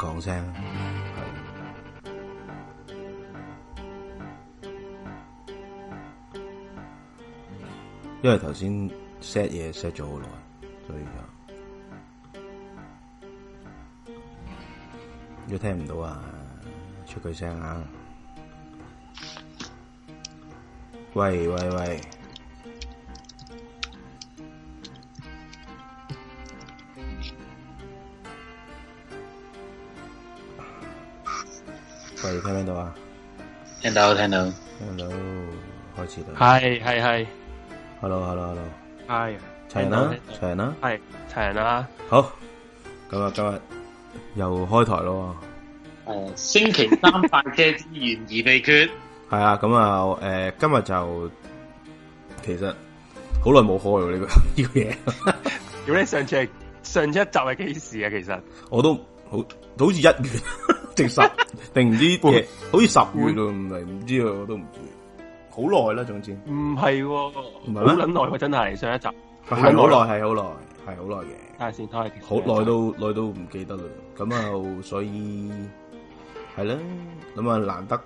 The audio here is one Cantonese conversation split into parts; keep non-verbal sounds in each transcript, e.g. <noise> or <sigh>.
講聲，聲因為頭先 set 嘢 set 咗好耐，所以就都聽唔到啊！出句聲啊！喂喂喂！聽唔聽到啊？聽到，聽到，Hello, 到聽到，開始啦 Hi, Hi, Hello, Hello, Hello, Hi 長啦，長啦到，係長啦。到好，咁啊，今日又開台咯。誒，星期五快車之懸疑未決。係啊，咁啊，誒、呃，今日就其實好耐冇開咯呢個呢個嘢。咁 <laughs> 你上一上次一集係幾時啊？其實我都。好，好似一月直十定唔知，好似十月唔係唔知啊，我都唔知。好耐啦，總之。唔係、哦，好捻耐喎，真係上一集。係好耐，係好耐，係好耐嘅。但係先，睇下先。好耐都耐都唔記得啦。咁啊，所以係啦。咁啊，就難得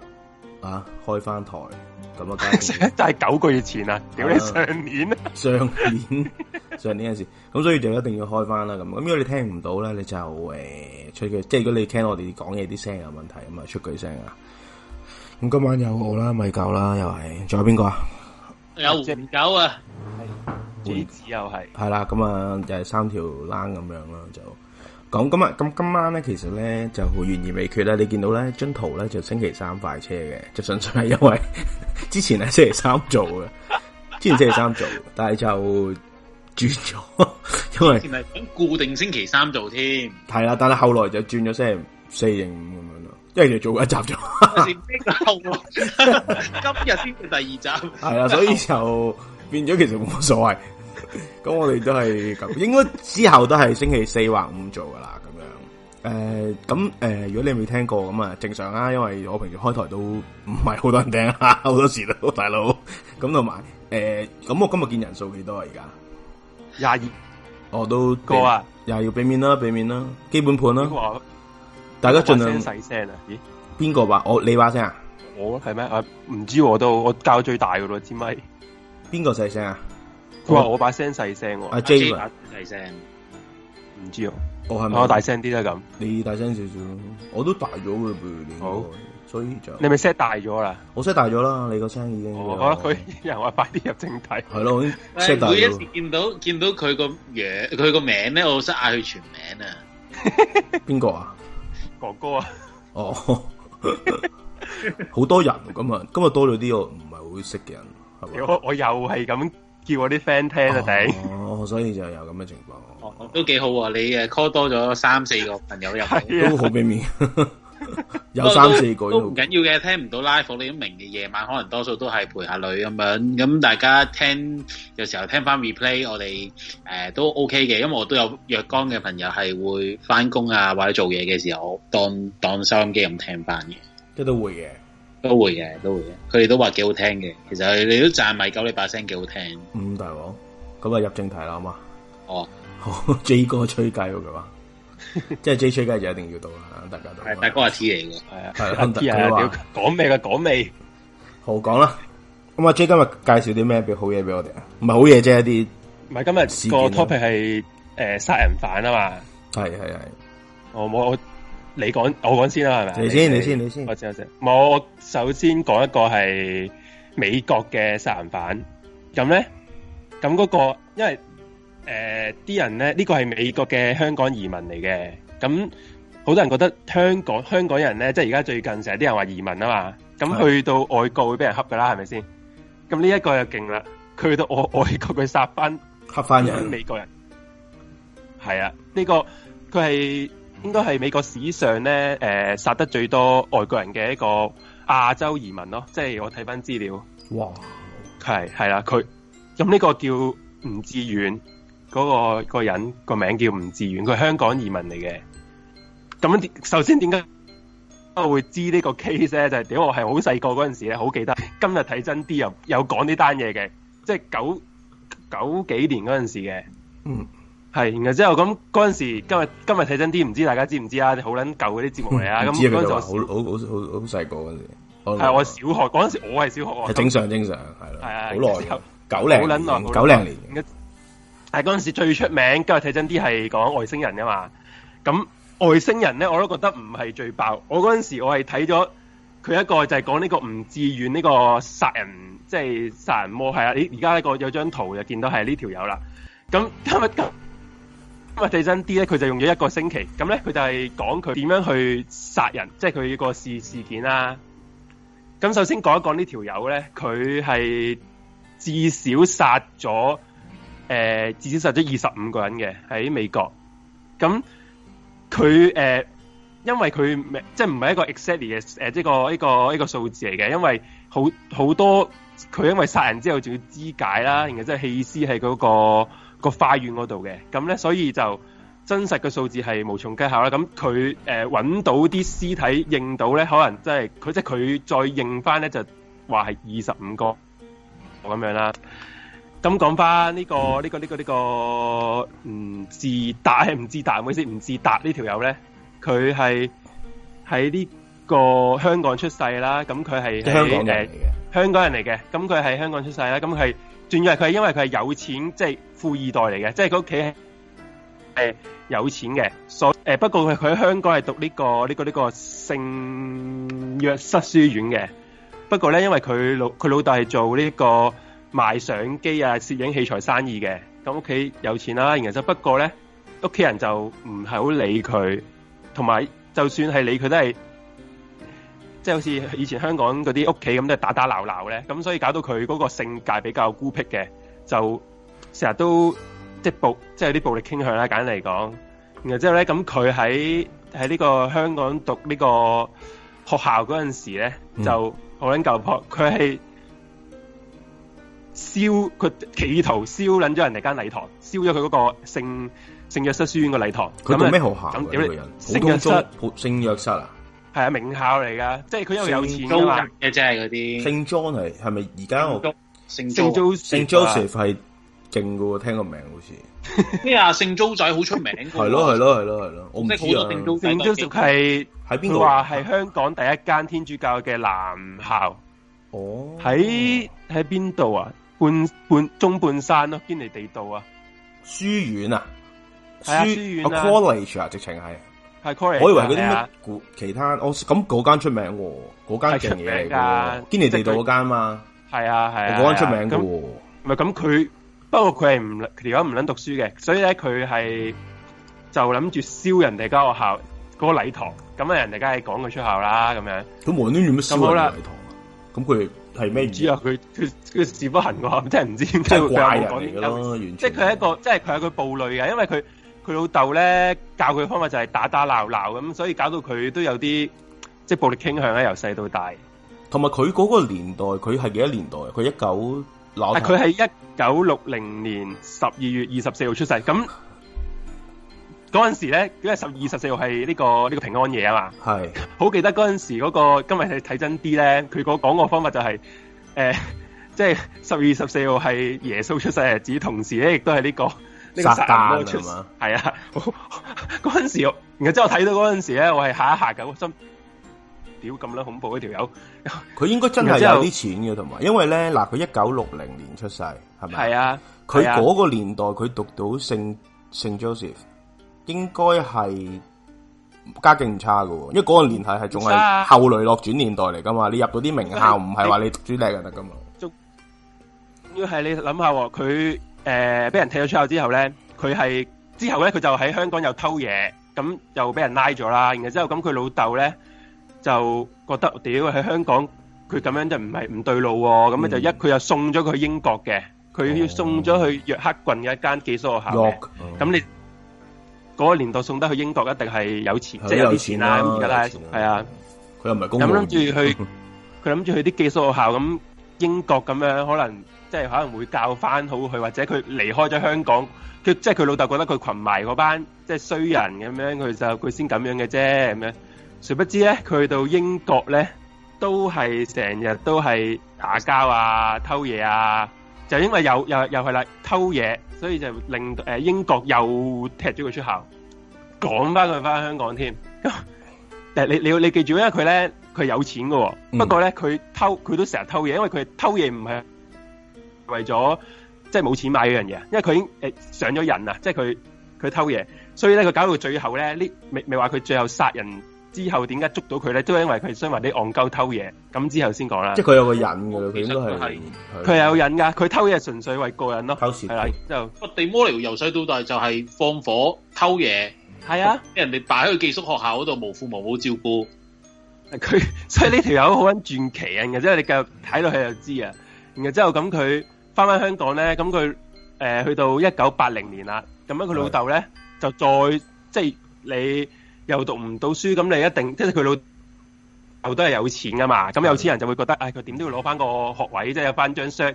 啊，開翻台。咁啊， <laughs> 但係九個月前啊，屌你樣上年啊，上年 <laughs> 上年嗰時，咁所以就一定要開翻啦，咁，咁因為你聽唔到咧，你就誒出句，即係如果你聽我哋講嘢啲聲有問題，咁啊出句聲啊，咁今晚有我啦，咪夠啦，又係，仲有邊個啊？有隻狗啊，J 子又係，係啦，咁啊，就係三條欄咁樣啦，就。咁今日咁今晚咧，其實咧就懸而未決啦。你見到咧張圖咧就星期三快車嘅，就純粹係因為之前係星期三做嘅，之前星期三做， <laughs> 之前星期三做，但係就轉咗，因為係想固定星期三做添。係啦，但係後來就轉咗星期四定五咁樣啦，因為就做一集咗。後今日先至第二集，係啦，所以就變咗其實冇乜所謂。咁 <laughs> 我哋都係咁，應該之後都係星期四或五做噶啦、呃。咁、呃、樣，誒、呃，咁、呃、誒，如果你未聽過咁啊，正常啦、啊，因為我平時開台都唔係好多人聽啊，好多時都大佬。咁同埋，誒、呃，咁我今日見人數幾多啊？而家廿二，我都過啊，又要俾面啦，俾面啦，基本盤啦。說大家盡量細聲啊！咦，邊個話？我你把聲啊？我係咩？大啊，唔知我都我較最大噶咯，知咪。邊個細聲啊？佢話我把聲細聲，阿 J 把細聲，唔知哦。我係咪我大聲啲啦咁？你大聲少少，我都大咗嘅，好，所以就你咪 set 大咗啦。我 set 大咗啦，你個聲已經。好啦，佢又話快啲入正題。係咯，set 大咗。每一次見到見到佢個樣，佢個名咧，我好識嗌佢全名啊。邊個啊？哥哥啊？哦，好多人咁啊，今日多咗啲我唔係好識嘅人，係我我又係咁。叫我啲 friend 聽就得，所以就有咁嘅情況。哦，都幾好，你誒 call 多咗三四個朋友入去，都好俾面。有三四個都唔緊要嘅，聽唔到 live 你都明嘅。夜晚可能多數都係陪下女咁樣，咁大家聽有時候聽翻 replay，我哋誒都 ok 嘅，因為我都有若干嘅朋友係會翻工啊或者做嘢嘅時候當當收音機咁聽翻嘅，都都會嘅。都會嘅，都會嘅。佢哋都話幾好聽嘅。其實你都讚米狗你把聲幾好聽。嗯，大王，咁啊入正題啦好嘛？好哦好，J 哥吹雞嘅話， <laughs> 即係 J 吹雞就一定要到啦，大家都係大哥阿 T 嚟嘅。係對啊，T 係啊而，屌講咩嘅講未？好講啦。咁阿 J 今日介紹啲咩？俾好嘢俾我哋啊？唔係好嘢啫，一啲唔係，今日個 topic 係誒殺人犯啊嘛。係係係。我冇。你講我講先啦，係咪？你先，你先，你先。我先，我先。我首先講一個係美國嘅殺人犯。咁咧，咁嗰、那個因為誒啲、呃、人咧，呢、這個係美國嘅香港移民嚟嘅。咁好多人覺得香港香港人咧，即係而家最近成日啲人話移民啊嘛。咁去到外國會俾人恰㗎啦，係咪先？咁呢一個又勁啦，佢去到外外國佢殺翻恰翻人美國人。係啊，呢、這個佢係。應該係美國史上咧，誒、呃、殺得最多外國人嘅一個亞洲移民咯，即係我睇翻資料。哇，係係啦，佢咁呢個叫吳志遠嗰個個人個名叫吳志遠，佢係香港移民嚟嘅。咁首先點解我會知呢個 case 咧？就係、是、點解，我係好細個嗰陣時咧，好記得今日睇真啲又有講呢單嘢嘅，即、就、係、是、九九幾年嗰陣時嘅。嗯。係，然後之後咁嗰陣時，今日今日睇真啲，唔知大家知唔知，知啊？啲好捻舊嗰啲節目嚟啊！咁嗰陣時好好好好好細個嗰陣時，係我小學嗰陣時，我係小學。係正常正常，係啊，好耐，的九零九零年。係嗰陣時最出名，今日睇真啲係講外星人㗎嘛？咁外星人咧，我都覺得唔係最爆。我嗰陣時我係睇咗佢一個就係講呢個唔自願呢個殺人，即係殺人魔係啊，而家呢個有張圖就見到係呢條友啦。咁今日咁啊，地震啲咧，佢就用咗一個星期。咁咧，佢就係講佢點樣去殺人，即係佢個個事事件啦，啊。咁首先講一講呢條友咧，佢係至少殺咗誒，至少殺咗二十五個人嘅喺美國。咁佢誒，因為佢即係唔係一個 exactly 嘅誒，一個一個一個數字嚟嘅，因為好好多佢因為殺人之後仲要肢解啦，然後即係棄屍喺嗰個。個花園嗰度嘅，咁咧，所以就真實嘅數字係無從計考啦。咁佢誒揾到啲屍體認到咧，可能即係佢即係佢再認翻咧，就話係二十五個咁樣啦。咁講翻呢個呢個呢個呢個唔自大，唔自大，唔好意思，唔自達呢條友咧，佢係喺呢個香港出世啦。咁佢係香港人嚟嘅，香港人嚟嘅。咁佢係香港出世啦。咁佢係，仲因為佢係因為佢係有錢，即係。富二代嚟嘅，即係佢屋企係有錢嘅，所誒，不過佢佢喺香港係讀呢個呢個呢個聖約瑟書院嘅。不過咧，因為佢老佢老豆係做呢個賣相機啊、攝影器材生意嘅，咁屋企有錢啦、啊。然後就，就不過咧，屋企人就唔係好理佢，同埋就算係理佢都係，即係好似以前香港嗰啲屋企咁，都係打打鬧鬧咧。咁所以搞到佢嗰個性格比較孤僻嘅，就。成日都即暴，即有啲暴力傾向啦。簡單嚟講，然後之後咧，咁佢喺喺呢個香港讀呢個學校嗰陣時咧，嗯、就好撚舊破。佢係燒佢企圖燒撚咗人哋間禮堂，燒咗佢嗰個聖聖約瑟書院個禮堂。佢讀咩學校咁？啊、咁樣聖約瑟、啊啊，聖約瑟啊？係啊，名校嚟㗎。即係佢因為有錢啊嘛。嘅即係嗰啲聖莊係係咪而家我聖莊祥勁噶喎，聽個名好似咩啊？聖周仔好出名，係咯係咯係咯係咯，即係好多聖周仔係喺邊度？話係香港第一間天主教嘅男校。哦，喺喺邊度啊？半半中半山咯，堅尼地道啊，書院啊，書院啊，college 啊，直情係係 college。我以為嗰啲咩？其他，我咁嗰間出名喎，嗰間勁嘢嚟噶，堅尼地道嗰間嘛，係啊係啊，嗰間出名噶，唔係咁佢。不過佢係唔如果唔捻讀書嘅，所以咧佢係就諗住燒人哋間學校嗰個禮堂，咁啊人哋梗係講佢出校啦，咁樣。咁冇人知點解燒人哋禮堂啊？咁佢係咩？唔知啊，佢佢佢事不行嘅話，真係唔知點解。人人即係怪人即係佢一,一,一個，即係佢係一個暴戾嘅，因為佢佢老豆咧教佢方法就係打打鬧鬧咁，所以搞到佢都有啲即係暴力傾向咧，由細到大。同埋佢嗰個年代，佢係幾多年代？佢一九。但佢係一九六零年十二月二十四號出世，咁嗰陣時咧，因為十二十四號係呢個呢、這個平安夜啊嘛，係好是記得嗰陣時嗰、那個今日睇睇真啲咧，佢講講個方法就係、是、誒，即係十二十四號係耶穌出世日子，同時咧亦都係呢、這個呢、這個聖誕啊嘛，係丹嗎是啊，嗰 <laughs> 陣時，然後之後我睇到嗰陣時咧，我係吓一吓九心。咁啦！恐怖嗰條友，佢 <laughs> 應該真係有啲錢嘅，同埋因為咧嗱，佢一九六零年出世，係咪？係啊，佢嗰個年代佢、啊、讀到聖聖 Joseph，應該係家境唔差噶，因為嗰個年代係仲係後來落轉年代嚟噶嘛，啊、你入到啲名校唔係話你讀書叻就得噶嘛。仲要係你諗下，佢誒俾人踢咗出校之後咧，佢係之後咧佢就喺香港又偷嘢，咁又俾人拉咗啦，然後之後咁佢老豆咧。就覺得屌喺香港佢咁樣就唔係唔對路喎、哦，咁咪、嗯、就一佢又送咗佢去英國嘅，佢要送咗去約克郡嘅一間寄宿學校嘅。咁、嗯、你嗰、那個年代送得去英國一定係有錢，即係有啲錢啦。咁而家咧，係啊，佢又唔係咁諗住去，佢諗住去啲寄宿學校咁英國咁樣，可能即係可能會教翻好佢，或者佢離開咗香港，佢即係佢老豆覺得佢群埋嗰班即係衰人咁樣，佢就佢先咁樣嘅啫咁樣。殊不知咧，佢去到英國咧，都係成日都係打交啊、偷嘢啊，就因為有又又又係啦，偷嘢，所以就令誒、呃、英國又踢咗佢出校，趕翻佢翻香港添。誒，你你要你記住，因為佢咧，佢有錢嘅、哦，嗯、不過咧，佢偷佢都成日偷嘢，因為佢偷嘢唔係為咗即係冇錢買嗰樣嘢，因為佢已經誒上咗癮啊，即係佢佢偷嘢，所以咧佢搞到最後咧，呢未未話佢最後殺人。之後點解捉到佢咧？都因為佢雖話啲戇鳩偷嘢，咁之後先講啦。即係佢有個癮，佢點都係佢係有癮噶。佢的偷嘢純粹為個癮咯。偷錢係啦，就伏地魔由細到大就係放火偷嘢，係啊，俾人哋擺喺個寄宿學校嗰度，無父無母照顧。佢 <laughs> 所以呢條友好撚傳奇啊！即係你繼續睇落去就知啊。然後之後咁佢翻翻香港咧，咁佢誒去到一九八零年啦。咁樣佢老豆咧的就再即係你。又讀唔到書，咁你一定即係佢老豆都係有錢噶嘛？咁有錢人就會覺得，是的 唉，佢點都要攞翻個學位，即係有翻張 cert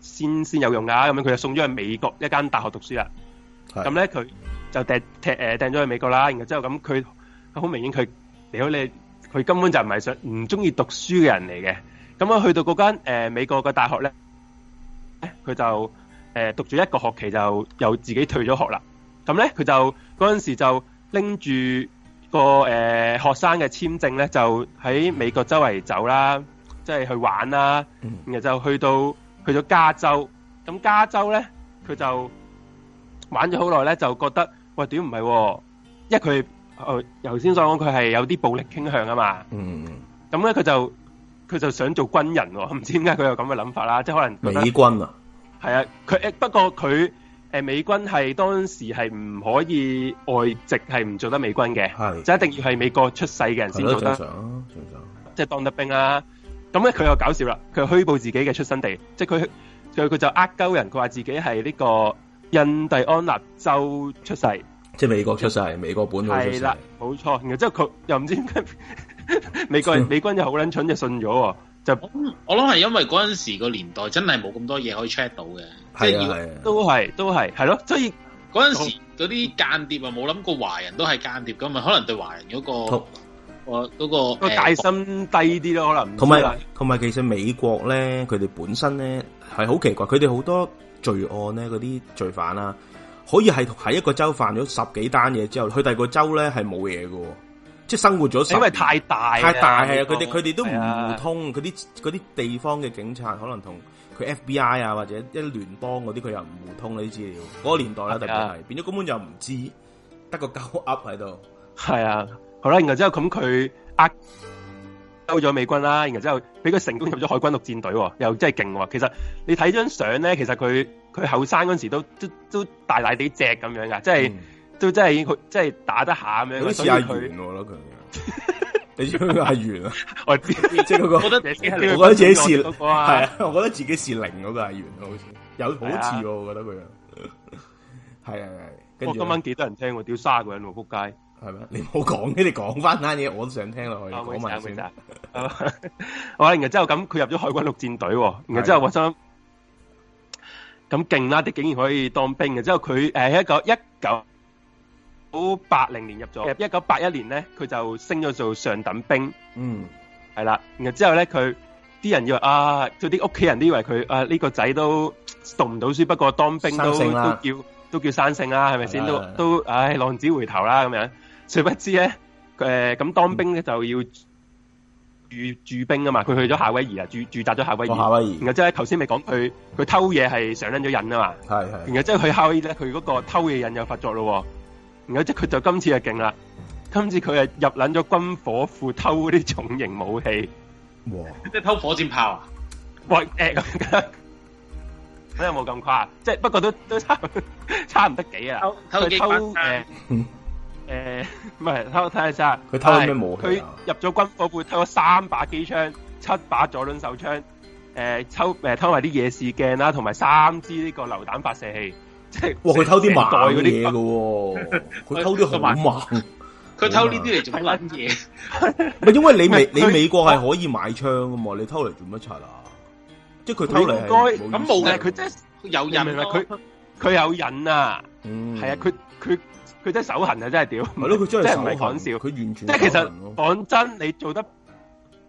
先先有用噶。咁樣佢就送咗去美國一間大學讀書啦。咁咧佢就掟踢誒掟咗去美國啦。然後之後咁，佢好明顯佢你好你，佢根本就唔係想唔中意讀書嘅人嚟嘅。咁啊去到嗰間誒美國嘅大學咧，佢就誒、呃、讀咗一個學期就又自己退咗學啦。咁咧佢就嗰陣時就拎住。那個誒、呃、學生嘅簽證咧，就喺美國周圍走啦，即、就、係、是、去玩啦，然後就去到去咗加州，咁加州咧，佢就玩咗好耐咧，就覺得喂，屌唔係？因為佢誒、頭、呃、先所講佢係有啲暴力傾向啊嘛。嗯，嗯他，咁咧佢就佢就想做軍人，哦，唔知點解佢有咁嘅諗法啦，即係可能美軍啊，係啊，佢不過佢。誒，美軍係當時係唔可以外籍，係唔做得美軍嘅，係，就一定要係美國出世嘅人先做得。即係、正常啊，正常、當得兵啊！咁咧佢又搞笑啦，佢又虛報自己嘅出生地，即係佢佢佢就呃、是、鳩人，佢話自己係呢個印第安納州出世，即係美國出世，美國本土出世。係啦，冇錯。然後之後佢又唔知點解美國、嗯、美軍就好撚蠢，就信咗喎。就我諗係因為嗰陣時個年代真係冇咁多嘢可以 check 到嘅，係啊、即係、啊啊、都係都係係咯，所以嗰陣時嗰啲間諜啊，冇諗好過華人都係間諜㗎嘛。可能對華人嗰、嗰個，我嗰好、嗰個戒、嗰個、心低啲咯，欸、可能同埋同埋，同埋其實美國咧，佢哋本身咧係好奇怪，佢哋好多罪案咧，嗰啲罪犯啦、啊，可以係喺一個州犯咗十幾單嘢之後，去第二個州咧係冇嘢嘅。是沒即係生活咗，因為太大太大係啊！佢哋佢哋都唔互通，嗰啲啲地方嘅警察可能同佢 FBI 啊，或者一聯邦嗰啲，佢又唔互通呢啲資料。嗰、嗰個年代啦、啊，特別係是、啊、變咗根本就唔知，得個鳩噏喺度。係啊，好啦，然後之後咁佢呃收咗美軍啦，然後之後俾佢成功入咗海軍陸戰隊、哦，又真係勁喎。其實你睇張相咧，其實佢佢後生嗰陣時都都都大大哋隻咁樣噶，即係。嗯都真係佢真係打得下咩？樣、啊。都試下圓我咯佢， <laughs> 你知唔阿圓啊？我知，即佢嗰個。我覺得自己試。我覺得自己是阿、啊，係啊，啊！我覺得自己 <laughs> 是零嗰個阿圓，好似有好似，我覺得佢係啊係。我今晚幾多人聽我、啊？屌，三個人喎、啊，撲街係咪？你唔好講，你講翻單嘢，我都想聽落去。講埋先得。好啊，然後之後咁，佢入咗海軍陸戰隊、啊，然後之後、啊、我想咁勁啦，佢竟然可以當兵嘅。之後佢誒，喺一九一九。19, 九八零年入咗，一九八一年咧，佢就升咗做上等兵。嗯，係啦。然後之後咧，佢啲人以為啊，佢啲屋企人都以為佢啊，呢、這個仔都讀唔到書，不過當兵都性都，都叫都叫生性啦，係咪先？都都唉、哎、浪子回頭啦，咁樣。誰不知咧？誒、咁、呃、當兵咧就要駐駐、嗯、兵啊嘛。佢去咗夏威夷啊，駐駐紮咗夏威夷。夏威夷。威夷然後之後，頭先咪講佢佢偷嘢係上癮咗癮啊嘛。係係。然後之後去夏威夷咧，佢嗰個偷嘢癮又發作咯。然後、嗯、即佢就今次就勁啦，今次佢係入捻咗軍火庫偷嗰啲重型武器，哇即係偷火箭炮啊？喂，誒咁樣，冇咁誇，即係不過都都差唔差唔得幾啊？偷，偷誒誒、啊，唔係，偷，睇下先。佢偷咩武器？佢入咗軍火庫偷咗三把機槍、七把左輪手槍，誒、欸，抽誒偷埋啲夜視鏡啦，同埋三支呢個榴彈發射器。即哇！佢偷啲麻袋嗰啲嘢嘅喎，佢 <laughs> 他偷啲好麻，佢 <laughs> 偷呢啲嚟做乜嘢？唔係，因為你美你美國係可以買槍嘅嘛，你偷嚟做乜柒啊？即係佢偷嚟，咁冇嘅，佢真係有癮，明佢佢有癮啊！係、嗯、啊，佢佢佢真係手痕啊！真係屌，咪咯，佢真係真係唔係講笑，佢完全即係其實講真，你做得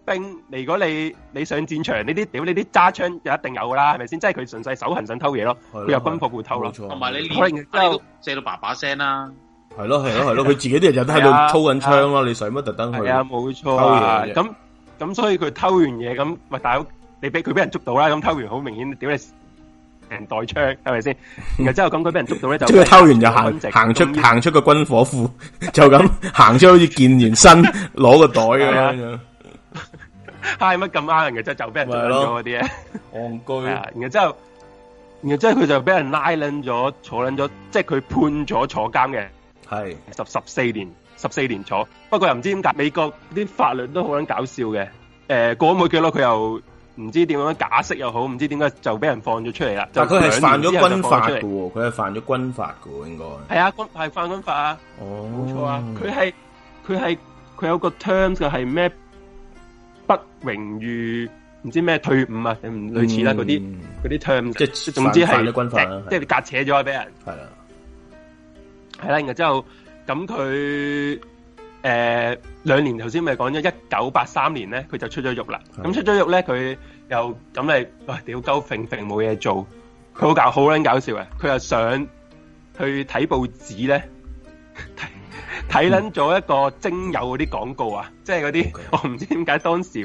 兵，如果你你上戰場呢啲屌呢啲揸槍就一定有啦，係咪先？即係佢純粹手痕想偷嘢咯，佢有軍火庫偷咯，同埋你練揸到射到叭叭聲啦，係咯係咯係咯，佢自己啲人就喺度操緊槍啦，你使乜特登去啊？冇錯，咁咁所以佢偷完嘢咁，喂，大佬你俾佢俾人捉到啦，咁偷完好明顯屌你成袋槍，係咪先？然之後咁佢俾人捉到咧，就偷完就行行出行出個軍火庫，就咁行出好似健完身攞個袋咁樣。係乜咁啱人嘅？即係就俾人坐咗嗰啲啊！戇居，係、嗯、然後之後，然後之後佢就俾人拉捻咗，坐捻咗，嗯、即係佢判咗坐監嘅。係十十四年，十四年坐。不過又唔知點解，美國啲法律都好捻搞笑嘅。誒、呃，過咗冇幾耐，佢又唔知點樣假釋又好，唔知點解就俾人放咗出嚟啦。但佢係犯咗軍法嘅，佢係犯咗軍法嘅，應該係啊，軍係犯軍法啊，冇、哦、錯啊，佢係佢係佢有個 terms 嘅係咩？不榮譽唔知咩退伍啊，類似啦嗰啲嗰啲退伍，嗯、term，即係總之係、啊、即係隔扯咗俾人。係啦的，係啦，然之後咁佢誒兩年頭先咪講咗一九八三年咧，佢就出咗獄啦。咁的出咗獄咧，佢又咁你，哇！屌、呃、鳩，揈揈冇嘢做，佢好搞，好撚搞笑啊。佢又想去睇報紙咧。 <laughs> 睇捻咗一個精友嗰啲廣告啊，即係嗰啲我唔知點解當時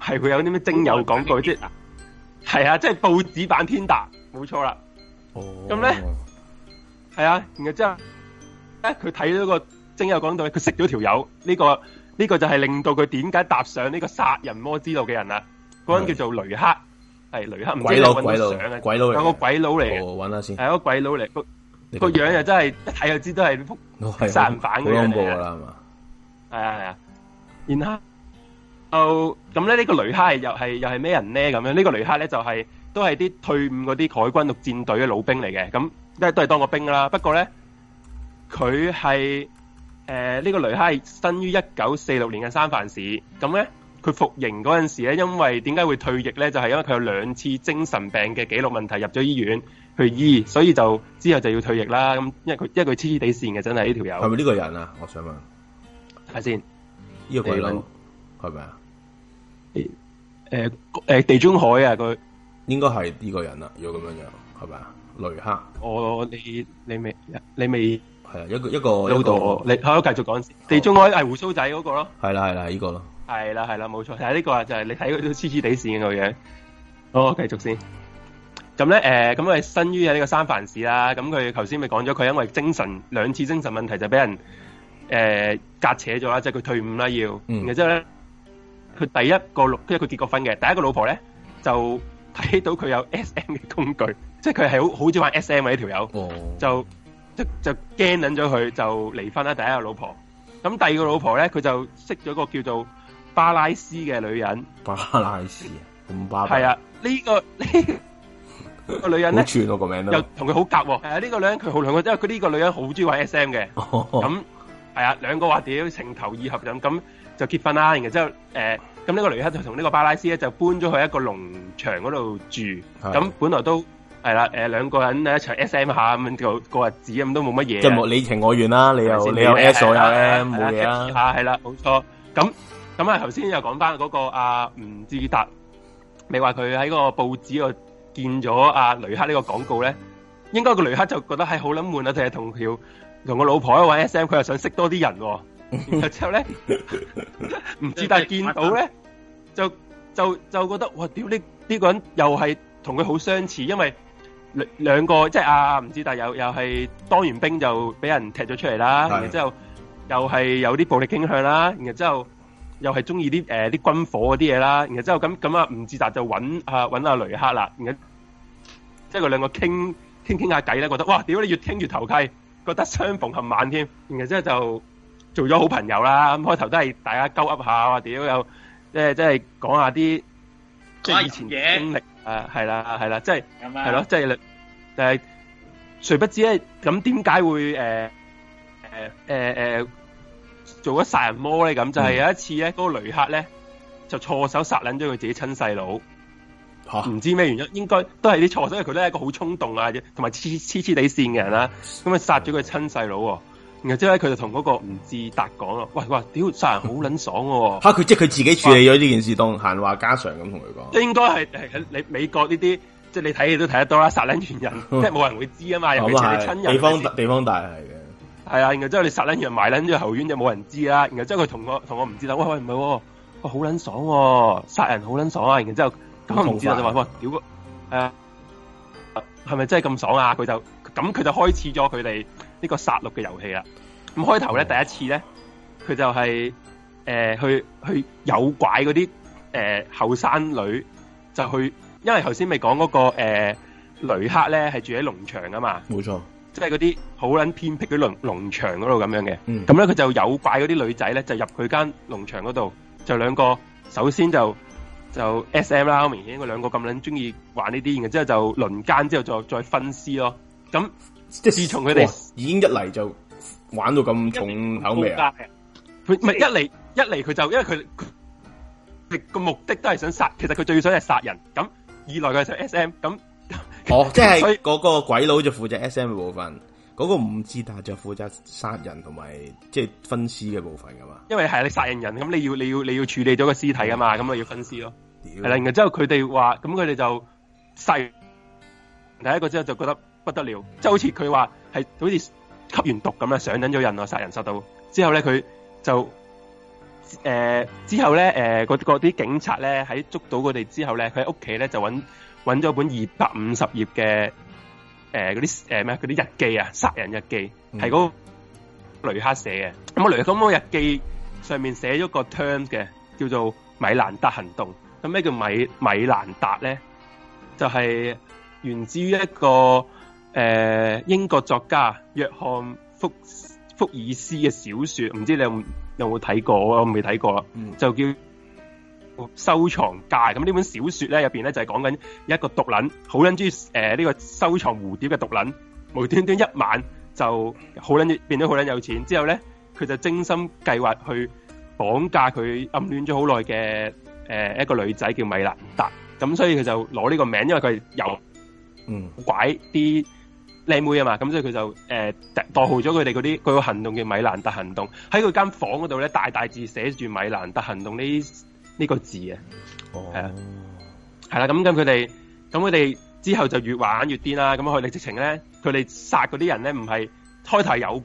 係會有啲咩精友廣告，即係 <laughs> 啊，即係報紙版天達，冇錯啦。哦、oh，咁咧係啊，然後之後咧佢睇到個精友廣告，佢識咗條友，呢、這個呢、這個就係令到佢點解搭上呢個殺人魔之路嘅人啊。嗰 <laughs> 人叫做雷克，係雷克，唔知你鬼佬你、啊、鬼佬，鬼佬有個鬼佬嚟，哦，搵下先，係個鬼佬嚟。個樣子又真係一睇就知都係扑殺人犯嗰樣嚟啊！係啊係啊，然後哦，咁咧呢個雷克又係又係咩人咧？咁樣呢個雷克咧就係、是、都係啲退伍嗰啲海軍陸戰隊嘅老兵嚟嘅，咁、嗯、都係都係當過兵㗎啦。不過咧，佢係誒呢個雷克係生於一九四六年嘅三藩市。咁咧佢服刑嗰陣時咧，因為點解會退役咧？就係、是、因為佢有兩次精神病嘅紀錄問題入咗醫院。去醫，所以就之後就要退役啦。咁因為佢因為佢黐黐地線嘅，真係呢條友係咪呢個人啊？我想問，睇下先，呢個鬼佬係咪啊？誒誒問、欸呃呃、地中海啊，佢應該係呢個人如果咁樣樣係咪啊？是是雷克，我你你未你未係、啊、一個一個我一度個，你好繼續講好地中海係好鬍鬚仔嗰個咯，係啦係啦，呢個咯，係啦係啦，冇錯、啊，睇下呢、啊、個啊，就係、是、你睇佢黐黐地線嘅個樣。好，繼續先。咁咧，誒，咁、呃、佢身於喺呢個三藩市啦。咁佢頭先咪講咗，佢因為精神兩次精神問題就俾人誒隔、呃、扯咗啦，即係佢退伍啦要。嗯、然後之後咧，佢第一個老，因為佢結過婚嘅，第一個老婆咧就睇到佢有 S M 嘅工具，即係佢係好好中意玩 SM S M 嘅呢條友。就即就驚緊咗佢，就離婚啦第一個老婆。咁第二個老婆咧，佢就識咗個叫做巴拉斯嘅女人。巴拉斯咁巴。係啊，呢、這個呢。這個個女人咧又同佢好夾喎，呢、啊這個女人佢好兩個，即係佢呢個女人好中意玩 SM S M 嘅、哦，咁係啊兩個話屌情投意合咁，咁就結婚啦。然後之後誒，咁、呃、呢個雷克就同呢個巴拉斯咧就搬咗去一個農場嗰度住，咁的本來都係啦，誒兩、呃、個人咧一齊 S M 下咁就過日子咁都冇乜嘢，即係冇你情我願啦、啊，你又是是你有又 S, S 我咧冇嘢啦，吓係啦，冇錯。咁咁、嗯那個、啊頭先又講翻嗰個阿吳志達，你話佢喺個報紙見咗阿雷克呢個廣告咧，應該個雷克就覺得係好捻悶啊，就係同條同個老婆玩 S M，佢又想識多啲人。然之後咧，吳志達見到咧，就就就覺得哇，屌呢呢個人又係同佢好相似，因為兩兩個即係阿吳志達又又係當完兵就俾人踢咗出嚟啦，然之後又係有啲暴力傾向啦，然之後又係中意啲誒啲軍火嗰啲嘢啦，然之後咁咁阿吳志達就揾啊揾阿雷克啦，然後。即係佢兩個傾傾傾下偈咧，覺得哇，屌你越傾越投契，覺得相逢恨晚添。然後即係就做咗好朋友啦。咁開頭都係大家勾噏下，哇屌有即係即係講下啲即係以前嘅經歷啊，係啦係啦，即係係咯，即係就係誰不知咧？咁點解會誒誒誒誒做咗殺人魔咧？咁就係有一次咧，嗰個雷克咧就錯手殺捻咗佢自己親細佬。唔、啊、知咩原因，應該都係啲錯。因為佢都係一個好衝動啊，同埋黐黐黐地線嘅人啦。咁啊，殺咗佢親細佬，然後之後咧，佢就同嗰個吳志達講啊：，喂喂、啊，屌殺人好撚爽喎！」吓！佢即係佢自己處理咗呢件事，當閒哇話家常咁同佢講。應該係你美國呢啲，即係你睇嘢都睇得多啦，殺撚完人，嗯、即係冇人會知啊嘛。由佢、嗯、你親人地方地方大係嘅，係啊。然後之後你殺撚完人埋撚咗後院就冇人知啦、啊。然後之後佢同我同我唔知：，喂喂，唔係、哦，我好撚爽、啊，殺人好撚爽啊！然後之後。咁唔知、啊、就話，喂，屌個誒，係咪真係咁爽啊？佢就咁，佢就開始咗佢哋呢個殺戮嘅遊戲啦。咁開頭咧，第一次咧，佢就係、是、誒、呃、去去誘拐嗰啲誒後生女，就去，因為頭先咪講嗰個誒、呃、雷克，咧係住喺農場噶嘛，冇錯，即係嗰啲好捻偏僻嘅農農場嗰度咁樣嘅。咁咧佢就誘拐嗰啲女仔咧就入佢間農場嗰度，就兩個首先就。S 就 S M 啦，好明顯，佢兩個咁捻中意玩呢啲，然之後就輪姦，之後再再分屍咯。咁即係是自從佢哋已經一嚟就玩到咁重口味啊！佢唔係一嚟一嚟，佢就因為佢個目的都係想殺，其實佢最想係殺人。咁二嚟佢係想 SM, S M。咁哦， <laughs> 所以即係嗰個鬼佬就負責 S M 部分。嗰個五子達就負責殺人同埋即係分屍嘅部分㗎嘛？因為係你殺人人，咁你要你要你要處理咗個屍體㗎嘛？咁啊要分屍咯。係啦 Yeah.，然之後佢哋話，咁佢哋就殺完，第一個之後就覺得不得了，即係好似佢話係好似吸完毒咁啦，上緊咗人啊殺人殺到之後咧，佢就誒、呃、之後咧誒嗰啲警察咧喺捉到佢哋之後咧，佢喺屋企咧就揾咗本二百五十頁嘅。誒，嗰啲誒咩？啲、呃、日記啊，殺人日記係嗰、嗯、雷克寫嘅。咁啊，雷克咁個日記上面寫咗個 term 嘅，叫做米蘭達行動。咁咩叫米米蘭達咧？就係、是、源自於一個誒、呃、英國作家約翰福福爾斯嘅小說，唔知你有有冇睇過？我未睇過啦，嗯、就叫。收藏界，咁呢本小説咧，入邊咧就係講緊一個毒撚，好撚中意呢個收藏蝴蝶嘅毒撚，無端端一晚就好撚變咗好撚有錢，之後咧佢就精心計劃去綁架佢暗戀咗好耐嘅誒一個女仔叫米蘭達，咁所以佢就攞呢個名，因為佢遊、嗯、拐啲靚妹啊嘛，咁所以佢就誒代號咗佢哋嗰啲佢個行動叫米蘭達行動，喺佢間房嗰度咧，大大字寫住米蘭達行動呢。呢個字啊，係啊、哦，係啦，咁咁佢哋，咁佢哋之後就越玩越癲啦。咁佢哋直情咧，佢哋殺嗰啲人咧，唔係開頭有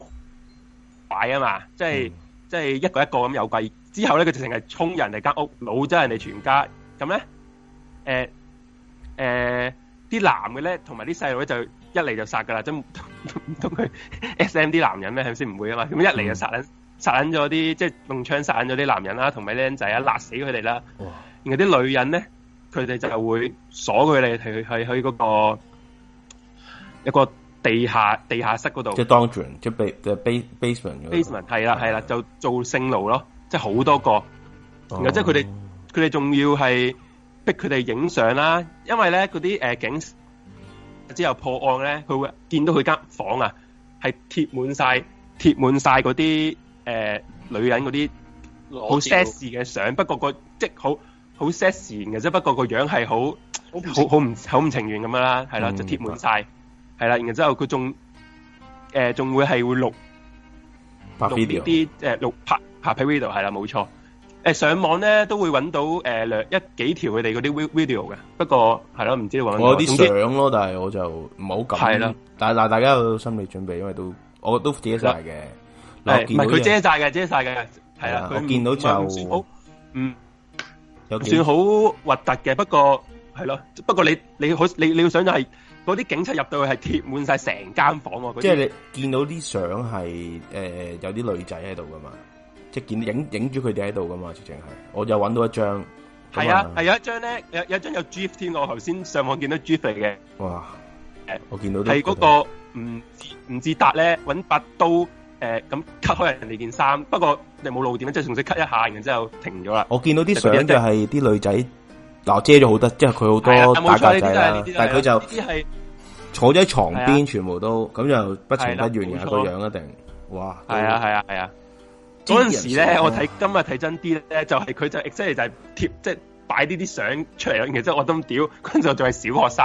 擺啊嘛，即係、嗯、即係一個一個咁有鬼，之後咧佢直情係衝人哋間屋，老咗人哋全家，咁咧，誒誒啲男嘅咧，同埋啲細路咧就一嚟就殺㗎啦，都唔通同佢 S M 啲男人咩？係咪先唔會啊嘛？點解一嚟就殺咧？嗯嗯殺緊咗啲即係用槍殺緊咗啲男人啦，同埋僆仔啊，辣死佢哋啦！然後啲女人咧，佢哋就係會鎖佢哋去去去嗰個一個地下地下室嗰度，即係 dungeon 即係 bas basement。basement 係啦係啦，就做性奴咯，即係好多個。然後即係佢哋佢哋仲要係逼佢哋影相啦，因為咧嗰啲誒警之後破案咧，佢會見到佢間房啊，係貼滿晒，貼滿晒嗰啲。誒、呃，女人嗰啲好 sexy 嘅相，不過個即係好好 sexy 嘅啫，不過個樣係好好好唔好唔情願咁樣啦，係啦，就貼滿晒，係啦，然之後佢仲誒仲會係會錄啲誒錄拍拍 video，係啦，冇錯。誒，上網咧都會搵到誒兩一幾條佢哋嗰啲 video 嘅，不過係咯，唔知啲相咯，但係我就唔好咁。係啦，但係嗱，大家有心理準備，因為都我都遮晒嘅。唔係佢遮晒嘅，遮晒嘅，係啊。佢不見到就，嗯，又算好核突嘅。不過係咯，不過你你好，你你要想就係嗰啲警察入到去係貼滿晒成間房喎。即係你見到啲相係誒，有啲女仔喺度噶嘛，即係見影影住佢哋喺度噶嘛，直情係。我就揾到一張，係啊的，係樣有一張咧，有有張有 GIF 添，我頭先上網見到 GIF 嚟嘅。哇！誒，我見到係、這、嗰個吳吳志達咧，揾把刀。誒，咁 cut，嗯，開人哋件衫，不過你冇露點，即係純粹 cut 一下，然之後停咗啦。我見到啲相就係啲女仔，嗱，就是哦，遮咗好多，即係佢好多大格仔啦。但係佢就坐咗喺床邊，的全部都咁就不情不願個樣一定。哇！係啊係啊係啊！嗰陣時咧，我睇今日睇真啲咧，就係、是、佢就 exactly 就係貼即。就是擺呢啲相出嚟，其實我都屌，跟住我仲係小學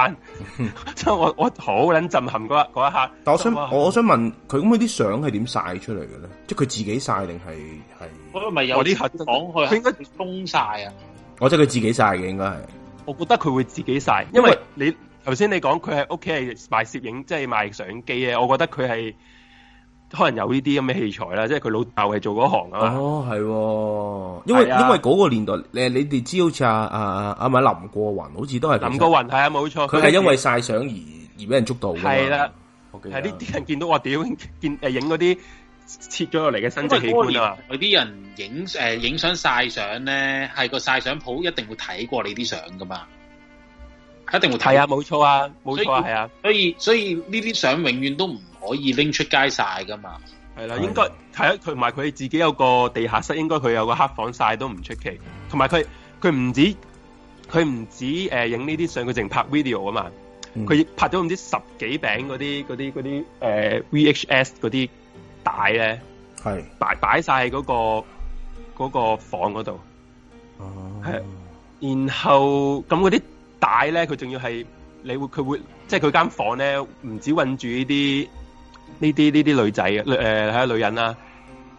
生， <laughs> 我我好捻震撼嗰一刻。但我想，我想問佢咁，佢啲相係點曬出嚟嘅咧？即係佢自己曬定係係？我唔係有啲客講佢，佢應該沖曬啊！我即係佢自己曬嘅，應該係。我覺得佢會自己曬，因為你頭先你講佢係屋企係賣攝影，即係賣相機咧，我覺得佢係。可能有呢啲咁嘅器材啦，即係佢老豆係做嗰行啊哦，係、啊，因為、啊、因為嗰個年代，誒，你哋知道好似阿阿阿阿林過雲，好似都係。林過雲係啊，冇錯。佢係因為晒相而以而俾人捉到。係啦、啊，係呢啲人見到哇，屌，見誒影嗰啲切咗落嚟嘅生殖器官啊！有啲人影誒影相晒相咧，係、呃、個晒相鋪一定會睇過你啲相噶嘛。一定會睇啊，冇錯啊，冇錯係啊，所以所以呢啲相永遠都唔可以拎出街晒噶嘛。係啦，應該係是啊，啊，佢唔係佢自己有個地下室，應該佢有個黑房晒都唔出奇。同埋佢佢唔止佢唔止誒影呢啲相，佢、呃、淨拍，拍 video 啊嘛。佢、嗯、拍咗唔知十幾餅嗰啲嗰啲嗰啲誒 VHS 嗰啲帶咧，係、呃是啊、擺擺晒喺嗰個嗰、嗰個房嗰度。哦，係。然後咁嗰啲。那那大咧佢仲要係你會，佢會即係佢間房咧唔止困住呢啲呢啲呢啲女仔嘅，誒係女人啦、啊，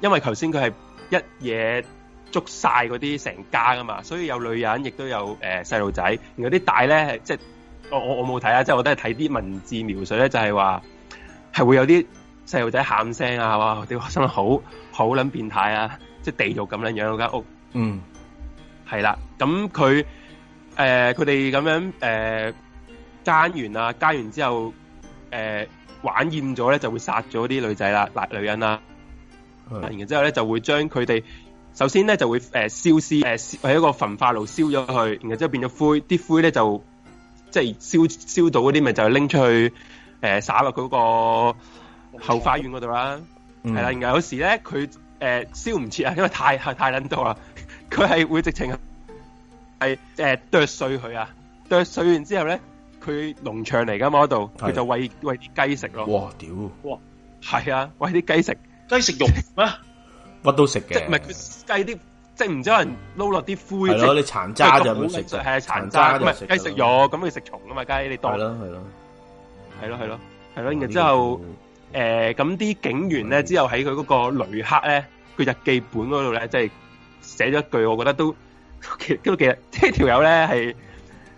因為頭先佢係一夜捉晒嗰啲成家噶嘛，所以有女人亦都有誒細路仔，然後啲大咧即係我我我冇睇啊，即係我，我，我，我都係睇啲文字描述咧，就係話係會有啲細路仔喊聲啊哇！屌真係好好捻變態啊，即係地獄咁樣樣嗰間屋，嗯，係啦咁佢。那誒，佢哋咁樣誒、呃、奸完啊，奸完之後誒、呃、玩厭咗咧，就會殺咗啲女仔啦，嗱女人啦，然之後咧就會將佢哋首先咧就會誒燒屍，誒、呃、喺、呃、一個焚化爐燒咗去，然後之後變咗灰，啲灰咧就即係燒燒到嗰啲咪就拎出去誒撒落佢個後花園嗰度啦，係啦、嗯，然後有時咧佢誒燒唔切啊，因為太太冷凍啦，佢 <laughs> 係會直情。係誒剁碎佢啊！剁碎完之後咧，佢農場嚟噶嘛嗰度，佢就餵餵啲雞食咯。哇屌！哇係啊，餵啲雞食，雞食肉咩？乜都食嘅。即係唔知有人撈落啲灰。係咯，你殘渣就冇食啫。係殘渣。咁咪雞食咗，咁佢食蟲啊嘛雞，你當。係咯係咯係咯係咯，然之後誒，咁啲警員咧，之後喺佢嗰個雷克咧，佢日記本嗰度咧，即係寫咗一句，我覺得都。其實都其實、這個，即條友咧係，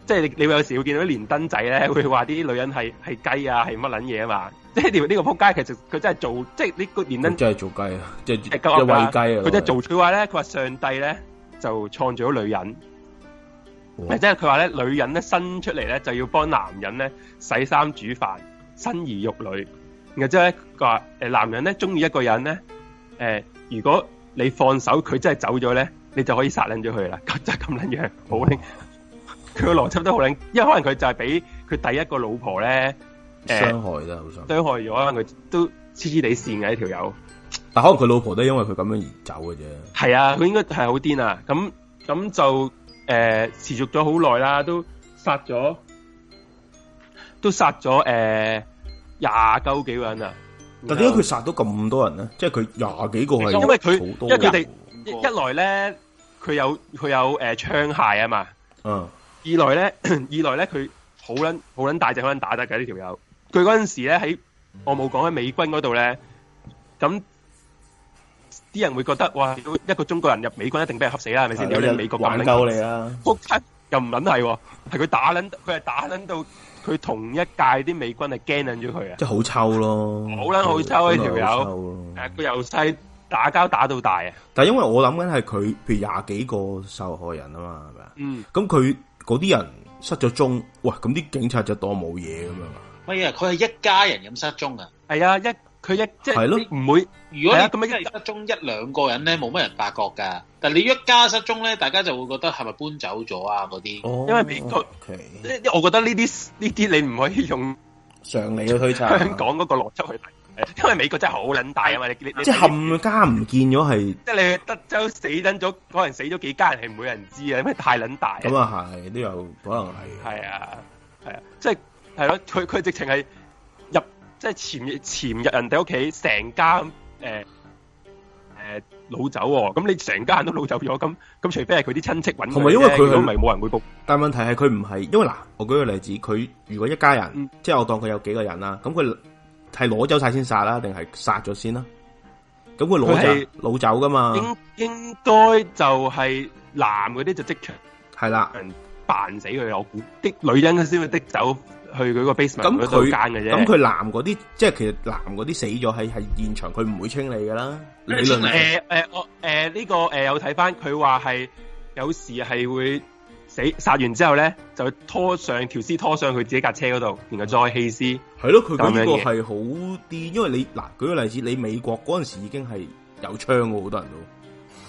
即係你會有時會見到啲連登仔咧會話啲女人係係雞啊係乜撚嘢啊嘛，即係條呢個仆街、這個、其實佢真係做，即係呢個連登真係做雞啊，即係即餵雞啊，佢真係做呢。佢話咧，佢話上帝咧就創造咗女人，哇即係佢話咧女人咧生出嚟咧就要幫男人咧洗衫煮飯，生兒育女。然後之後咧佢話誒男人咧中意一個人咧，誒、呃、如果你放手佢真係走咗咧。你就可以殺撚咗佢啦，就咁、是、撚樣好撚。佢個邏輯都好撚，因為可能佢就係俾佢第一個老婆咧傷害啦，好、呃、傷害咗。可能佢都黐黐地線嘅呢條友。這個、但可能佢老婆都因為佢咁樣而走嘅啫。係啊，佢應該係好癲啊！咁咁就誒、呃、持續咗好耐啦，都殺咗，都殺咗誒廿九幾個人啊！但點解佢殺到咁多人啊？即係佢廿幾個係因為佢，因為佢哋。我一來咧，佢有佢有誒槍、呃、械啊嘛。嗯。二來咧， <laughs> 二來咧，佢好卵好卵大隻，好卵打得嘅、這個、呢條友。佢嗰陣時咧喺我冇講喺美軍嗰度咧，咁啲人會覺得哇，一個中國人入美軍一定俾人恰死啦，係咪先？你美國玩夠你啊！扑又唔卵係，係佢打卵，佢係打卵到佢同一屆啲美軍係驚卵咗佢啊！即係好抽咯， <laughs> 好卵好抽呢條友。誒，佢又細。打交打到大啊！但係因為我諗緊係佢，譬如廿幾個受害人啊嘛，係咪啊？咁佢嗰啲人失咗蹤，嘩，咁啲警察就當我冇嘢咁樣嘛？唔係啊，佢係一家人咁失蹤啊！係啊，一佢一即係咯，唔會。如果咁樣，一人失蹤一兩個人咧，冇乜人發覺噶。但係你一家失蹤咧，大家就會覺得係咪搬走咗啊？嗰啲，因為美劇，即係我覺得呢啲呢啲你唔可以用常理去推測。香港嗰個邏輯去睇。因為美國真係好撚大啊嘛，你你即係冚家唔見咗係，即係你德州死人咗，可能死咗幾家人係冇人知啊，因為太撚大。咁啊係，都有可能係。係啊，係啊，即係係咯，佢佢直情係入，即、就、係、是、潛潛入人哋屋企，成家誒誒、呃呃、老走喎、哦。咁你成家人都老走咗，咁咁除非係佢啲親戚搵。同埋因為佢唔係冇人會報，但係問題係佢唔係，因為嗱，我舉個例子，佢如果一家人，嗯、即係我當佢有幾個人啦，咁佢。係攞走晒先殺啦，定係殺咗先啦？咁佢攞攞走噶嘛應？應應該就係男嗰啲就即場係啦，扮死佢我估啲女人先會的走去佢個 basement 度間嘅啫。咁佢男嗰啲即係其實男嗰啲死咗係係現場佢唔會清理噶啦。 <laughs> 理論誒誒、呃呃、我誒呢、呃這個誒有睇翻佢話係有時係會。死殺完之後咧，就拖上條屍，條屍拖上佢自己架車嗰度，然後再棄屍。係咯、嗯，佢呢、啊、個係好啲，因為你嗱，舉個例子，你美國嗰陣時已經係有槍喎，好多人都。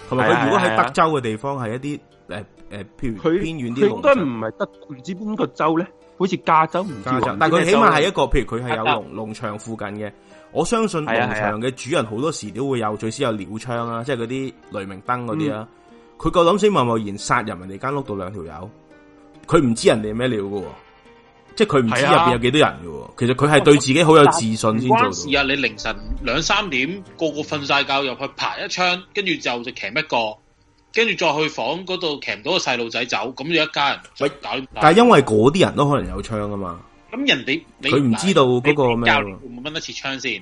同埋佢如果喺德州嘅地方，係一啲誒誒，譬如偏遠啲農，佢應該唔係德唔知邊個州咧，好似加州唔知。但係佢起碼係一個，譬、啊、如佢係有農農、啊、場附近嘅，我相信農場嘅主人好多時都會有最少有鳥槍啊，即係嗰啲雷明燈嗰啲啊。嗯佢夠諗死貌貌言，貿貿然殺人，人哋間屋度兩條友，佢唔知人哋咩料噶，即係佢唔知入邊有幾多人噶。其實佢係對自己好有自信先做到。事啊！你凌晨兩三點，個個瞓晒覺入去，爬一槍，跟住就就騎一個，跟住再去房嗰度騎唔到個細路仔走，咁就一家人咪，但係因為嗰啲人都可能有槍噶嘛，咁人哋佢唔知道嗰個咩，冇掹一次槍先，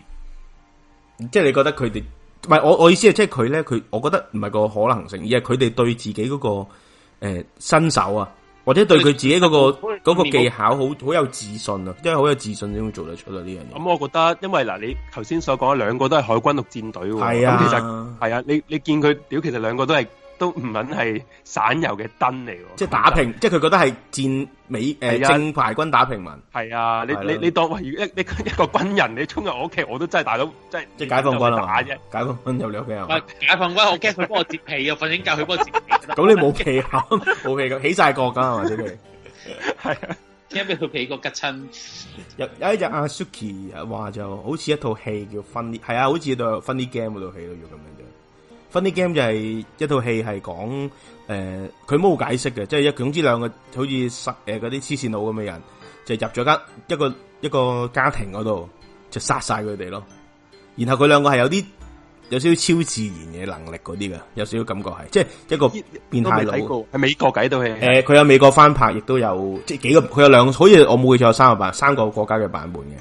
即係你覺得佢哋。唔係我我意思係，即係佢咧，佢我覺得唔係個可能性，而係佢哋對自己嗰、那個誒新、欸、手啊，或者對佢自己嗰、那個嗰對個技巧好好有，有自信啊，因為好有自信先會做得出嚟呢樣嘢。咁、嗯、我覺得，因為嗱，你頭先所講兩個都係海軍陸戰隊嘅，咁、啊、其實係啊，你你見佢屌，其實兩個都係。都唔肯係省油嘅燈嚟喎，即係打平，即係佢覺得係戰美正牌軍打平民。係啊，你你你當一一個軍人，你衝入我屋企，我都真係大佬，真係即係解放軍打啫。解放軍入你屋企。解放軍，我驚佢幫我折被啊！瞓醒覺佢幫我折被。咁你冇被冇被咁起晒個㗎係嘛？即係係啊！驚俾佢被個吉親。有有一日阿 Suki 話就，好似一套戲叫《Funny》，係啊，好似套《Funny game》嗰套戲咯，要咁樣啫。《Funny Game》就係一套戲，係講誒，佢冇解釋嘅，即係一總之兩個好似誒嗰啲黐線佬咁嘅人，就入咗間一個一個家庭嗰度，就殺晒佢哋咯。然後佢兩個係有啲有少少超自然嘅能力嗰啲嘅，有少少感覺係即係一個變態佬。係美國睇到戲，誒，佢、呃、有美國翻拍，亦都有即係幾個，佢有兩，好似我冇記錯，有三個國三個國家嘅版本嘅。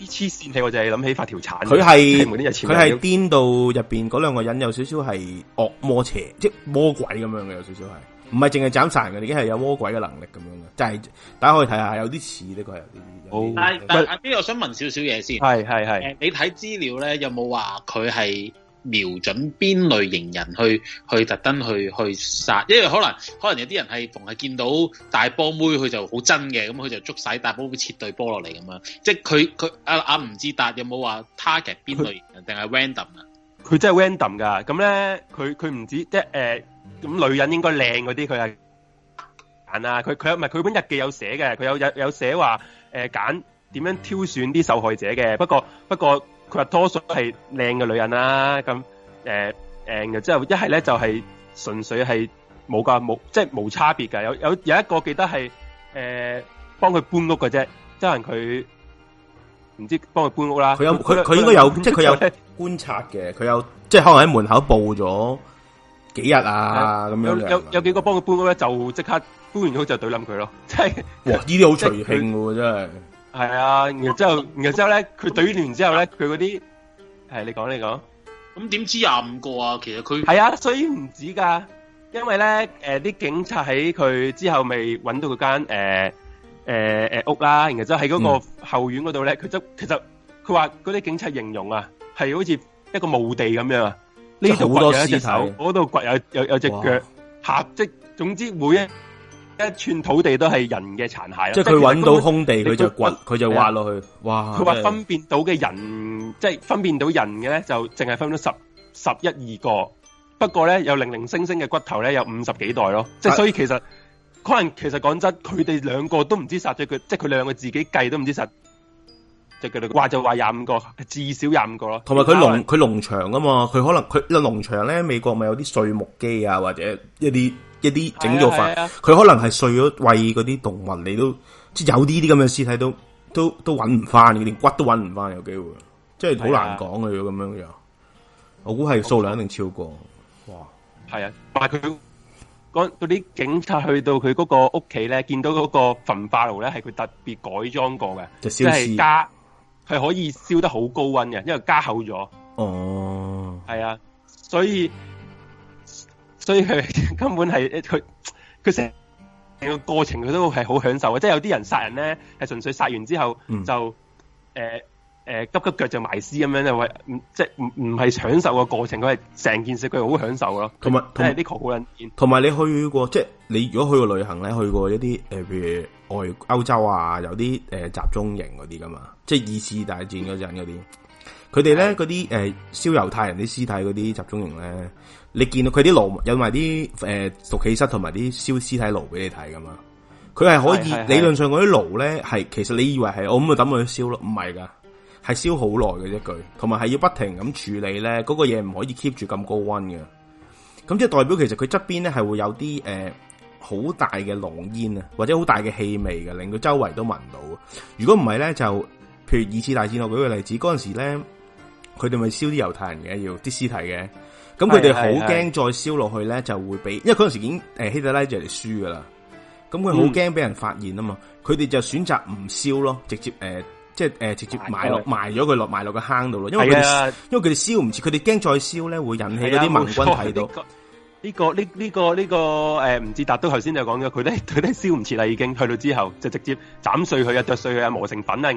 啲黐線嘢，我就係諗起發條橙。佢係佢係癲到入邊嗰兩個人有少少係惡魔邪，即係魔鬼咁樣嘅，有少少係，唔係淨係斬殘嘅，已經係有魔鬼嘅能力咁樣嘅。就係大家可以睇下，有啲似呢個，有啲、哦、但係阿 B，我想問少少嘢先，係係係。你睇資料咧，有冇話佢係？瞄準邊類型人去去特登去去殺，因為可能可能有啲人係逢係見到大波妹佢就好真嘅，咁佢就捉晒大波妹切對波落嚟咁樣！即係佢佢阿阿吳志達有冇話 target 邊類型人定係 random 啊？佢他真係 random 噶，咁咧佢佢唔知。即係誒，咁、呃、女人應該靚嗰啲佢係揀啊！佢佢唔係佢本日記有寫嘅，佢有有有寫話誒揀點樣挑選啲受害者嘅，不過不過。佢話多數係靚嘅女人啦，咁誒誒，又、呃就是、即一係咧就係純粹係冇噶，冇即係冇差別噶。有有有一個記得係誒幫佢搬屋嘅啫，即係佢唔知幫佢搬屋啦。佢有佢佢應該有，有， <laughs> 有，即係佢有觀察嘅。佢有即係可能喺門口報咗幾日啊，咁有樣有有幾個幫佢搬屋咧，就即刻搬完屋就懟冧佢咯。即、就、係、是、哇，呢啲好隨興嘅真係。係啊，然之後，然之後咧，佢懟亂之後咧，佢嗰啲，係你講，你講。咁點知廿五個啊？其實佢係啊，所以唔止噶，因為咧，誒、呃，啲警察喺佢之後未揾到嗰間，誒、呃，誒、呃，誒屋啦。然後就喺嗰個後院嗰度咧，佢執、嗯，其實佢話嗰啲警察形容啊，係好似一個墓地咁樣啊。呢度掘有隻手，嗰度掘有有有隻腳，合哇 即，總之每一。一寸土地都係人嘅殘骸咯，即係佢揾到空地，佢就掘，佢你就挖落麼去。哇！佢話分辨到嘅人，麼即係分辨到人嘅咧，就淨係分咗十十一二個，不過咧有零零星星嘅骨頭咧有五十幾代咯。啊、即係所以其實可能其實講真，佢哋兩個都唔知殺咗佢，即係佢兩個自己計都唔知殺話就話廿五個，至少廿五個咯。同埋佢農佢農場啊嘛，佢可能佢個農場咧，美國咪有啲碎木機啊，或者一啲一啲整咗法，佢、啊啊、可能係碎咗餵嗰啲動物，你都即係有啲啲咁嘅屍體都都都揾唔翻，連骨都揾唔翻，有機會，即係好難講嘅，如果咁樣樣，我估係數量一定超過。哇，係啊，但係佢嗰啲警察去到佢嗰個屋企咧，見到嗰個焚化爐咧，係佢特別改裝過嘅，就係加係可以燒得好高温嘅，因為加厚咗。哦，係啊，所以所以佢根本係，佢佢成個過程佢都係好享受嘅，即係有啲人殺人咧，係純粹殺完之後就誒。Mm. 呃誒、呃，急急腳就埋屍咁樣就喂，唔即係唔唔係享受嘅過程，佢係成件事佢好享受咯。同埋，啲確好引人。同埋，你去過即係你如果去過旅行咧，去過一啲誒、呃，譬如外歐洲啊，有啲誒、呃、集中營嗰啲噶嘛，即係二次大戰嗰陣嗰啲，佢哋咧嗰啲誒燒猶太人啲屍體嗰啲集中營咧，你見到佢啲爐有埋啲誒毒氣室同埋啲燒屍體爐俾你睇噶嘛，佢係可以是的是的理論上嗰啲爐咧係其實你以爲係我咁就抌佢燒咯，唔係噶。係燒好耐嘅一句，同埋係要不停咁處理咧，嗰個嘢唔可以 keep 住咁高温嘅。咁即係代表其實佢側邊咧係會有啲誒好大嘅濃煙啊，或者好大嘅氣味嘅，令到周圍都聞到。如果唔係咧，就譬如二次大戰我舉個例子，嗰陣時咧，佢哋咪燒啲猶太人嘅，要啲屍體嘅。咁佢哋好驚再燒落去咧，就會俾因為嗰陣時已經誒、呃、希特拉就嚟輸噶啦。咁佢好驚俾人發現啊嘛，佢哋、嗯、就選擇唔燒咯，直接誒。呃即係誒，直接埋落埋咗佢落埋落個坑度咯，因為佢，啊、因為佢哋燒唔切，佢哋驚再燒咧會引起嗰啲盟軍睇到。這個這個這個這個呃、呢個呢呢個呢個誒，吳志達都頭先就講咗，佢哋佢哋燒唔切啦，已經去到之後就直接斬碎佢啊，剁碎佢啊，磨成粉啊。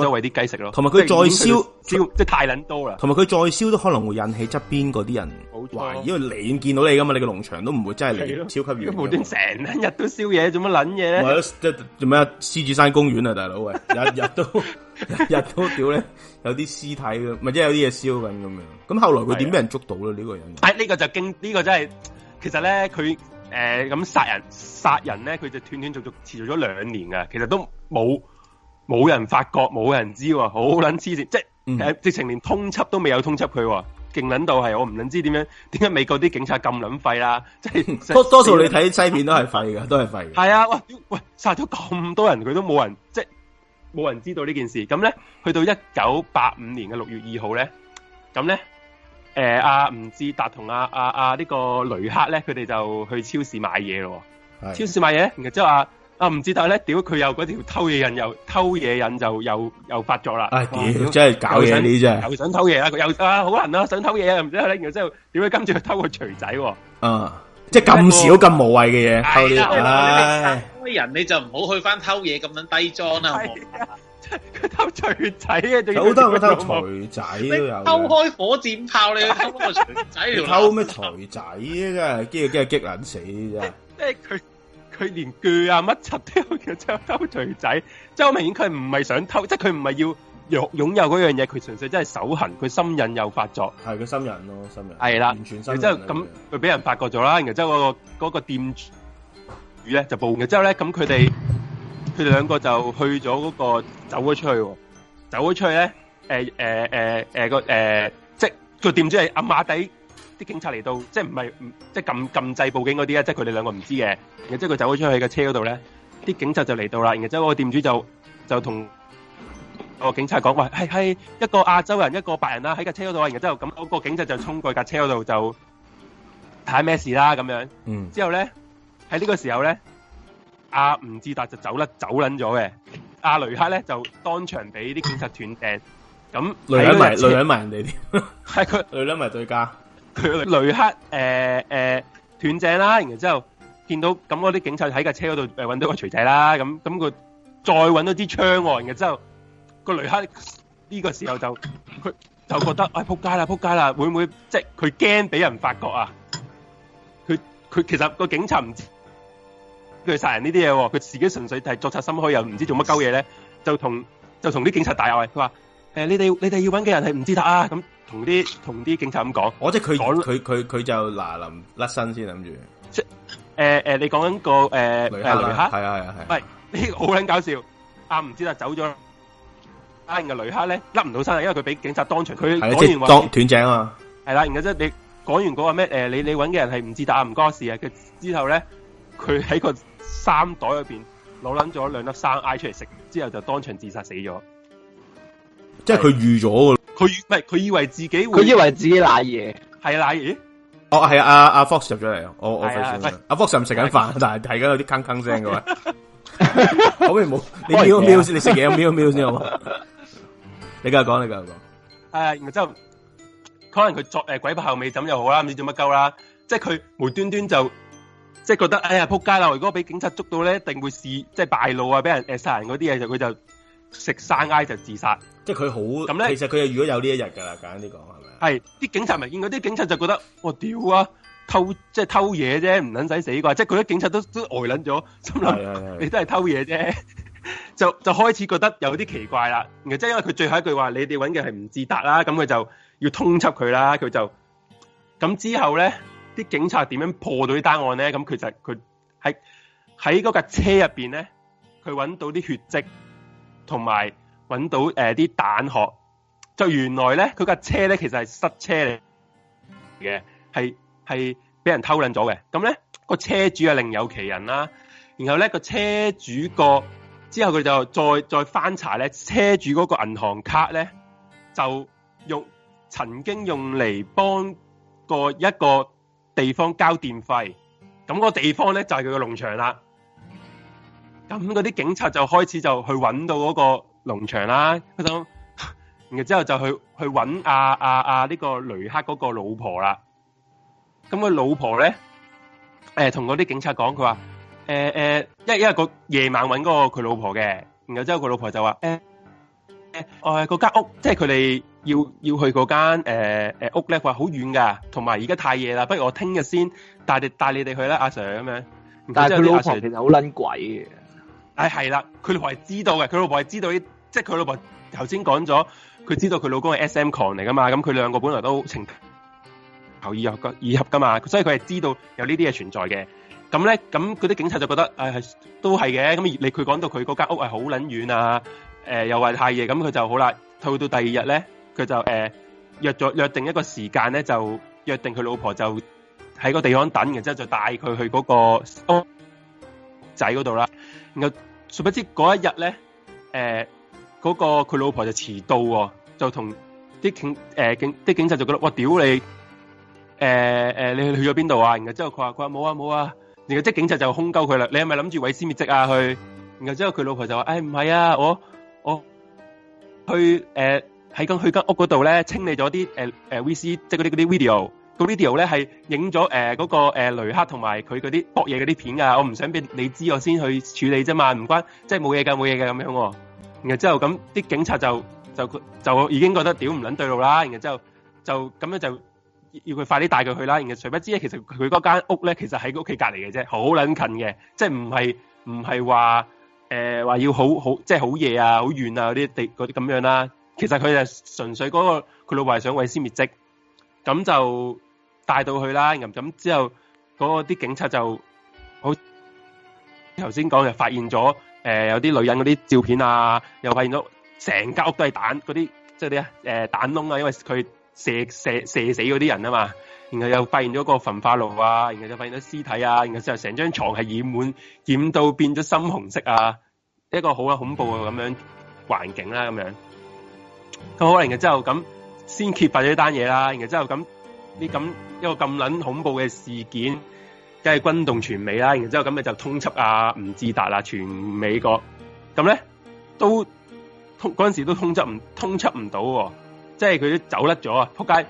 就餵啲雞食咯，同埋佢再燒，主要即係太捻多啦。同埋佢再燒都可能會引起側邊嗰啲人，懷疑錯，因為離遠見到你噶嘛，你個農場都唔會真係嚟，的超級遠。無端成日都燒嘢，做乜捻嘢？做咩、啊？獅子山公園啊，大佬喂日日都， <laughs> 日，日，都日，日都屌咧，有啲屍體嘅，咪即係有啲嘢燒緊咁樣。咁後來佢點俾人捉到咧？呢的個人呢，哎，呢個就驚，呢、這個真係，其實咧佢誒咁殺人殺人咧，佢就斷斷續續持續咗兩年噶，其實都冇。冇人發覺，冇人知，好捻黐線，即係直情連通緝都未有通緝佢，勁捻到係我唔捻知點樣，點解美國啲警察咁捻廢啦？即係多多數你睇西片都係廢嘅，都係廢嘅。係啊，喂，喂，殺咗咁多人佢都冇人，即係冇人知道呢件事。咁咧，去到一九八五年嘅六月二號咧，咁咧，誒、呃，阿、啊、吳志達同阿阿阿呢個雷克咧，佢哋就去超市買嘢咯，係啊，超市買嘢，然之後阿。啊啊，唔知但係咧，屌佢有嗰條偷嘢人又偷嘢人就又又發作啦！真係搞嘢呢啫！又想偷嘢佢又啊好難啦，想偷嘢啊！唔知點解，然之後點解今次去偷個鎚仔？嗯，即係咁少咁無謂嘅嘢偷嘢啦！開人你就唔好去翻偷嘢咁樣低裝啦！佢偷鎚仔啊！好多偷鎚仔偷開火箭炮，你去偷個鎚仔？偷咩鎚仔啊？真係驚驚激死！即係佢。佢連鋸啊乜柒都要，偷錘仔，即係我明顯佢唔係想偷，即係佢唔係要擁有嗰樣嘢，佢純粹真係手痕，佢心癮又發作，係佢心癮咯，心癮係啦，完全心癮。然之後咁，佢俾人發覺咗啦，然之後嗰個個店主咧就報案，之後咧咁佢哋佢哋兩個就去咗嗰個走咗出去，哦，走咗出去咧，誒誒誒誒個誒即係個 <laughs> 店主係阿馬地。警察嚟到，即係唔係，即係禁禁制報警嗰啲啊！即係佢哋兩個唔知嘅，然後之後佢走咗出去架車嗰度咧，啲警察就嚟到啦。然後之後個店主就就同個警察講，話，係係一個亞洲人，一個白人啦，喺架車嗰度啊！然後之後咁，嗰個警察就衝過架車嗰度就睇咩事啦，咁樣。嗯。之後咧喺呢個時候咧，阿吳志達就走甩走甩咗嘅，阿雷克咧就當場俾啲警察斷定。咁，女甩埋，女人埋人哋啲。係佢女人埋對家。佢雷克誒誒斷正啦，然後之後見到咁嗰啲警察喺架車嗰度誒揾到個錘仔啦，咁咁佢再揾到支槍、啊、然後之後，個雷克呢個時候就佢就覺得唉、哎、仆街啦仆街啦，會唔會即係佢驚俾人發覺啊？佢佢其實個警察唔知佢殺人呢啲嘢，佢自己純粹係作賊心虛，又唔知做乜鳩嘢咧，就同就同啲警察大嗌，佢話誒你哋你哋要揾嘅人係唔知得啊咁。同啲同啲警察咁講，我即係佢佢佢佢就嗱臨甩身先諗住，即誒誒，你講緊，那個誒、呃、雷，雷克，雷克、啊？係啊係啊係，喂，呢個好撚搞笑，阿吳志達走咗，啱嘅雷克咧甩唔到身啊，因為佢俾警察當場佢講完話斷頸啊，係啦，然即係你講完嗰、那個咩誒、呃，你你揾嘅人係唔知打，唔關事啊，佢之後咧佢喺個衫袋入邊攞捻咗兩粒生嗌出嚟食，之後就當場自殺死咗，即係佢預咗佢佢以為自己會，佢以為自己瀨嘢，係瀨嘢。哦，係啊，阿阿 Fox 入咗嚟啊，我我，係啊，阿 Fox 唔食緊飯，但係係而家有啲坑坑聲嘅喂，好未冇？你瞄瞄先，你食嘢瞄瞄先好嘛？你繼續講，你繼續講。係啊，然後之後可能佢作誒鬼拍後尾枕又好啦，唔知做乜鳩啦，即係佢無端端就即係覺得哎呀扑街啦！如果俾警察捉到咧，一定會試即係敗露啊，俾人誒殺人嗰啲嘢，就佢就。食生拉就自殺，即係佢好咁咧，其實佢又如果有呢一日噶啦，簡單啲講係咪係，係啲警察咪見，嗰啲警察就覺得我屌啊，偷即係偷嘢啫，唔撚使死啩。即係佢啲警察都都呆撚咗，心諗是你都係偷嘢啫，是是 <laughs> 就就開始覺得有啲奇怪啦。即係、嗯、因為佢最後一句話，你哋揾嘅係唔自達啦，咁佢就要通緝佢啦。佢就咁之後咧，啲警察點樣破到啲單案咧？咁佢就佢喺喺嗰架車入邊咧，佢揾到啲血迹。同埋揾到啲、呃、蛋殼，就原來咧，佢架車咧其實係失車嚟嘅，係係俾人偷撚咗嘅。咁咧個車主係另有其人啦、啊。然後咧個車主個之後佢就再再翻查咧，車主嗰個銀行卡咧就用曾經用嚟幫過一個地方交電費，咁、那個地方咧就係佢嘅農場啦。咁嗰啲警察就開始就去揾到嗰個農場啦，佢想、啊啊啊欸欸欸，然後之後就去去揾阿啊啊呢個雷克嗰個老婆啦。咁佢老婆咧，誒同嗰啲警察講，佢話，誒誒，一因為個夜晚揾嗰個佢老婆嘅，然後之後佢老婆就話，誒、欸，誒、欸，哦嗰間屋，即係佢哋要要去嗰間，誒、欸、誒屋咧，佢話好遠噶，同埋而家太夜啦，不如我聽日先帶你帶你哋去啦，阿、啊、Sir 咁、嗯、樣。但係佢老婆其實好捻鬼嘅。哎，係啦，佢老婆係知道嘅，佢老婆係知道呢，即係佢老婆頭先講咗，佢知道佢老公係 S.M. 狂嚟噶嘛，咁佢兩個本來都情投意合、意合噶嘛，所以佢係知道有呢啲嘢存在嘅。咁咧，咁嗰啲警察就覺得，誒、哎，都係嘅。咁你佢講到佢嗰間屋係好撚遠啊，誒、呃，又話太夜，咁佢就好啦。去到第二日咧，佢就誒、呃、約咗約定一個時間咧，就約定佢老婆就喺個地方等，然之後就帶佢去嗰個屋仔嗰度啦。然後殊不知嗰一日咧，誒、呃，嗰、那個佢老婆就遲到、哦，就同啲警誒、呃、警啲警察就覺得哇，屌你，誒、呃、誒、呃，你去咗邊度啊？然後之後佢話佢話冇啊冇啊，然後即係警察就兇鳩佢啦。你係咪諗住毀屍滅跡啊？佢然後之後佢老婆就話，誒唔係啊，我我去誒喺、呃、間去間屋嗰度咧清理咗啲誒誒 V C 即係啲嗰啲 video。地方呢，呃，那個 video 咧係影咗誒嗰個誒雷克同埋佢嗰啲搏嘢嗰啲片噶、啊，我唔想俾你知，我先去處理啫嘛，唔關即係冇嘢嘅，冇嘢嘅咁樣、啊。然後之後咁啲警察就就就已經覺得屌唔撚對路啦。然後之後就咁樣就要佢快啲帶佢去啦。然後誰不知咧，其實佢嗰間屋咧，其實喺屋企隔籬嘅啫，好撚近嘅，即係唔係唔係話誒話要好好即係好夜啊，好遠啊嗰啲地嗰啲咁樣啦、啊。其實佢就純粹嗰、那個佢老華想毀屍滅跡，咁就。帶到去啦，咁之後嗰啲警察就好頭先講就發現咗，誒、呃、有啲女人嗰啲照片啊，又發現咗成間屋都係彈，嗰啲即係啲誒彈窿啊，因為佢射射射，射死嗰啲人啊嘛，然後又發現咗個焚化爐啊，然後就發現咗屍體啊，然後之後成張床係染滿染到變咗深紅色啊，一個好啊恐怖啊咁樣環境啦咁樣，咁可能嘅之後咁先揭發咗呢單嘢啦，然後之後咁。啲咁一個咁撚恐怖嘅事件，梗係轟動全美啦。然之後咁你就通緝阿、啊、吳志達啦，全美國。咁咧都通嗰陣時都通緝唔通緝唔到、哦，即係佢都走甩咗啊！撲街！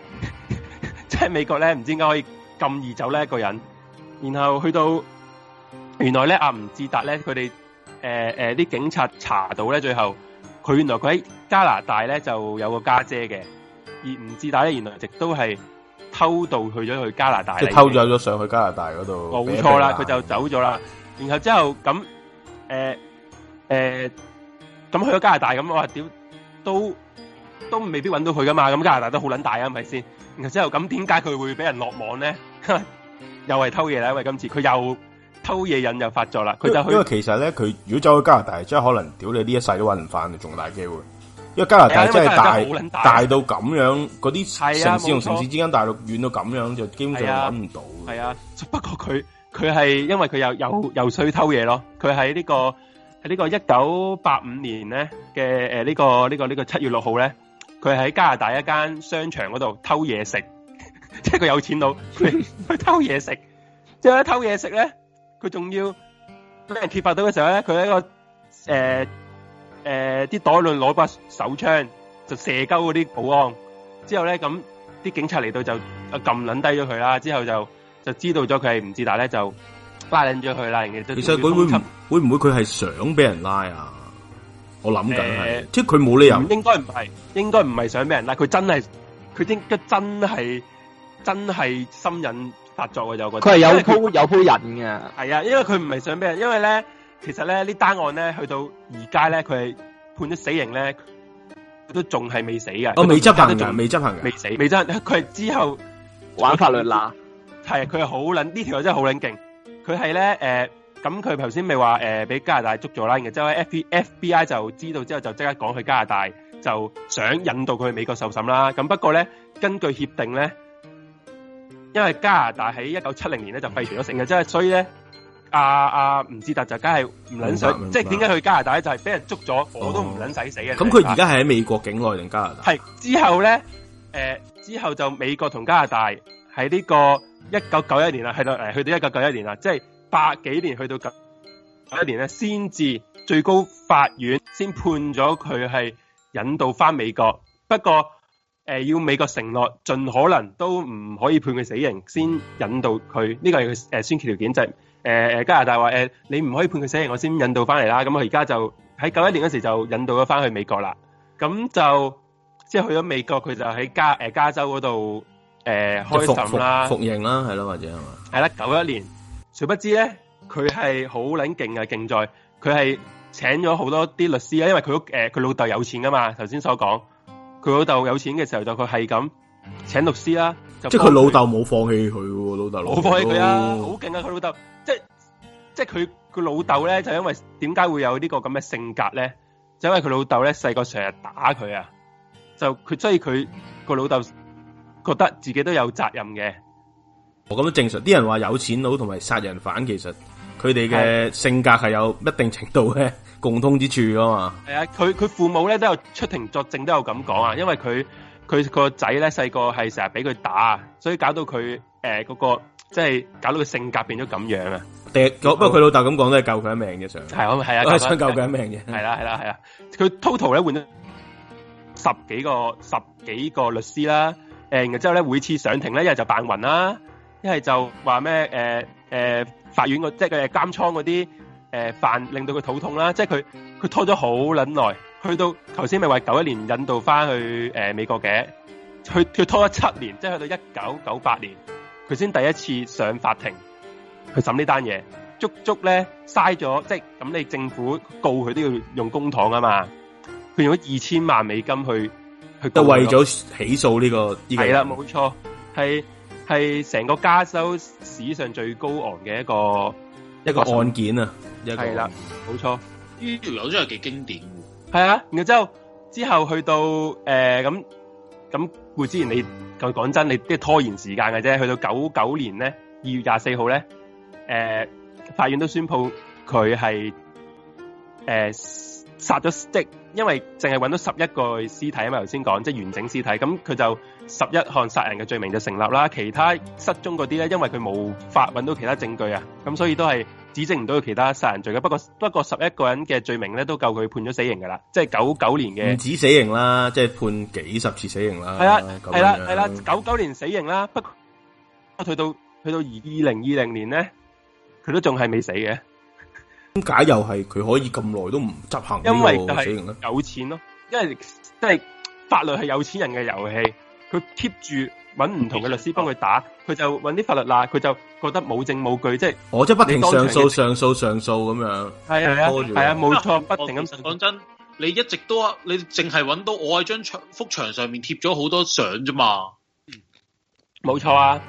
<laughs> 即係美國咧，唔知點解可以咁易走咧一個人。然後去到原來咧阿吳志達咧，佢哋誒誒啲警察查到咧，最後佢原來佢喺加拿大咧就有個家姐嘅，而吳志達咧原來一直都係。偷渡去咗去加拿大，即係偷走咗上去加拿大嗰度，冇錯啦，佢就走咗啦。然後之後咁，誒誒，咁去咗加拿大，咁我話屌都都未必搵到佢噶嘛，咁加拿大都好撚大啊，係咪先？然後之後咁，點解佢會俾人落網咧？又係偷嘢啦，因為今次佢又偷嘢癮又發作啦，佢就去。因為其實咧，佢如果走去加拿大，即係可能屌你呢一世都搵唔翻，仲大機會。因為加拿大真係大，啊、大，的大，大到咁樣，嗰啲、啊、城市同城市之間大陸遠到咁樣，啊、就基本上揾唔到、啊。係啊，不過佢佢係因為佢又又又衰偷嘢咯。佢喺呢個喺呢個一九八五年咧嘅誒呢個呢個呢個七月六號咧，佢喺加拿大一間商場嗰度偷嘢食，即係佢有錢到佢去偷嘢食。之後咧偷嘢食咧，佢仲要俾人揭發到嘅時候咧，佢喺一個誒。呃誒，啲袋亂攞把手槍就射鳩嗰啲保安，之後咧，咁啲警察嚟到就啊撳捻低咗佢啦，之後就就知道咗佢係唔知，但係咧就拉捻咗佢啦，而家都其實佢會會唔會佢係想俾人拉啊？我諗緊係，即係佢冇理由，應該唔係，應該唔係想俾人拉，佢真係佢應該真係真係心癮發作啊！有佢係有鋪有鋪癮嘅，係啊，因為佢唔係想俾人，因為咧。其實咧呢單案咧去到而家咧，佢係判咗死刑咧，佢都仲係未死嘅。未執行嘅，未執行嘅，未死，未執行。佢係之後玩法律啦，係佢係好捻呢條友真係好捻勁。佢係咧誒，咁佢頭先咪話誒，俾、呃、加拿大捉咗啦，然之後 F B F B I 就知道之後就即刻講去加拿大，就想引導佢去美國受審啦。咁不過咧，根據協定咧，因為加拿大喺一九七零年咧就廢除咗死刑，即係 <laughs> 所以咧。啊啊，唔知特就梗係唔撚想，即係點解去加拿大就係、是、俾人捉咗，我都唔撚使死嘅。咁佢而家係喺美國境內定加拿大？係之後咧，誒、呃，之後就美國同加拿大喺呢個一九九一年啦，係啦，誒，去到一九九一年啦，即係八幾年去到九一年咧，先至最高法院先判咗佢係引渡返美國。不過誒、呃，要美國承諾盡可能都唔可以判佢死刑，先引渡佢，呢個係誒，先決條件就係、是。誒、呃、加拿大話、呃、你唔可以判佢死刑，我先引渡翻嚟啦。咁佢而家就喺九一年嗰時候就引渡咗翻去美國啦。咁就即係去咗美國，佢就喺加、呃、加州嗰度誒開審啦。服，服刑啦、啊，係啦或者係嘛？係啦，九一年。誰不知咧，佢係好撚勁嘅勁在，佢係請咗好多啲律師啦。因為佢佢、呃、老豆有錢㗎嘛，頭先所講，佢老豆有錢嘅時候就佢係咁請律師啦。即係佢老豆冇放棄佢、啊，老豆老冇放棄佢啊！好勁啊！佢、啊、老豆即係即係佢個老豆咧，就因為點解會有呢個咁嘅性格咧？就因為佢老豆咧，細個成日打佢啊，就佢所以佢個老豆覺得自己都有責任嘅。我覺得正常，啲人話有錢佬同埋殺人犯，其實佢哋嘅性格係有一定程度嘅共通之處噶嘛。係啊，佢佢父母咧都有出庭作證，都有咁講啊，因為佢。佢個仔咧細個係成日俾佢打，所以搞到佢誒嗰個即係搞到佢性格變咗咁樣啊！不過佢老豆咁講都係救佢一命嘅，想係啊，係啊，都係想救佢一命嘅。係啦係啦係啊！佢 total 咧換咗十幾個十幾個律師啦，誒，然後之後咧每次上庭咧一係就扮暈啦，一係就話咩誒誒，法院個即係監倉嗰啲誒犯令到佢肚痛啦，即係佢佢拖咗好撚耐。去到頭先咪話九一年引渡翻去誒、呃、美國嘅，去去拖咗七年，即係去到一九九八年，佢先第一次上法庭去審呢單嘢，足足咧嘥咗，即係咁你政府告佢都要用公帑啊嘛，佢用咗二千萬美金去去。都為咗起訴呢、這個係啦，冇錯、這個，係係成個加州史上最高昂嘅一個一個案件啊，係啦、啊，冇錯呢條友真係幾經典。係啊，然之後之後之後去到誒咁咁顧之前你講講真，你即拖延時間嘅啫。去到九九年咧，二月廿四號咧，誒、呃、法院都宣布佢係誒殺咗，即因為淨係搵到十一具屍體啊嘛。頭先講即係完整屍體，咁佢就十一項殺人嘅罪名就成立啦。其他失蹤嗰啲咧，因為佢冇法搵到其他證據啊，咁所以都係。指證唔到其他殺人罪嘅，不過不過十一個人嘅罪名咧都夠佢判咗死刑噶啦，即係九九年嘅，唔止死刑啦，即係判幾十次死刑啦。係啦係啦係啦，九九樣年死刑啦，不過我退到去到二零二零年咧，佢都仲係未死嘅。點解又係佢可以咁耐都唔執行呢個死刑咧？因為有錢咯，因為即係法律係有錢人嘅遊戲，佢 keep 住。揾唔同嘅律師幫佢打，佢就揾啲法律罅，佢就覺得冇證冇據，即係我即係不停上訴、上訴、上訴咁樣。係啊係啊，係啊冇錯，對對對錯不停咁我。講真，你一直都你淨係揾到我喺張牆幅牆上面貼咗好多相啫嘛，冇錯啊。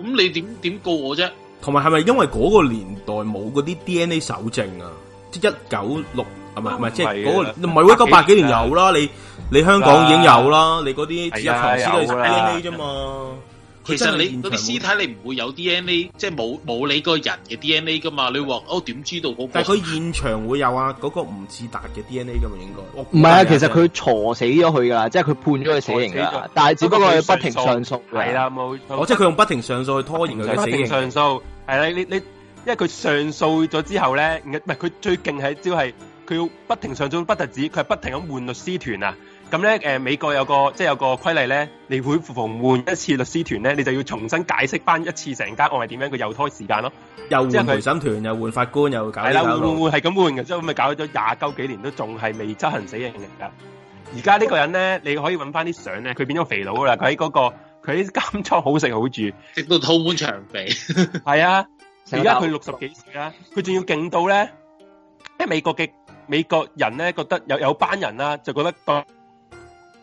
咁你點點告我啫？同埋係咪因為嗰個年代冇嗰啲 DNA 搜證啊？即一九六。唔係，即係嗰個唔係喎。九百幾年有啦，你，你香港已經有啦，你嗰啲一頭屍都係 DNA 啫嘛。其實你嗰啲屍體你唔會有 DNA，即係冇冇，你個人嘅 DNA 噶嘛。你話我點知道嗰個，但係佢現場會有啊，嗰個吳志達嘅 DNA 噶嘛，應該唔係啊。其實佢錯死咗佢噶，即係佢判咗佢死刑噶，但係只不過佢不停上訴係啦，冇，我即係佢用不停上訴去拖延佢嘅死刑。不停上訴係啦，你，你因為佢上訴咗之後咧，唔係佢最勁係一招係。佢要不停上訴，不特止，佢係不停咁換律師團啊！咁咧、呃，美國有個即係有個規例咧，你每逢換一次律師團咧，你就要重新解釋翻一次成間案係點樣，佢又拖時間咯，又換陪審團，是是又換法官，又搞。係啦，換換換係咁換嘅，所以咁咪搞咗廿九幾年都仲係未執行死刑嘅。而家呢個人咧，你可以搵翻啲相咧，佢變咗肥佬啦，佢喺嗰個佢啲監倉好食好住，直到肚滿腸肥。係 <laughs> 啊，而家佢六十幾歲啦，佢仲要勁到咧，即係美國嘅。美國人咧覺得有有班人啦、啊，就覺得當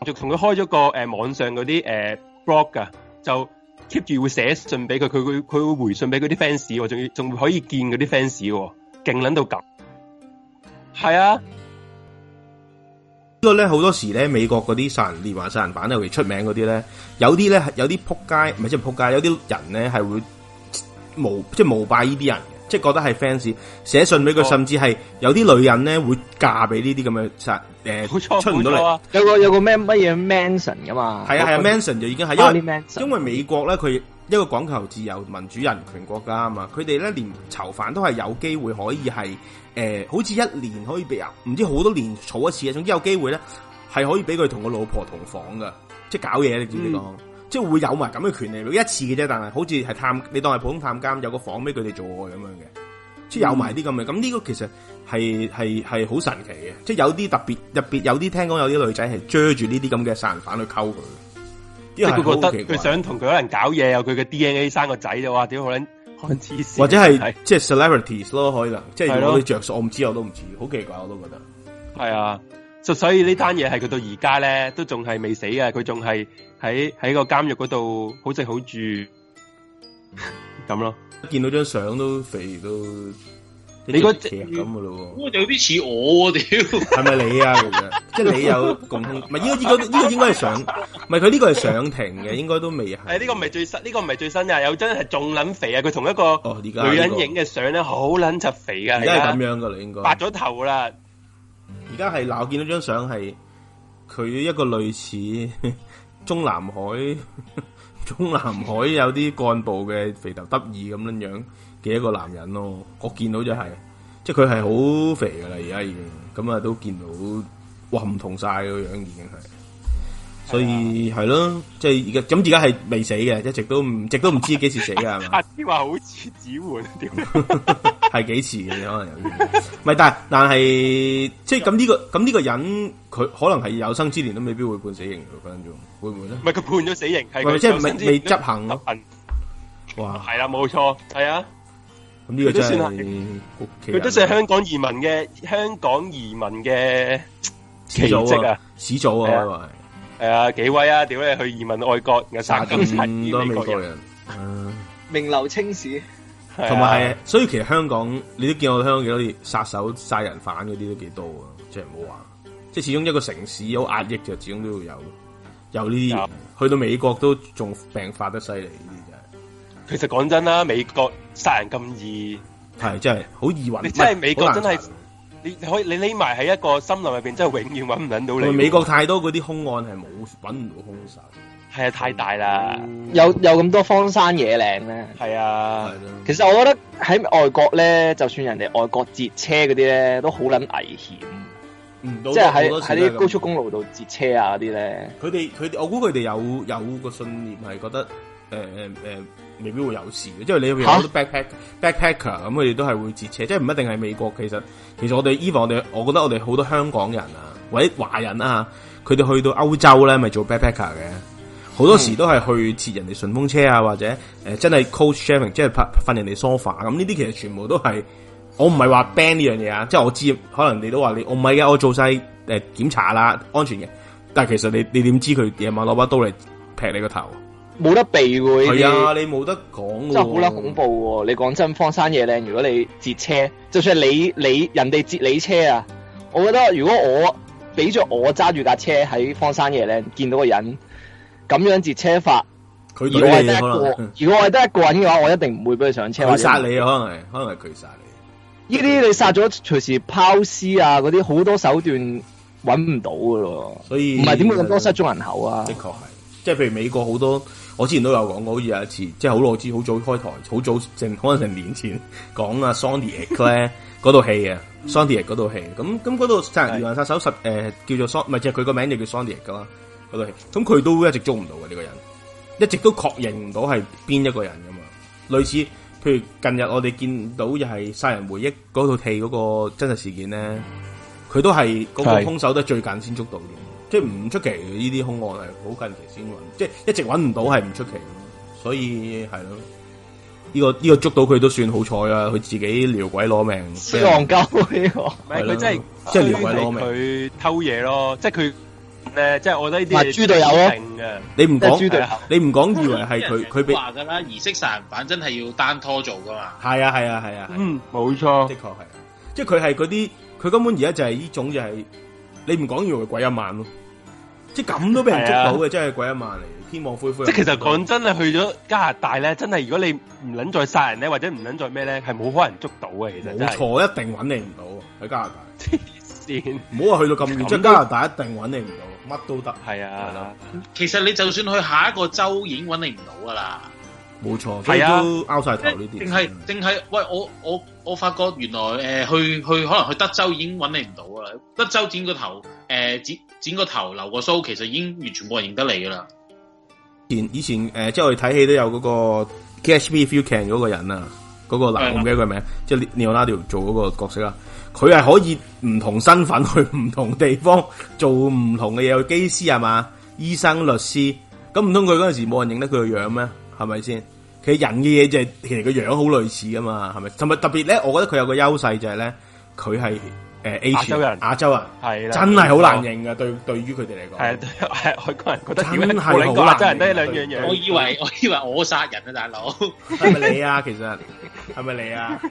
就同佢開咗個誒、啊、網上嗰啲誒 blog 啊，blog 就 keep 住會寫信俾佢，佢佢佢會回信俾嗰啲 fans，仲要仲可以見嗰啲 fans，勁捻到咁。係啊，個呢個咧好多時咧，美國嗰啲殺人連環殺人犯咧，尤其出名嗰啲咧，有啲咧有啲扑街，唔係即係扑街，有啲人咧係會即無即係膜拜呢啲人。即係覺得係 fans 寫信俾佢，甚至係有啲女人咧會嫁俾呢啲咁樣實誒，呃、錯出唔到嚟。有個有個咩乜嘢 Manson 噶嘛？係啊係、那個、啊 Manson 就已經係因為因為美國咧，佢一個講求自由、民主人權國家啊嘛，佢哋咧連囚犯都係有機會可以係誒、呃，好似一年可以俾啊，唔知好多年儲一次，總之有機會咧係可以俾佢同個老婆同房噶，即係搞嘢你知唔知講。嗯即係會有埋咁嘅權利，一次嘅啫。但係好似係探，你當係普通探監，有個房俾佢哋做愛咁樣嘅，即係有埋啲咁嘅。咁呢、嗯、個其實係係係好神奇嘅。即係有啲特別特別有啲聽講有啲女仔係追住呢啲咁嘅殺人犯去溝佢，因為佢覺得佢想同佢人搞嘢啊！佢嘅 D N A 生個仔就話點可能可能黐線或者係即係是 celebrities 咯可以啦。的即係如果你着數，我唔知我都唔知，好奇怪我都覺得係啊。所所以呢單嘢係佢到而家咧都仲係未死啊，佢仲係。喺喺個監獄嗰度好食好住咁咯，見到張相都肥到，你嗰隻咁嘅咯，我有啲似我，屌，係咪你啊？即係你有共唔係呢個應該係上，唔係佢呢個係上庭嘅，應該都未係。呢個唔係最新，呢個唔係最新啊！有真係仲撚肥啊！佢同一個女人影嘅相咧，好撚柒肥噶，而家咁樣噶啦，應該白咗頭啦。而家係鬧見到張相係佢一個類似。中南海，中南海有啲幹部嘅肥頭得意咁樣樣嘅一個男人咯，我見到就係、是，即係佢係好肥噶啦，而家已經，咁啊都見到，哇唔同晒個樣，已經係。所以係咯，即係而家咁而家係未死嘅，一直都唔，直都唔知幾時死嘅係嘛？阿話好似只換，係幾遲嘅可能有，唔係但係，但係即係咁呢個咁呢個人，佢可能係有生之年都未必會判死刑嘅，分分鐘會唔會咧？唔係佢判咗死刑，係即係未，未執行咯、啊。哇，係啦，冇錯，係啊，咁呢個真係佢都係香港移民嘅，香港移民嘅奇蹟啊，始祖啊。係啊，幾位啊！點解你去移民外國嘅？殺咁多美國人，國人嗯、名流青史，同埋、嗯、所以其實香港你都見到香港幾多啲殺手、殺人犯嗰啲都幾多啊！即係唔好話，嗯、即係始終一個城市好壓抑，嗯、就始終都會有有呢啲。嗯、去到美國都仲病發得犀利呢啲，真其實講真啦，美國殺人咁易，係真係好易揾。真係美國是的真係。你可以你匿埋喺一個森林入邊，真係永遠搵唔到你。美國太多嗰啲兇案係冇搵唔到兇手，係啊太大啦，嗯，有有咁多荒山野嶺咧。係、嗯、啊，其實我覺得喺外國咧，就算人哋外國截車嗰啲咧，都好捻危險。嗯，即係喺喺啲高速公路度截車啊啲咧，佢哋佢我估佢哋有有個信念係覺得誒誒誒。呃呃未必會有事嘅，即係你會有好多 backpacker，backpacker 咁、啊，佢哋、er, 都係會截車，即係唔一定係美國。其實其實我哋 even 我哋，我覺得我哋好多香港人啊，或者華人啊，佢哋去到歐洲咧，咪做 backpacker 嘅，好多時都係去截人哋順風車啊，或者誒、呃、真係 coach sharing，即係拍瞓人哋梳化。咁呢啲其實全部都係我唔係話 ban 呢樣嘢啊，即係我知道可能你都話你，我唔係嘅，我做晒誒檢查啦，安全嘅。但係其實你你點知佢夜晚攞把刀嚟劈你個頭？冇得避喎，係啊呢啲！你冇得講，真好啦！恐怖喎！你講真，荒山野嶺，如果你截車，就算你你人哋截你車啊！我覺得如果我俾咗我揸住架車喺荒山野嶺見到個人咁樣截車法，佢如果我如果我係得一個人嘅話，我一定唔會俾佢上車。我殺你，可能係可能係佢殺你。呢啲你殺咗，隨時拋屍啊！嗰啲好多手段揾唔到噶咯。所以唔係點會咁多失蹤人口啊？的確係，即係譬如美國好多。我之前都有講過，好似有一次，即係好耐之，好早開台，好早成可能成年前講啊。Sandy X 咧嗰套戲啊，Sandy X 嗰套戲，咁咁嗰度殺人疑犯殺手十誒、呃、叫做，叫做的叫 S，唔係即係佢個名就叫 Sandy X 噶啦嗰套戲，咁佢都一直捉唔到嘅呢個人，一直都確認唔到係邊一個人噶嘛，類似譬如近日我哋見到又係殺人回憶嗰套戲嗰個真實事件咧，佢都係嗰、嗰個凶手都最近先捉到嘅。即係唔出奇，呢啲凶案係好近期先揾，即係一直揾唔到係唔出奇，所以係咯。呢、這個呢、這個捉到佢都算好彩啊！佢自己撩鬼攞命，希望救呢個，佢真係即係撩鬼攞命，佢偷嘢咯，即係佢誒，即係我覺得呢啲啊，豬隊友嘅。你唔講，你唔講以為係佢佢俾話噶啦，儀被式殺人犯真係要單拖做噶嘛，係啊係啊係啊，啊啊啊啊嗯，冇錯，的確係，啊、錯即係佢係嗰啲，佢根本而家就係呢種就係、是。你唔講以為，鬼一萬咯！即咁都俾人捉到嘅，是啊、真係鬼一萬嚟。天網恢恢，即其實講真，係去咗加拿大咧，真係如果你唔捻再殺人咧，或者唔捻再咩咧，係冇可能捉到嘅。其實冇錯，一定揾你唔到喺加拿大。黐線！唔好話去到咁遠，即這樣 加拿大一定揾你唔到，乜都得。係啊，係啦。其實你就算去下一個州，已經揾你唔到噶啦。冇錯是、啊，佢都拗晒頭呢啲。定係定係，喂我我。我我發覺原來誒、呃，去去可能去德州已經揾你唔到啦。德州剪個頭，誒、呃、剪剪個頭，留個鬚，其實已經完全冇人認得你噶啦。前以前誒、呃，即係我哋睇戲都有嗰個 Catch Me If You Can 嗰個人啊，嗰個男，我唔記得佢名，即係 Leonardo 做嗰個角色啦。佢係可以唔同身份去唔同地方做唔同嘅嘢，去機師係嘛，醫生、律師，咁唔通佢嗰陣時冇人認得佢個樣咩？係咪先？其實人嘅嘢就係，其實個樣好類似噶嘛，係咪？同埋特別咧，我覺得佢有個優勢就係咧，佢係誒亞洲人，亞洲人係啦，真係好難認噶。對對於佢哋嚟講，係係外國人覺得點咧，我真係好難係兩樣嘢。我以為我以為我殺人啊大佬，係咪你啊？其實係咪你啊？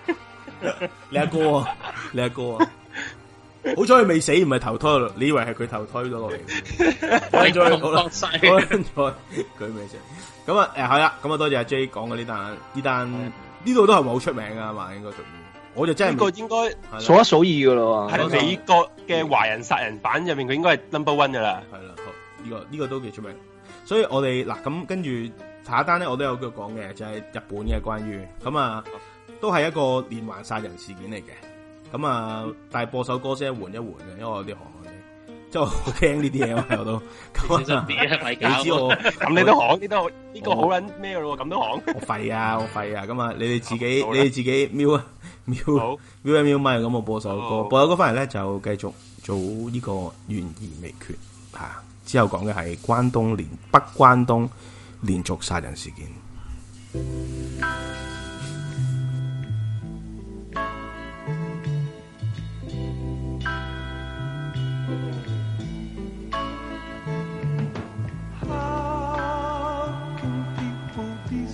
你阿哥，你阿哥，好彩佢未死，唔係投胎你以為係佢投胎咗落嚟，怪咗佢好啦。佢咁啊，誒係啦，咁啊多謝阿 J 講嘅呢單，呢單呢度都係咪好出名噶嘛？應該屬於，我就真係呢個應該數一數二噶咯，喺美國嘅華人殺人版入面，佢應該係 number one 噶啦，係啦，好呢個呢個都幾出名，所以我哋嗱咁跟住下一單咧，我都有句講嘅，就係日本嘅關於咁啊，都係一個連環殺人事件嚟嘅。咁啊，但係播首歌先緩一緩嘅，因為我哋好。都好驚呢啲嘢啊嘛，我都咁你、啊、你知咁，你都行，你都呢個好捻咩嘅咯？咁都我行，我廢啊，我廢啊！咁啊，你哋自己，哦、你哋自己瞄啊，瞄啊，瞄一瞄咪咁，咪咪咪咪我播首歌，好好播首歌翻嚟咧，就繼續做呢個懸疑未決啊！之後講嘅係關東連北關東連續殺人事件。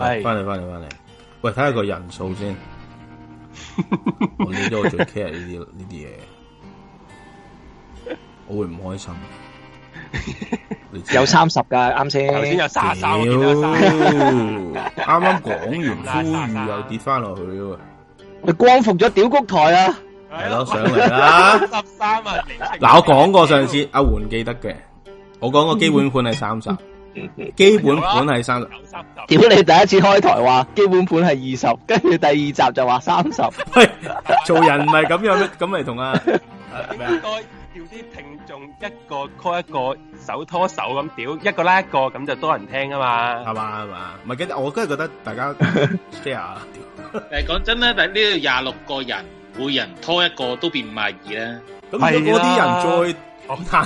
係，翻嚟翻嚟翻嚟，喂，睇下個人數先。我呢啲我最 care 呢啲呢啲嘢，我會唔開心？看看有三十噶啱先，啱先有卅三，啱啱講完 <laughs> 呼籲又跌翻落去，你光復咗屌谷台啊？係咯，上嚟啦，三十三啊！嗱，我講過上次， <laughs> 阿媛記得嘅，我講個基本款係三十。基本盤係三十，屌你第一次開台話基本盤係二十，跟住第二集就話三十，做人唔係噉樣，咁咪同阿，係咪應該叫啲聽眾一個 call 一個手拖手咁屌，一個拉一個咁就多人聽啊嘛，係嘛係嘛？唔係，我真係覺得大家 share。誒，講真咧，呢度廿六個人，每人拖一個都變唔係二啦，咁如果啲人再。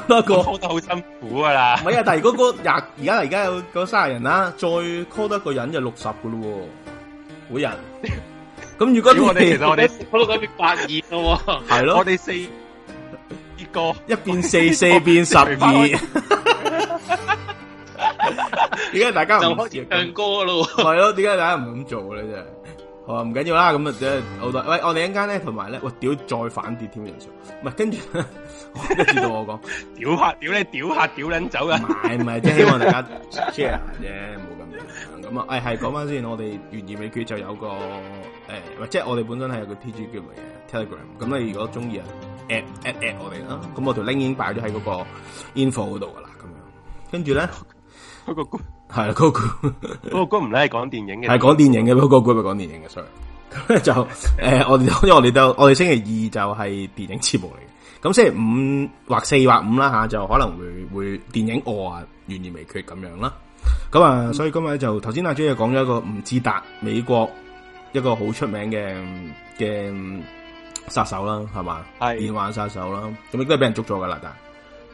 多一個，call 得好辛苦噶啦。唔係啊，但係如果嗰廿而家而家有嗰卅人啦，再 call 得一個人就六十喇咯，每人。咁如果 <laughs> 其如我哋 c a 我哋，到咗變八二咯，係咯，我哋四，呢個一變四，四變十二。點解 <laughs> <laughs> 大家唔唱歌咯？係咯？點解大家唔咁做咧？真好啊，唔緊要啦，咁啊，即係好多，喂，我哋一陣間咧，同埋咧，喂，屌，再反跌添嘅人數，唔係，跟住，跟、 <laughs> 啊、知道我講，屌下屌你屌下屌捻走㗎！唔係，唔係， <laughs> 即係 <laughs> 希望大家 share 啫，冇咁 <laughs> 樣。咁啊，誒、哎，係講翻先，我哋懸疑未決就有個誒，即、哎、係、就是、我哋本身係有個 T G 叫乜嘅 Telegram，咁你如果中意啊，at at at 我哋啦，咁、嗯、我條 link 已經擺咗喺嗰個 info 嗰度噶啦，咁樣，跟住咧，個係嗰、那個嗰個唔係講電影嘅，係講電影嘅嗰個 group 咪講電影嘅，所以咁咧就誒、呃，我哋因為我哋都我哋星期二就係電影節目嚟嘅，咁星期五或四或五啦吓、啊，就可能會會電影餓啊，懸疑未決咁樣啦。咁啊，所以今日就頭先阿 Jie 講咗一個吳志達，美國一個好出名嘅嘅殺手啦，係嘛，係連環殺手啦，咁亦都係俾人捉咗噶啦，但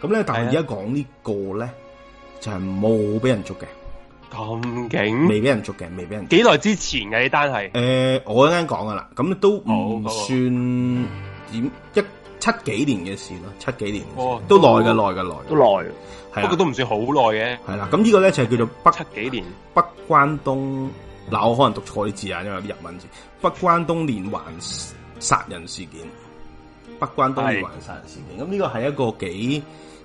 咁咧，但係而家講呢個咧就係冇俾人捉嘅。咁勁未俾人捉嘅，未俾人幾耐之前嘅呢單係？誒、呃，我啱啱講噶啦，咁都唔算點一、哦、七幾年嘅事咯，七幾年事哦，都耐嘅，耐嘅，耐，都耐，係啊，不過都唔算好耐嘅，係啦。咁呢個咧就係、是、叫做北七幾年北關東，嗱我可能讀錯啲字啊，因為啲日文字北關東連環殺人事件，北關東連環殺人事件，咁呢是個係一個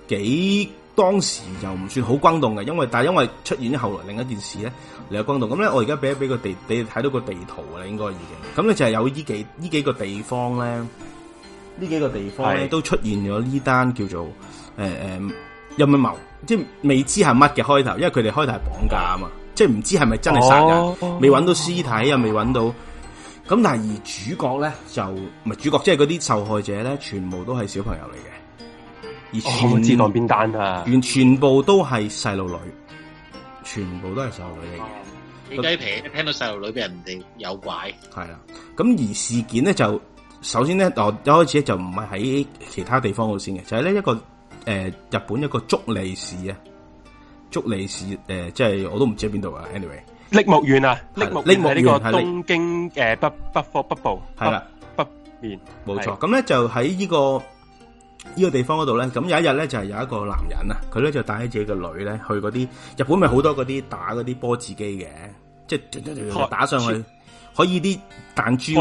幾幾。當時就唔算好轟動嘅，因為但係因為出現咗後來另一件事咧嚟有轟動。咁咧我而家俾一俾個地，你睇到個地圖啦，應該已經。咁咧就係有依幾，幾個地方咧，呢、嗯、幾個地方咧是都出現咗呢單叫做誒誒陰謀，即係未知係乜嘅開頭。因為佢哋開頭係綁架啊嘛，即係唔知係咪真係殺人，未搵、哦、到屍體又未搵到。咁但係而主角咧就唔係主角，即係嗰啲受害者咧，全部都係小朋友嚟嘅。全邊單啊！完全部都係細路女，全部都係細路女嚟嘅。你雞皮，聽到細路女俾人哋有怪。係啦。咁而事件咧就，首先咧，我一開始咧就唔係喺其他地方好先嘅，就係、是、呢一個誒、呃，日本一個足利市,足利市、呃、裡 anyway, 啊，足利市誒，即係我都唔知喺邊度啊。Anyway，栃木縣啊，栃木呢木縣係東京誒北的北北部，係啦北,北,北面，冇錯。咁咧的就喺呢、這個。呢個地方嗰度咧，咁有一日咧就係有一個男人啊，佢咧就帶起自己個女咧去嗰啲日本，咪好多嗰啲打嗰啲波子機嘅，即係打上去可以啲彈珠，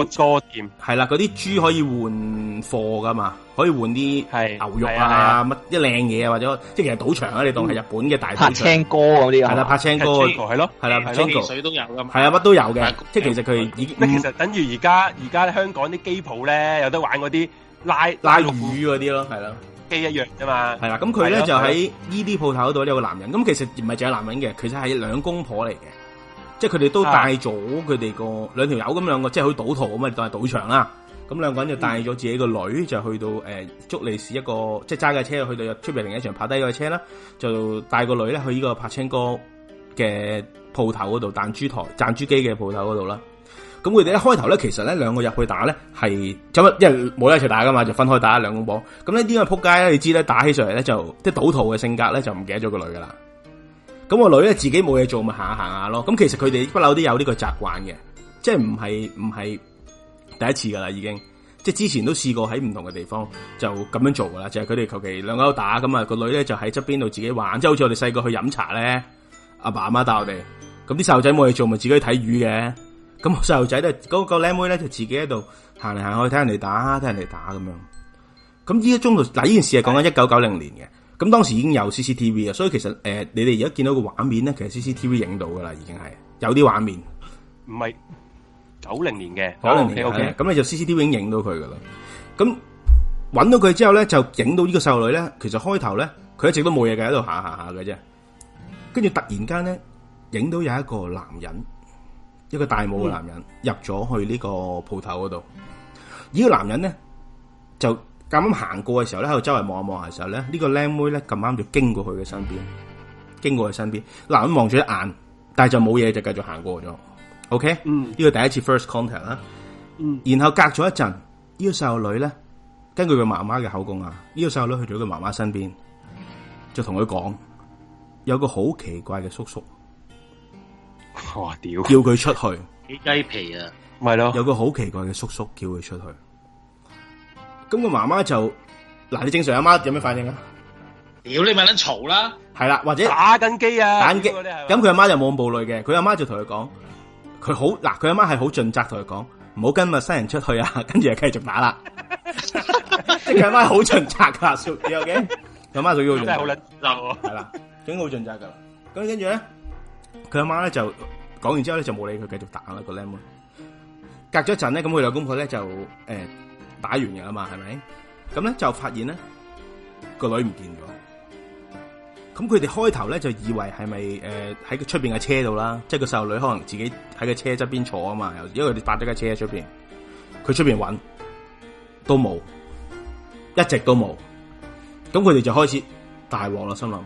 係啦，嗰啲珠可以換貨噶嘛，可以換啲牛肉啊乜一靚嘢啊，或者即係其實賭場啊，你當係日本嘅大賭場，青歌嗰啲啊，係啦，拍青歌係咯，係啦，水都有噶嘛，係啊，乜都有嘅，即係其實佢已經，即其實等於而家而家香港啲機鋪咧有得玩嗰啲。拉拉,拉玉魚嗰啲咯，係啦，機一樣啫嘛。係啦，咁佢咧就喺呢啲鋪頭嗰度有個男人，咁其實唔係淨係男人嘅，其實係兩公婆嚟嘅，即係佢哋都帶咗佢哋個兩條友咁兩個，即係好似賭徒咁啊，當係賭場啦。咁兩個人就帶咗自己個女、嗯、就去到誒，竹里市一個即係揸架車去到出邊另一場拍低架車啦，就帶個女咧去呢個柏青哥嘅鋪頭嗰度，彈珠台、彈珠機嘅鋪頭嗰度啦。咁佢哋一開頭咧，其實咧兩個入去打咧，係就乜因為冇一齊打噶嘛，就分開打兩公婆。咁呢啲個撲街咧，你知咧打起上嚟咧就即係賭徒嘅性格咧，就唔記得咗個女噶啦。咁、個女咧自己冇嘢做，咪行下行下咯。咁其實佢哋不嬲都有呢個習慣嘅，即係唔係唔係第一次噶啦，已經即係之前都試過喺唔同嘅地方就咁樣做噶啦。就係佢哋求其兩個都打咁啊，個女咧就喺側邊度自己玩，即係好似我哋細個去飲茶咧，阿爸阿媽帶我哋，咁啲細路仔冇嘢做，咪自己去睇魚嘅。咁細路仔咧，嗰、那個靚妹咧就自己喺度行嚟行去睇人哋打，睇人哋打咁樣。咁呢一中途，嗱、啊、呢件事係講緊一九九零年嘅。咁的當時已經有 CCTV 啊，所以其實誒、呃，你哋而家見到個畫面咧，其實 CCTV 影到噶啦，已經係有啲畫面。唔係九零年嘅，九零年 O K。咁你、OK, OK 就 CCTV 已經影到佢噶啦。咁搵到佢之後咧，就影到個呢個細路女咧。其實開頭咧，佢一直都冇嘢嘅喺度行行行嘅啫。跟住突然間咧，影到有一個男人。一個大帽嘅男人入咗，嗯、去呢個鋪頭嗰度，呢、這個男人咧就咁啱行過嘅時候咧，喺度周圍望一望嘅時候咧，這個、呢個靚妹咧咁啱就經過佢嘅身邊，經過佢身邊，男人望住一眼，但係就冇嘢，就繼續行過咗。OK，呢個、嗯、第一次 first contact 啦，嗯。然後隔咗一陣，這個、呢個細路女咧，根據佢媽媽嘅口供啊，呢、這個細路女去咗佢媽媽身邊，就同佢講有個好奇怪嘅叔叔。哇！屌，叫佢出去，幾雞皮啊，咪咯，有個好奇怪嘅叔叔叫佢出去媽媽。咁個媽媽就嗱，你正常阿媽有咩反應啊？屌你咪捻嘈啦，係啦，或者打緊機啊，打機。咁佢阿媽就冇咁暴戾嘅，佢阿媽就同佢講，佢好嗱，佢阿媽係好盡責同佢講，唔好跟陌生人出去啊。跟住就繼續打啦，即係阿媽好盡責噶，叔屌嘅，阿媽 <laughs> <laughs> 就要用係好捻受，係啦，真係好盡責噶。咁跟住咧。佢阿媽咧就講完之後咧就冇理佢，繼續打啦個靚妹。隔咗一陣咧，咁佢兩公婆咧就誒、欸、打完嘅啦嘛，係咪？咁咧就發現咧個女唔見咗。咁佢哋開頭咧就以為係咪誒喺出邊嘅車度啦，即係個細路女可能自己喺個車側邊坐啊嘛。因為佢哋搭咗架車喺出邊，佢出邊搵都冇，一直都冇。咁佢哋就開始大鑊啦，心諗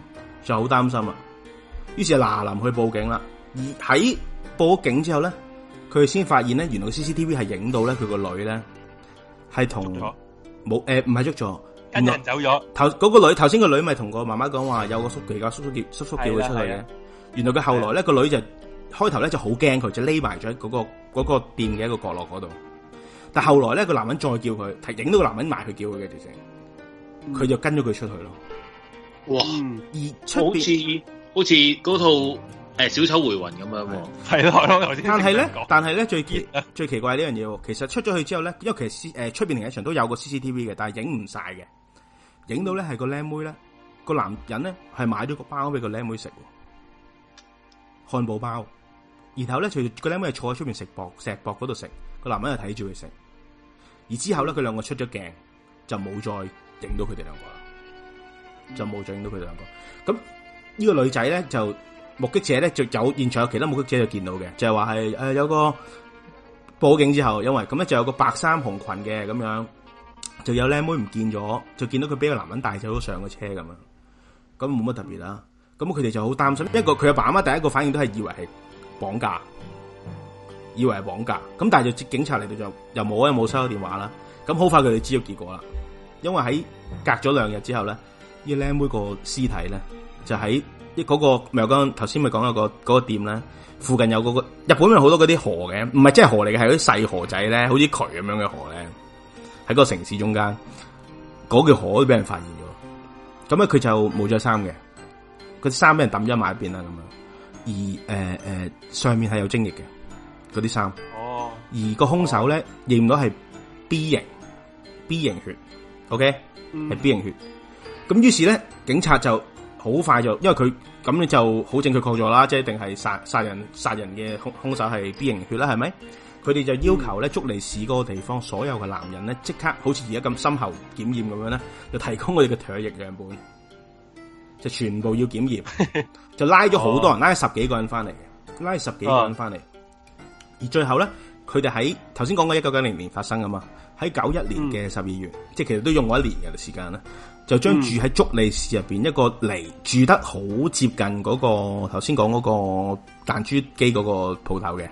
就好擔心啦。於是嗱臨去報警啦，而喺報警之後咧，佢先發現咧，原來 C C T V 係影到咧佢個女咧係同冇誒唔係捉咗，跟走咗頭嗰個女頭先個女咪同個媽媽講話有個叔噶，叔叔叫叔叔叫佢出去嘅。嘅，的原來佢後來咧的個女就開頭咧就好驚佢，就匿埋咗嗰個、嗰個店嘅一個角落嗰度，但後來咧個男人再叫佢，影到個男人埋去叫佢嘅叫聲，佢、嗯、就跟咗佢出去咯。哇，而出次。好似嗰套誒、欸、小丑回魂咁樣、啊，係咯，但係咧， <laughs> 但係咧最奇最奇怪呢樣嘢，其實出咗去之後咧，因為其實誒出邊另一場都有個 C C T V 嘅，但係影唔晒嘅，影到咧係個靚妹咧，個男人咧係買咗個包俾個靚妹食，漢堡包，然後咧隨住個靚妹就坐喺出邊食薄石薄嗰度食，個男人又睇住佢食，而之後咧佢兩個出咗鏡，就冇再影到佢哋兩個啦，就冇再影到佢哋兩個咁。呢個女仔咧就目擊者咧就有現場有其他目擊者就見到嘅，就係話係誒有個報警之後，因為咁咧就有個白衫紅裙嘅，咁樣，就有靚妹唔見咗，就見到佢俾個男人帶走上個車咁樣，咁冇乜特別啦。咁佢哋就好擔心，一個佢阿爸阿媽第一個反應都係以為係綁架，以為係綁架。咁但係就接警察嚟到就又冇啊冇收到電話啦。咁好快佢哋知道結果啦，因為喺隔咗兩日之後咧，呢個靚妹個屍體咧。就喺一嗰個咪講頭先咪講有個嗰個店咧，附近有嗰個日本有好多嗰啲河嘅，唔係即係河嚟嘅，係嗰啲細河仔咧，好似渠咁樣嘅河咧，喺個城市中間，嗰條河都俾人發現咗。咁佢就冇着衫嘅，佢啲衫俾人抌咗埋一邊啦咁樣。而誒誒，上面係有精液嘅嗰啲衫。哦。而個兇手咧認到係 B 型 B 型血，OK 係 B 型血。咁於是咧，警察就。好快就，因為佢咁你就好正確確咗啦，即係一定係殺，殺人殺人嘅兇手係 B 型血啦，係咪？佢哋就要求咧，捉嚟市嗰個地方所有嘅男人咧，即刻好似而家咁深喉檢驗咁樣咧，就提供佢哋嘅唾液樣本，就全部要檢驗，就拉咗好多人， <laughs> 拉十幾個人翻嚟，拉十幾個人翻嚟， <laughs> 而最後咧，佢哋喺頭先講過一九九零年發生噶嘛，喺九一年嘅十二月，嗯、即係其實都用過一年嘅時間啦。就將住喺竹利市入邊一個嚟、嗯、住得好接近嗰、那個頭先講嗰個彈珠機嗰個鋪頭嘅，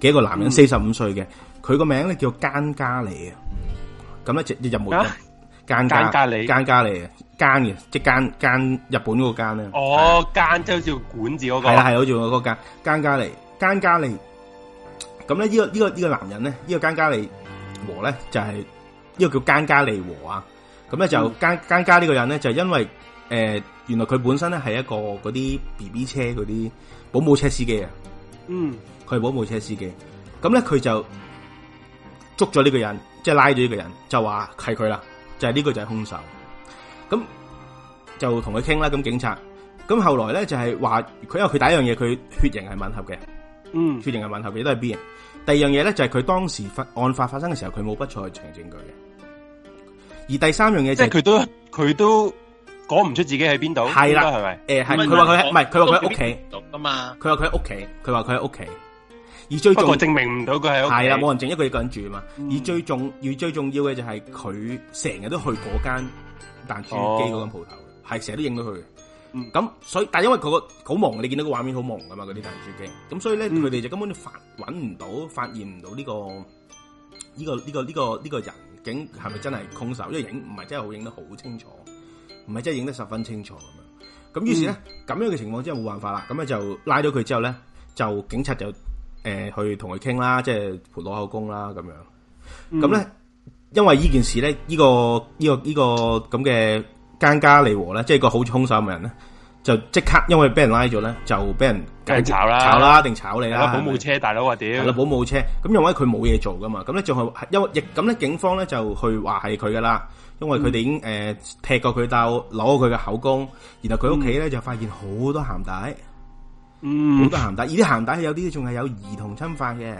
幾個男人四十五歲嘅，佢個、嗯、名咧叫間嘉利，入門啊。咁一直就冇間嘉利間嘉利啊間嘅即係間間日本嗰個間咧。哦間即、啊、好似管子嗰、那個係啦係好似嗰個間間嘉利。間嘉咁咧呢個呢、這個呢、這個男人咧呢、這個間嘉利和咧就係、是、呢、這個叫間嘉利和啊。咁咧就奸奸加呢個人咧、嗯、就因為誒、呃、原來佢本身咧係一個嗰啲 B B 車嗰啲保姆車司機啊，嗯，佢係保姆車司機，咁咧佢就捉咗呢個人，即係拉咗呢個人，就話係佢啦，就係呢、就是、個就係兇手，咁就同佢傾啦，咁警察，咁後來咧就係話佢因為佢第一樣嘢佢血型係吻合嘅，嗯，血型係吻合嘅，都係 B 型，第二樣嘢咧就係、是、佢當時發案發發生嘅時候佢冇不在場證據嘅。而第三樣嘢就，即係佢都佢都講唔出自己喺邊度，係啦，係咪？誒，係佢話佢喺唔係佢話佢喺屋企，讀噶嘛？佢話佢喺屋企，佢話佢喺屋企。而最不過證明唔到佢喺屋係冇人淨一個個人住啊嘛。而最重而最重要嘅就係佢成日都去嗰間彈珠機嗰間鋪頭，係成日都影到佢。咁所以但係因為佢個好忙，你見到個畫面好忙噶嘛，嗰啲彈珠機。咁所以咧，佢哋就根本都發揾唔到，發現唔到呢個呢個呢個呢個呢個人。警係咪真係兇手？因為影唔係真係好影得好清楚，唔係真係影得十分清楚咁、嗯、樣。咁於是咧，咁樣嘅情況真係冇辦法啦。咁咧就拉咗佢之後咧，就警察就誒、呃、去同佢傾啦，即係陪攞口供啦咁樣。咁咧、嗯，因為呢件事咧，呢、這個呢、這個呢、這個咁嘅奸家利和咧，即、就、係、是、個好兇手嘅人咧。就即刻，因為俾人拉咗咧，就俾人解炒啦，炒啦定炒你啦。有保姆車是是大佬啊，屌！保姆車。咁因為佢冇嘢做噶嘛，咁咧最後，因為亦咁咧，警方咧就去話係佢噶啦，因為佢哋已經誒、嗯呃、踢過佢竇，攞過佢嘅口供，然後佢屋企咧就發現好多鹹帶，嗯，好多鹹帶。而啲鹹帶有啲仲係有兒童侵犯嘅。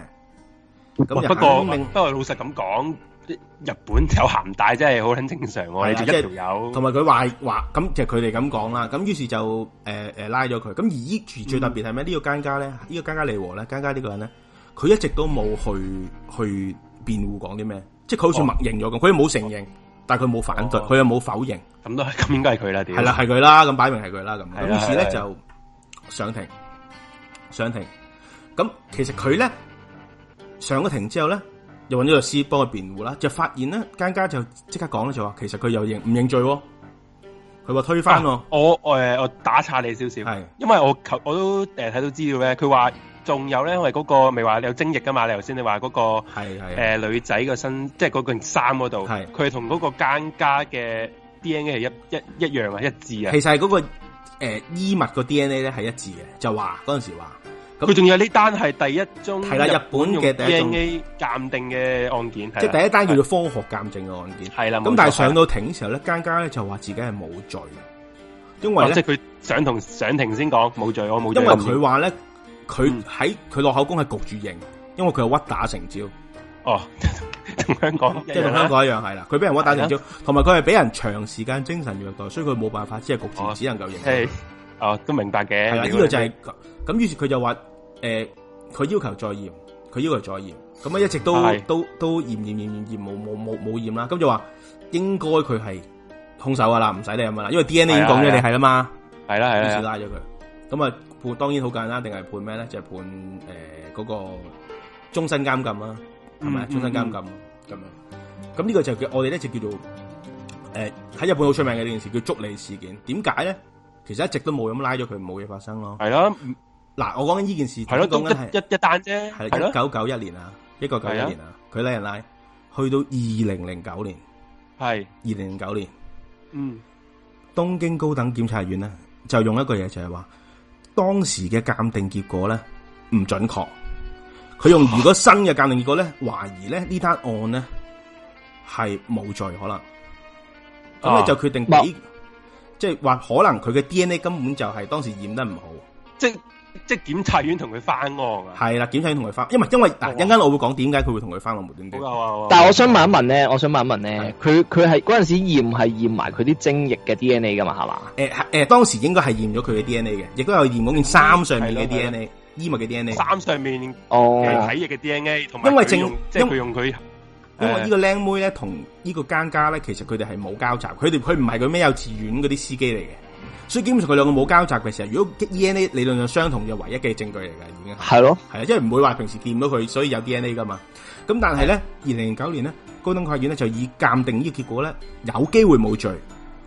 咁哇不過，不過老實咁講。日本有鹹帶真係好很正常，我哋一條友，同埋佢話話咁，就係佢哋咁講啦，咁於是就誒誒拉咗佢。咁而住最特別係咩？呢個間家咧，呢個間家利和咧，間家呢個人咧，佢一直都冇去去辯護講啲咩，即係佢好似默認咗咁，佢冇承認，但係佢冇反對，佢又冇否認。咁都係，咁應該係佢啦，係啦，係佢啦，咁擺明係佢啦，咁於是咧就上庭上庭。咁其實佢咧上咗庭之後咧。又搵咗律師幫佢辯護啦，就發現咧奸家，就即刻講咧就話，其實佢又認唔認罪？佢話推翻。啊、我，誒，我打岔你少少，係是的、呃，因為我我我都誒睇到資料咧，佢話仲有咧，因為嗰那個未話你有精液噶嘛，你頭先你話嗰那個係誒是的、呃、女仔個身，即係嗰件衫嗰度，係是的，佢係同嗰個奸家嘅 DNA 係一一一樣啊，一致啊，其實係嗰那個誒衣、呃、物個 DNA 咧係一致嘅，就話嗰陣時話。佢仲有呢單係第一宗係啦日本嘅 DNA 鑒定嘅案件，即係第一單叫做科學鑒定嘅案件。係啦。咁但係上到庭嘅時候咧，間間咧就話自己係冇罪，因為咧，即係佢想同上庭先講冇罪，我冇。因為佢話咧，佢喺佢落口供係焗住認，因為佢係屈打成招。哦，同香港即係同香港一樣係啦，佢俾人屈打成招，同埋佢係俾人長時間精神虐待，所以佢冇辦法，只係焗住，只能夠認。誒，哦，都明白嘅。係啦，呢個就係咁，於是佢就話。誒，佢、呃、要求再驗，佢要求再驗，咁、嗯、啊、嗯、一直都是都都驗驗驗驗驗冇冇冇冇驗啦，咁就話應該佢係凶手噶啦，唔使你咁啦，因為 D N A 已經講咗你係啦嘛，係啦係啦，於是拉咗佢，咁啊判，當然好簡單，定係判咩咧？就係、是、判誒嗰、呃那個終身監禁啦，係咪、嗯？終身監禁咁、嗯、樣，咁呢個就叫我哋咧就叫做誒喺、呃、日本好出名嘅呢件事叫足利事件，點解咧？其實一直都冇咁拉咗佢，冇嘢發生咯，係咯。嗱，我講緊呢件事，講緊係一一單啫，係一九九一年啊，一九九一年啊，佢呢人啦去到二零零九年，係二零零九年，嗯，東京高等檢察院咧就用一個嘢就係話，當時嘅鑑定結果咧唔準確，佢用如果新嘅鑑定結果咧懷疑咧呢單案咧係冇罪可能，咁咧就決定俾，即係話可能佢嘅 D N A 根本就係當時驗得唔好，即即係檢察院同佢翻案啊！係啦，檢察院同佢翻，因為因為嗱，陣間我會講點解佢會同佢翻案，冇點解。哦哦哦、但係我想問一問咧，嗯、我想問一問咧，佢佢係嗰陣時驗係驗埋佢啲精液嘅 D N A 噶嘛，係嘛、欸？誒、欸、誒，當時應該係驗咗佢嘅 D N A 嘅，亦都有驗嗰件衫上面嘅 D N A、嗯、衣物嘅 D N A、衫上面嘅體液嘅 D N A、嗯。同埋為，因為正、呃，即係用佢，因為個呢個靚妹咧同呢個奸家咧，其實佢哋係冇交集，佢哋佢唔係佢咩幼稚園嗰啲司機嚟嘅。所以基本上佢兩個冇交集嘅時候，如果 DNA 理論上相同嘅唯一嘅證據嚟嘅，已經係咯，係啊的，因為唔會話平時見唔到佢，所以有 DNA 噶嘛。咁但係咧，二零零九年呢，高等法院咧就以鑑定呢個結果咧，有機會冇罪，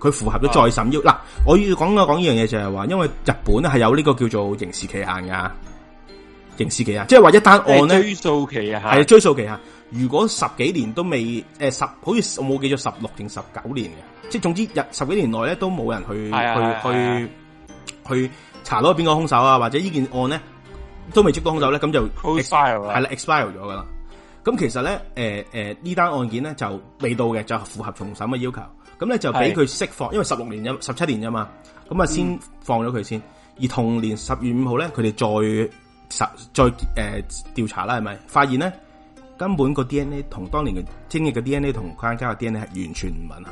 佢符合咗再審要嗱、哦。我要講我講呢樣嘢就係話，因為日本咧係有呢個叫做刑事期限嘅，刑事期限即係話一單案咧追訴期啊，係追訴期限。如果十幾年都未誒、呃、十，好似我冇記錯十六定十九年嘅，即係總之，十十幾年內咧都冇人去、啊、去、啊、去、啊、去查到係邊個兇手啊，或者呢件案咧都未捉到兇手咧，咁就 expire 係啦 expire 咗噶啦。咁其實咧，誒誒呢單案件咧就未到嘅，就符合重審嘅要求。咁咧就俾佢釋放，啊、因為十六年啫，十七年啫嘛，咁啊先放咗佢先。嗯、而同年十月五號咧，佢哋再十再誒調、呃、查啦，係咪發現咧？根本個 DNA 同當年嘅精嘅 DNA 同框架嘅 DNA 係完全唔吻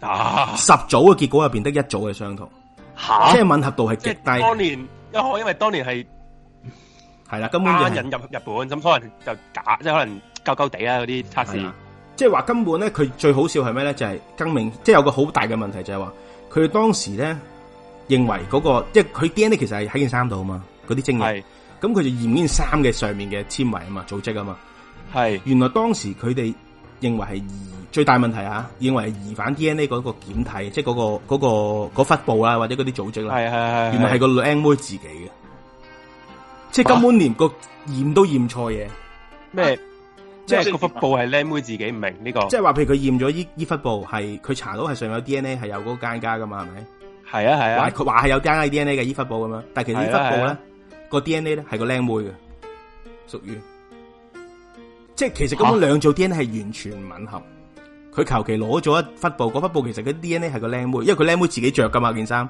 合，十組嘅結果入變得一組嘅相同，麼即係吻合度係極低。當年因可因為當年係係啦，根本引、就是、入日本，咁可能就假，即係可能舊舊地啊嗰啲測試，即係話根本咧佢最好笑係咩咧？就係、是、更名，即、就、係、是、有個好大嘅問題就係話佢當時咧認為嗰、那個即係佢 DNA 其實係喺件衫度啊嘛，嗰啲精係，咁佢的就驗呢件衫嘅上面嘅纖維啊嘛，組織啊嘛。係，是原來當時佢哋認為係疑最大問題啊，認為係疑犯 D N A 嗰個檢體，即係嗰、那個嗰、那個嗰塊布啊，或者嗰啲組織啦、啊，係係係，是是原來係個靚妹自己嘅，是即係根本連個驗都驗錯嘢，咩、啊？什麼即係個忽布係靚妹自己不，唔明呢個？即係話譬如佢驗咗依依塊布係，佢查到係上有 D N A，係有嗰奸家㗎嘛？係咪？係啊係啊，話話係有奸 I D N A 嘅依忽布咁樣，但係其實依忽布咧，是啊是啊、個 D N A 咧係個靚妹嘅，屬於。即係其實根本兩組 DNA 係完全唔吻合，佢求其攞咗一忽布，嗰忽布其實佢 DNA 係個靚妹，因為佢靚妹自己着㗎嘛件衫，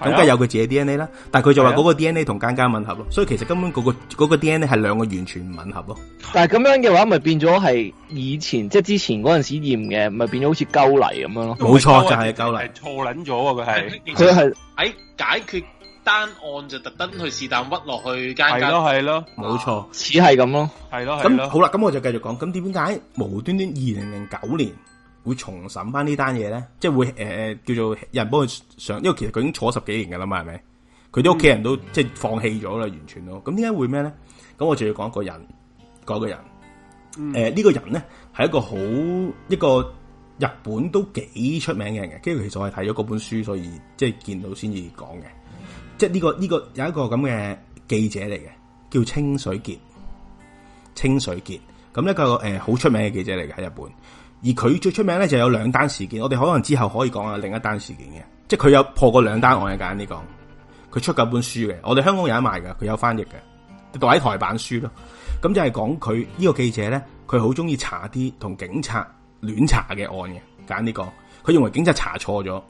咁梗係有佢自己 DNA 啦。但係佢就話嗰個 DNA 同間間吻合咯，所以其實根本嗰、嗰個、嗰個 DNA 係兩個完全唔吻合咯。但係咁樣嘅話，咪變咗係以前即係之前嗰陣時驗嘅，咪變咗好似鳩泥咁樣咯。冇錯就係、是、鳩泥，錯撚咗啊！佢係佢係喺解決。單案就特登去是但屈落去，係咯係咯，冇錯，似係咁咯，係咯咁好啦。咁我就繼續講，咁點解無端端二零零九年會重審翻呢單嘢咧？即係會誒誒，叫做人幫佢上，因為其實佢已經坐十幾年噶啦嘛，係咪？佢啲屋企人都即係放棄咗啦，完全咯。咁點解會咩咧？咁我就要講一個人，講個人，誒呢個人咧係一個好一個日本都幾出名嘅人，跟住其實我係睇咗嗰本書，所以即係見到先至講嘅。即係呢個呢、這個有一個咁嘅記者嚟嘅，叫清水潔。清水潔咁一個誒，好、呃、出名嘅記者嚟嘅喺日本。而佢最出名咧，就有兩單事件。我哋可能之後可以講下另一單事件嘅。即係佢有破過兩單案嘅，揀呢、這個。佢出過一本書嘅，我哋香港有得賣噶，佢有翻譯嘅，就係台版書咯。咁就係講佢呢個記者咧，佢好中意查啲同警察亂查嘅案嘅，揀呢、這個。佢認為警察查錯咗。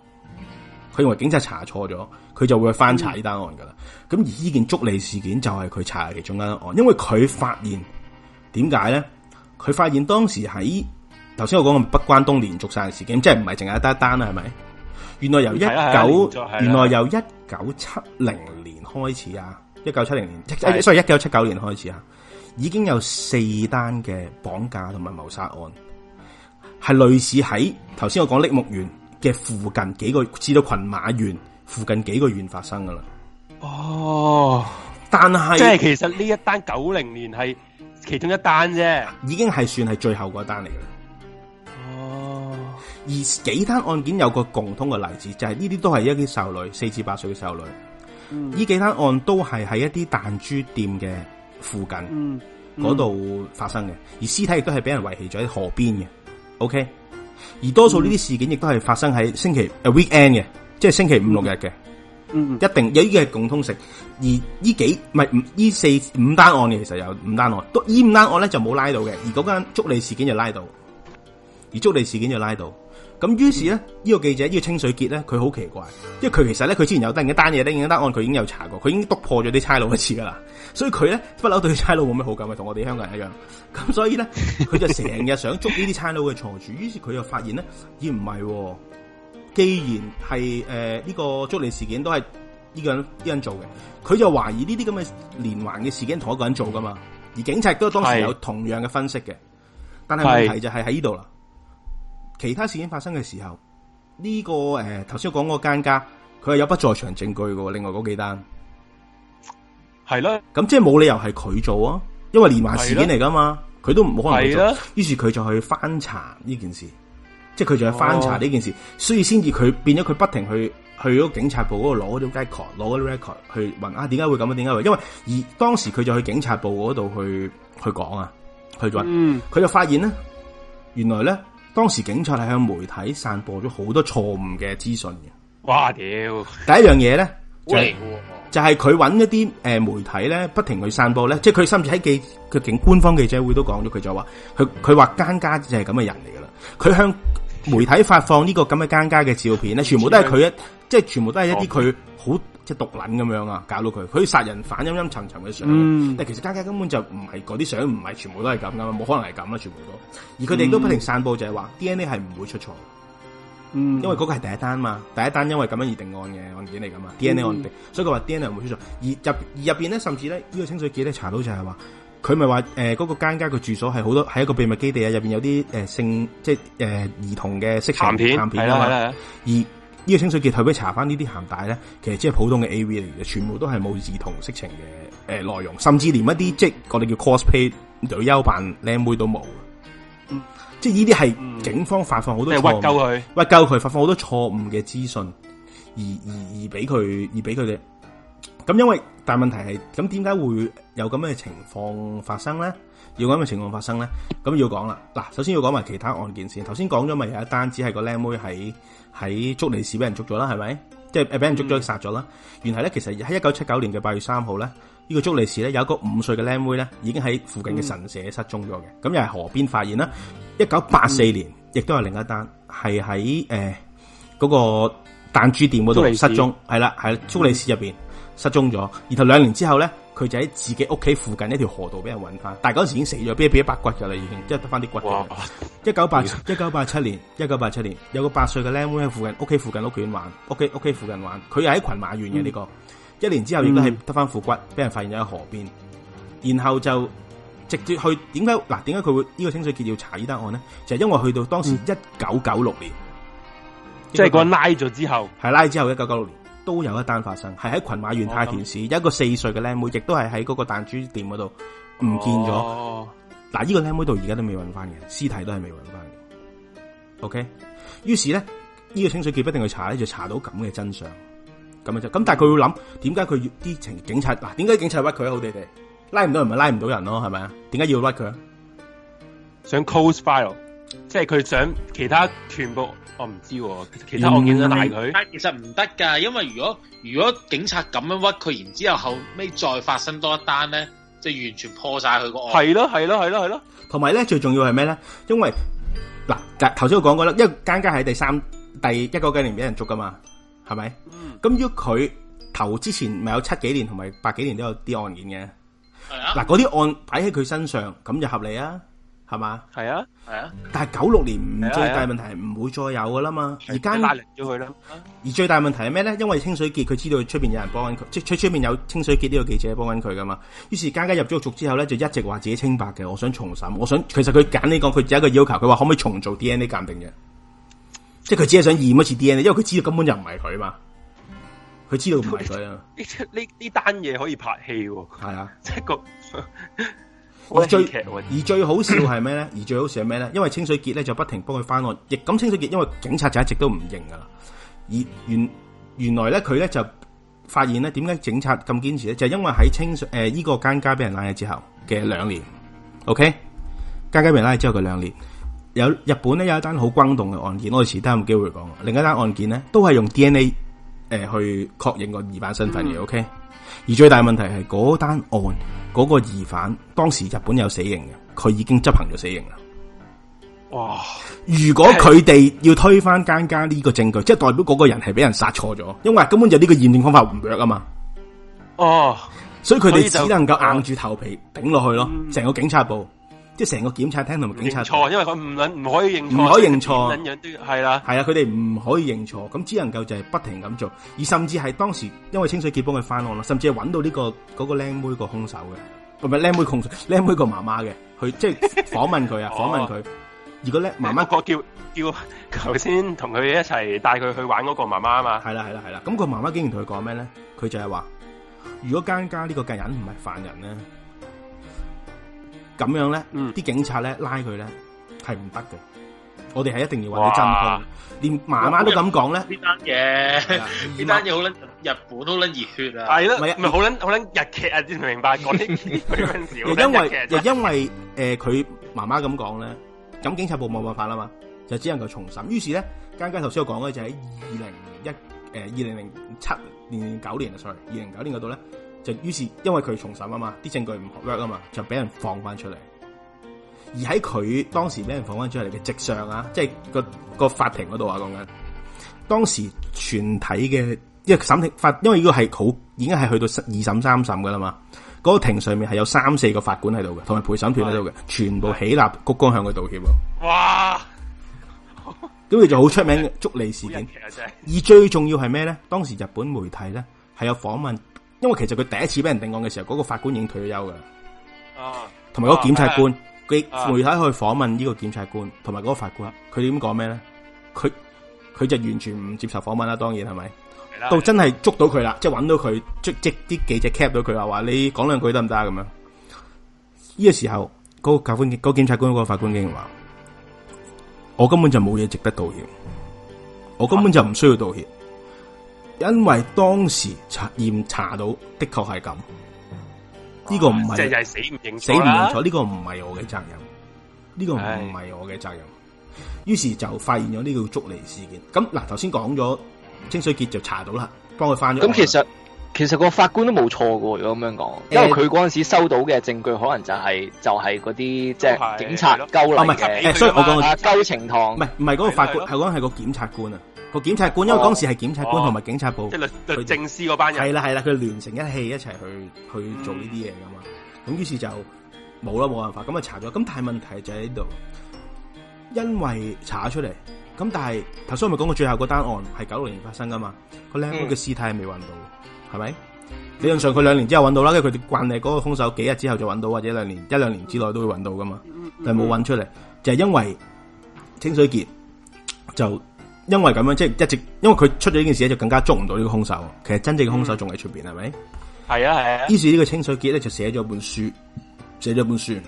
佢認為警察查錯咗，佢就會去翻查呢單案噶啦。咁、嗯、而呢件足利事件就係佢查嘅其中一案，因為佢發現點解咧？佢發現當時喺頭先我講嘅北關東連續殺人事件，即係唔係淨係一單啦，係咪？原來由一九，原來由一九七零年開始啊，一九七零年，所以一九七九年開始啊，已經有四單嘅綁架同埋謀殺案，係類似喺頭先我講栃木縣，嘅附，附近幾個，知道群馬縣附近幾個縣發生㗎喇。哦，但係即係其實呢一單九零年係其中一單啫，已經係算係最後嗰單嚟噶。哦，而幾單案件有個共通嘅例子就係呢啲都係一啲少女，四至八歲嘅少女，呢、嗯、幾單案都係喺一啲彈珠店嘅附近，嗯，嗰、嗯、度發生嘅，而屍體亦都係俾人遺棄咗喺河邊嘅。OK。而多數呢啲事件亦都係發生喺星期誒 weekend 嘅，即係星期五，嗯、六日嘅，嗯，一定有呢個共通性。而呢幾唔係呢四五單案嘅，其實有五單案，都呢五單案咧就冇拉到嘅。而嗰間祝利事件就拉到，而祝利事件就拉到。咁於是咧，呢個記者呢個清水潔咧，佢好奇怪，因為佢其實咧，佢之前有得一單嘢，已經答案，佢已經有查過，佢已經篤破咗啲差佬一次啦。所以佢咧不嬲對差佬冇咩好感嘅，同我哋香港人一樣。咁所以咧，佢就成日想捉呢啲差佬嘅錯處。 <laughs> 於是佢就發現咧，咦唔係，既然係誒呢個捉嚟事件都係呢個人呢人做嘅，佢就懷疑呢啲咁嘅連環嘅事件同一個人做噶嘛。而警察都當時有同樣嘅分析嘅，是但係問題就係喺呢度啦。其他事件發生嘅時候，呢、呢個誒頭先講嗰個奸殺，佢、呃、係有不在場證據嘅。另外嗰幾單係啦，咁的即係冇理由係佢做啊，因為連環事件嚟噶嘛，佢的都冇可能做。係啦的，於是佢就去翻查呢件事，即係佢就去翻查呢件事，哦、所以先至佢變咗佢不停去去咗警察部嗰度攞嗰啲 record，攞個 record 去問啊，點解會咁樣，點解會？因為而當時佢就去警察部嗰度去去講啊，去問，佢、嗯、就發現咧，原來咧。當時警察係向媒體散播咗好多錯誤嘅資訊嘅。哇，屌！第一樣嘢咧，就係、是、就係佢揾一啲誒媒體咧，不停去散播咧，即係佢甚至喺記嘅警官方記者會都講咗，佢就話佢佢話奸家就係咁嘅人嚟噶啦。佢向媒體發放呢個咁嘅奸家嘅照片咧，全部都係佢一，即係全部都係一啲佢好。即係毒撚咁樣啊，搞到佢，佢殺人犯陰陰沉沉嘅相，嗯、但其實家家根本就唔係嗰啲相，唔係全部都係咁噶嘛，冇可能係咁啦，全部都。而佢哋都不停散布、嗯、就係話 D N A 係唔會出錯，嗯、因為嗰個係第一單嘛，第一單因為咁樣而定案嘅案件嚟噶嘛，D N A 案件，嗯、所以佢話 D N A 唔會出錯。而入而入邊咧，甚至咧，呢、這個清水記呢查到就係話，佢咪話誒嗰個間家個住所係好多喺一個秘密基地啊，入邊有啲誒、呃、性即係誒、呃、兒童嘅色情片，而。呢個清水截圖俾查翻呢啲鹹帶咧，其實即係普通嘅 A V 嚟嘅，全部都係冇兒童色情嘅誒、呃、內容，甚至連一啲即我哋叫 cosplay 女優扮靚妹都冇，即係呢啲係警方發放好多嘢，屈救佢屈救佢發放好多錯誤嘅、嗯、資訊，而而而俾佢而俾佢哋，咁因為但係問題係，咁點解會有咁樣嘅情況發生咧？要咁嘅情況發生咧，咁要講啦。嗱，首先要講埋其他案件先。頭先講咗咪有一單，只係個靚妹喺喺足利市俾人捉咗啦，係咪？即係俾人捉咗殺咗啦。嗯、原來咧，其實喺一九七九年嘅八月三號咧，這個、竹呢個足利市咧有一個五歲嘅靚妹咧，已經喺附近嘅神社失蹤咗嘅。咁、嗯、又係河邊發現啦。一九八四年，亦都係另一單，係喺誒嗰個彈珠店嗰度失蹤，係啦，喺足利市入邊失蹤咗。嗯、然後兩年之後咧。佢就喺自己屋企附近一條河道俾人揾翻，但係嗰時已經死咗，俾人變咗白骨噶啦，已經即係得翻啲骨了。一九八一九八七年，一九八七年，年有個八歲嘅靚妹喺附近屋企附近屋企玩，屋企屋企附近玩，佢又喺群馬縣嘅呢個，一年之後應該係得翻副骨俾、嗯、人發現咗喺河邊，然後就直接去點解嗱？點解佢會呢、這個清水潔要查呢單案呢？就係、是、因為去到當時一九九六年，即係個拉咗之後，係拉之後一九九六年。都有一單發生，係喺群馬縣太田市，哦、有一個四歲嘅靚妹，亦都係喺嗰個彈珠店嗰度唔見咗。嗱、哦，呢、哦哦、個靚妹到而家都未搵翻嘅，屍體都係未搵翻嘅。OK，於是咧，呢、呢個清水潔不定去查咧，就查到咁嘅真相。咁啊，就咁，但係佢會諗，點解佢啲警警察嗱，點解警察屈佢好地地，拉唔到人咪拉唔到人咯，係咪啊？點解要屈佢啊？想 close file。即係佢想其他全部，我唔知，啊。其他案件都賴佢，其實唔得噶，因為如果如果警察咁樣屈佢，然之後後尾再發生多一單咧，即係完全破晒佢個案。係咯係咯係咯係咯。同埋咧，最重要係咩咧？因為嗱，頭先我講過啦，因為間間喺第三第一九幾年俾人捉噶嘛，係咪？咁、嗯、如果佢頭之前咪有七幾年同埋八幾年都有啲案件嘅，係啊的。嗱，嗰啲案擺喺佢身上，咁就合理啊。係嘛？係啊，係啊。但係九六年唔、啊啊、最大問題係唔會再有噶啦嘛。啊啊、而家壓力咗佢啦。而最大問題係咩咧？因為清水杰佢知道出邊有人幫緊佢，即係出出邊有清水杰呢個記者幫緊佢噶嘛。於是間家，家入咗獄之後咧，就一直話自己清白嘅。我想重審，我想其實佢揀呢個佢有一個要求，佢話可唔可以重做 DNA 鑑定嘅？即係佢只係想驗一次 DNA，因為佢知道根本就唔係佢嘛。佢知道唔係佢啊！呢呢單嘢可以拍戲喎、哦。係啊，即係是 <laughs> 我最而最好笑係咩咧？而最好笑係咩咧？因為清水潔咧就不停幫佢翻案，亦咁清水潔，因為警察就一直都唔認噶啦。而原原來咧佢咧就發現咧點解警察咁堅持咧？就係、是、因為喺清水誒呢、呃這個間家俾人拉咗之後嘅兩年，OK，間家俾人拉咗之後嘅兩年，有日本咧有一單好轟動嘅案件，我哋遲啲有機會講。另一單案件咧都係用 DNA 誒、呃、去確認個疑犯身份嘅，OK、嗯。而最大問題係嗰單案。嗰個疑犯當時日本有死刑嘅，佢已經執行咗死刑啦。哇！如果佢哋要推翻間間呢個證據，即係代表嗰個人係俾人殺錯咗，因為根本就呢個驗證方法唔弱啊嘛。哦，所以佢哋只能夠硬住頭皮頂落去咯，成個警察部。即係成個檢察廳、警察廳同埋警察，錯，因為佢唔唔可以認錯，唔可以認錯，係啦，係啊，佢哋唔可以認錯，咁只能夠就係不停咁做，而甚至係當時因為清水杰幫佢翻案啦，甚至係揾到呢、這個嗰、那個靚妹個兇手嘅，唔係靚妹兇手，靚妹個媽媽嘅，佢即係訪問佢啊，訪問佢。如果咧，媽媽，我叫叫頭先同佢一齊帶佢去玩嗰個媽媽啊嘛，係啦係啦係啦，咁個媽媽竟然同佢講咩咧？佢就係話，如果奸家呢個嘅人唔係犯人咧。咁樣咧，啲警察咧拉佢咧係唔得嘅，我哋係一定要為佢進步。連媽媽都咁講咧，呢單嘢呢單嘢好捻日本都捻熱血啊！係啦，唔係好捻好捻日劇啊先明白講啲嗰啲嘢。又因為又因為誒佢媽媽咁講咧，咁警察部冇辦法啦嘛，就只能夠重審。於是咧，啱啱頭先我講嘅就喺二零一誒二零零七年九年啊，sorry，二零九年嗰度咧。就於是，因為佢重審啊嘛，啲證據唔 work 啊嘛，就俾人放翻出嚟。而喺佢當時俾人放翻出嚟嘅直上啊，即係個個法庭嗰度啊，講緊當時全體嘅，因係審庭法，因為呢個係好，已經係去到二審、三審噶啦嘛。嗰、嗰個庭上面係有三四個法官喺度嘅，同埋陪審團喺度嘅，全部起立鞠躬向佢道歉。哇！咁佢就好出名嘅足利事件。而最重要係咩咧？當時日本媒體咧係有訪問。因為其實佢第一次俾人定案嘅時候，嗰、那個法官已經退咗休噶啦，同埋嗰檢察官，佢媒體去訪問呢個檢察官，同埋嗰法官，佢點講咩咧？佢佢就完全唔接受訪問啦，當然係咪？是是的到真係捉到佢啦的，即係揾到佢，即即啲記者 c a p t 到佢啊，話你講兩句得唔得咁樣？呢、這個時候，嗰、那個法官、檢、那個、察官、嗰、那個法官竟然話：我根本就冇嘢值得道歉，我根本就唔需要道歉。啊因為當時查驗查到的確係咁，呢個唔係即係死唔認死唔認錯啊，呢個唔係我嘅責任，呢個唔係我嘅責任。於是就發現咗呢個捉離事件。咁嗱，頭先講咗清水潔就查到啦，幫佢翻咗。咁其實。其實個法官都冇錯嘅，如果咁樣講，因為佢嗰陣時收到嘅證據可能就係就係嗰啲即係警察勾勒嘅，所以我講啊勾情堂，唔係唔係嗰個法官，係講係個檢察官啊，個檢察官，因為嗰時係檢察官同埋警察部，即係律政司嗰班人，係啦係啦，佢聯成一氣一齊去去做呢啲嘢噶嘛，咁於是就冇啦，冇辦法，咁啊查咗，咁但係問題就喺呢度，因為查出嚟，咁但係頭先我咪講過最後嗰單案係九六年發生噶嘛，個靚女嘅屍體係未揾到。係咪理論上佢兩年之後揾到啦？因為佢哋慣例嗰個凶手幾日之後就揾到，或者兩年一兩年之內都會揾到噶嘛。嗯嗯、但係冇揾出嚟，就係、是、因為清水杰就因為咁樣，即、就、係、是、一直因為佢出咗呢件事咧，就更加捉唔到呢個凶手。其實真正嘅凶手仲喺出邊，係咪、嗯？係啊係啊。於是呢、啊、個清水杰咧就寫咗本書，寫咗本書的、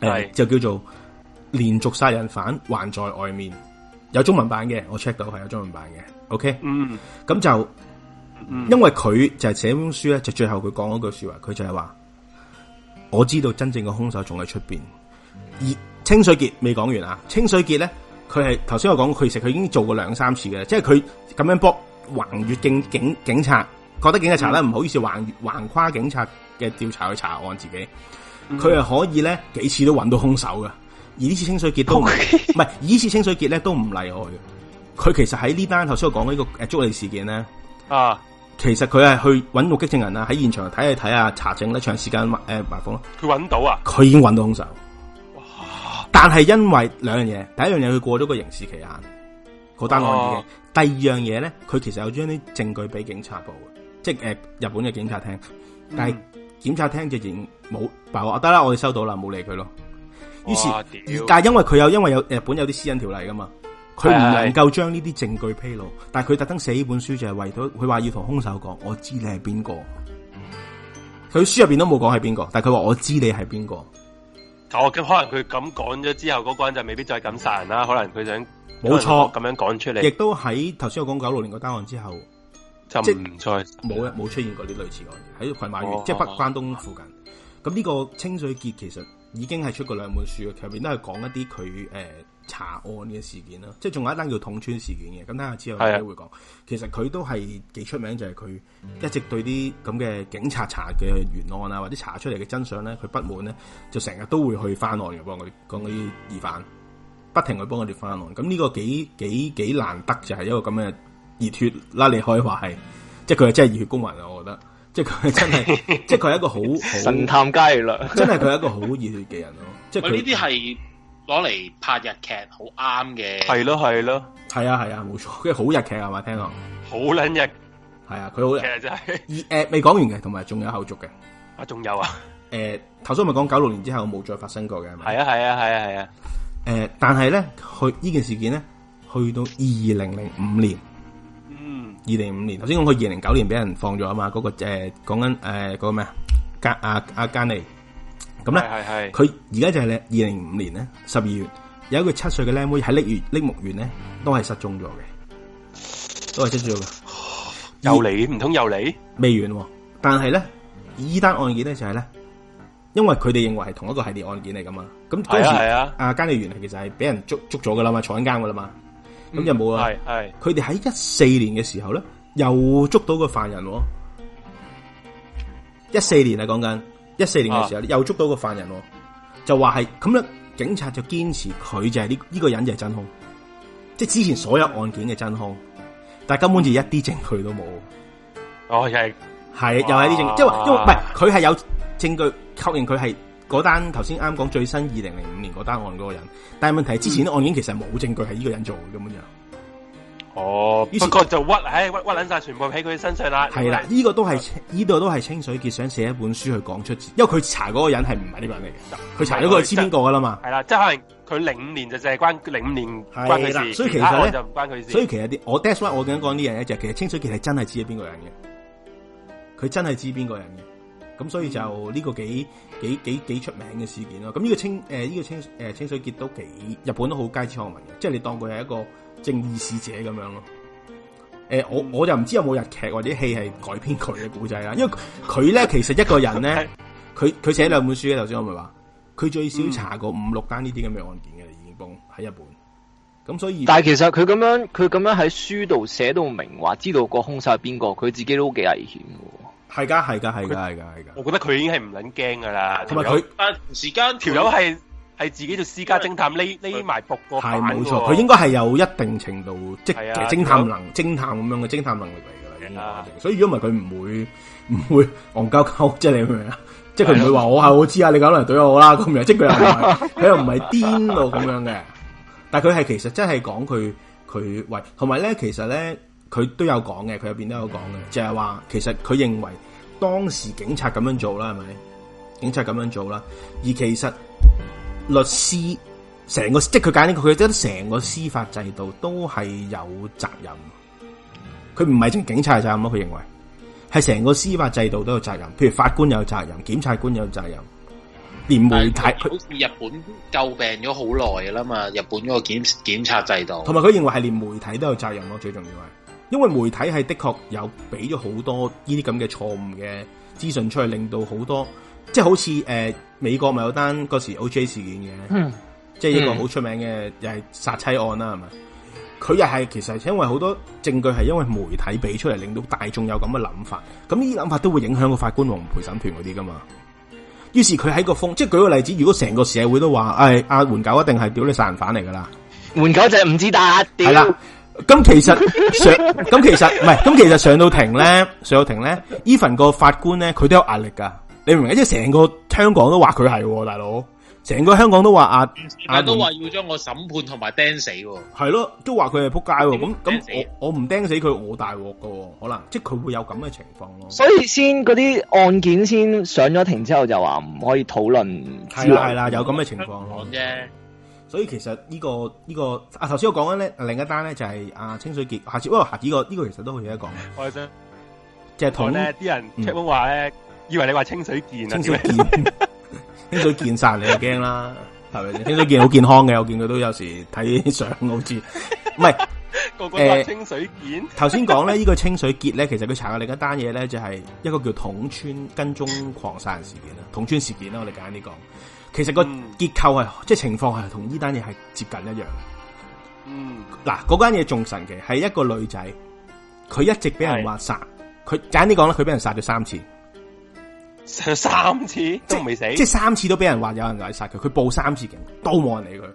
呃，就叫做《連續殺人犯還在外面》，有中文版嘅，我 check 到係有中文版嘅。OK，嗯，咁就。嗯、因為佢就係寫本書咧，就最後佢講嗰句說話，佢就係話我知道真正嘅兇手仲喺出邊。而清水杰未講完啊，清水杰咧佢係頭先我講佢其實，佢已經做過兩三次嘅，即係佢咁樣搏橫越警警警察，覺得警察查咧唔、嗯、好意思橫橫跨警察嘅調查去查案自己，佢係、嗯、可以咧幾次都揾到兇手嘅。而呢次清水杰都唔係，而 <laughs> 呢次清水杰咧都唔例外嘅。佢其實喺呢單頭先我講呢個足利、啊、事件咧啊。其實佢係去揾目擊證人啊，喺現場睇一睇呀，查證咧，長時間誒埋伏咯。佢揾到啊？佢已經揾到兇手。哇但係因為兩樣嘢，第一樣嘢佢過咗個刑事期限，嗰單案已經，哦，第二樣嘢咧，佢其實有將啲證據俾警察部即係誒、呃、日本嘅警察廳。嗯，但係警察廳已經冇白話，得啦、哦，我哋收到啦，冇理佢咯。於、哦、是，屌但係因為佢有，因為有日本有啲私隱條例噶嘛。佢唔能夠將呢啲證據披露，是是是，但係佢特登寫呢本書就係、是、為咗，佢話要同兇手講，我知你係邊個。佢、嗯、書入邊都冇講係邊個，但係佢話我知你係邊個。哦、那可能佢咁講咗之後，嗰、那、關、個、就未必再咁殺人啦。可能佢想冇錯咁樣講出嚟，亦都喺頭先我講九六年嗰單案之後，就唔不錯即，冇冇出、出現過啲類似的案喺群馬縣，哦、即係北關東附近。咁呢、哦哦、個清水潔其實已經係出過兩本書嘅，入邊都係講一啲佢誒。呃查案嘅事件啦，即係仲有一單叫捅穿事件嘅，咁睇下之後都會講。的其實佢都係幾出名，就係、是、佢一直對啲咁嘅警察查嘅原案啊，或者查出嚟嘅真相咧，佢不滿咧，就成日都會去翻案嘅，幫佢講嗰啲疑犯，不停去幫佢哋翻案。咁呢個幾幾幾難得，就係、是、一個咁嘅熱血啦，你可以話係，即係佢係真係熱血公民啊！我覺得，即係佢真係， <laughs> 即係佢係一個好神探伽俐略 <laughs> 真係佢係一個好熱血嘅人咯。即係呢啲係。攞嚟拍日劇好啱嘅，係咯係咯，係啊係啊，冇錯，即係好日劇係嘛，聽落好捻日，係啊，佢好日劇真係。二誒、就是、未講完嘅，同埋仲有後續嘅，啊仲有啊？誒頭先咪講九六年之後冇再發生過嘅係咪？係啊係啊係啊係啊。誒但係咧佢呢件事件咧去到二零零五年，嗯二零零五年，頭先講佢二零九年俾人放咗、那個呃呃那個、啊嘛，嗰個誒講緊誒嗰個咩啊加啊啊加尼咁咧，佢而家就係咧，二零零五年咧十二月，有一個七歲嘅靚妹喺瀝月瀝木園咧，都係失蹤咗嘅，都係失蹤咗嘅。又嚟，唔通又嚟？未完，但係咧，依單案件咧就係咧，因為佢哋認為係同一個系列案件嚟噶嘛。咁當時啊，監理員其實係俾人捉捉咗噶啦嘛，坐緊監噶啦嘛。咁就冇啊？係係。佢哋喺一四年嘅時候咧，又捉到個犯人。一四年啊，講緊。一四年嘅時候，又捉到個犯人，啊、就話係咁樣，警察就堅持佢就係呢呢個人就係真兇，即、就、係、是、之前所有案件嘅真兇，但係根本就一啲證據都冇。哦，係係又係啲證據，即話，因為唔係，佢係有證據確認佢係嗰單頭先啱講最新二零零五年嗰單案嗰個人，但係問題係之前啲案件其實冇證據係呢個人做咁樣。嗯哦，呢個就屈喺屈屈捻晒，全部喺佢身上啦。係啦，呢個都係呢度都係清水潔想寫一本書去講出字，因為佢查嗰個人係唔係呢個人嚟嘅，佢查咗佢知邊個噶啦嘛。係啦，即係可能佢零五年就淨係關零五年關佢事，所以其實咧就唔關佢事。所以其實啲我第一我想講呢樣嘢，就其實清水潔係真係知邊個人嘅，佢真係知邊個人嘅，咁所以就呢個幾幾幾幾出名嘅事件咯。咁呢個清誒呢個清誒清水潔都幾日本都好街知巷聞嘅，即係你當佢係一個。正義使者咁樣咯，誒、欸，我我就唔知有冇日劇或者戲係改編佢嘅古仔啦，因為佢咧其實一個人咧，佢佢寫兩本書嘅頭先我咪話，佢最少查過五六單呢啲咁嘅案件嘅，已經幫喺日本，咁所以，但係其實佢咁樣，佢咁樣喺書度寫到明話，知道個兇手係邊個，佢自己都幾危險喎。係噶係噶係噶係噶係噶，我覺得佢已經係唔撚驚噶啦，同埋佢，時間時間條友係。係自己做私家偵探，匿匿埋伏個，係冇錯，佢應該係有一定程度即偵、啊、探能偵果探咁樣嘅偵探能力嚟噶啦，所以如果唔係佢唔會唔會戇鳩鳩，即係、就是、你明唔明啊？即係佢唔會話我係我知啊， <laughs> 你搞嚟懟我啦咁樣，即佢又佢又唔係癲到咁樣嘅。但係佢係其實真係講佢佢喂，同埋咧其實咧佢都有講嘅，佢入邊都有講嘅，就係、是、話其實佢認為當時警察咁樣做啦，係咪？警察咁樣做啦，而其實。律師成個即係佢解呢個，佢覺得成個司法制度都係有責任。佢唔係淨警察責任咯，佢認為係成個司法制度都有責任。譬如法官有責任，檢察官有責任，連媒體佢好似日本詬病咗好耐啦嘛。日本個檢檢察制度，同埋佢認為係連媒體都有責任咯。最重要係，因為媒體係的確有俾咗好多呢啲咁嘅錯誤嘅資訊出嚟，令到好多即係好似誒。呃美國咪有單嗰時 OJ 事件嘅，嗯、即係一個好出名嘅、嗯、又係殺妻案啦，係嘛？佢又係其實因為好多證據係因為媒體俾出嚟，令到大眾有咁嘅諗法，咁呢啲諗法都會影響個法官同陪審團嗰啲噶嘛。於是佢喺個風，即係舉個例子，如果成個社會都話，誒阿援狗一定係屌你殺人犯嚟噶啦，援狗就唔知得屌。係啦，咁其實 <laughs> 上，咁其實唔係，咁其實上到庭咧，上到庭咧，even 個法官咧，佢都有壓力噶。你明唔明？即係成個香港都話佢係，大佬成個香港都話啊，啊都話要將我審判同埋釘死，係咯，都話佢係仆街。咁咁，我我唔釘死佢，我大鑊噶，可能即係佢會有咁嘅情況咯。所以先嗰啲案件先上咗庭之後，就話唔可以討論。係啦、係啦、有咁嘅情況啫。所以其實呢、這個呢、這個啊，頭先我講緊咧另一單咧就係阿、啊、清水潔下次，喂、哦，下次、這個呢、這個其實都可以一講。開聲，想，即係同咧啲人 check 話咧。嗯以為你話清水健啊？清水健，清水健殺你就驚啦，係咪？清水健好健康嘅，我見佢都有時睇相，好似唔係個個話清水健。頭先講咧，呢個清水結咧，其實佢查過另一單嘢咧，就係一個叫桶川跟蹤狂殺人事件啦，桶川事件啦。我哋簡單啲講，其實個結構係即係情況係同呢單嘢係接近一樣。嗯，嗱，嗰間嘢仲神奇，係一個女仔，佢一直俾人話殺，佢簡單啲講啦，佢俾人殺咗三次。三次都未死，即係三次都俾人話有人解殺佢，佢報三次警都冇人理佢，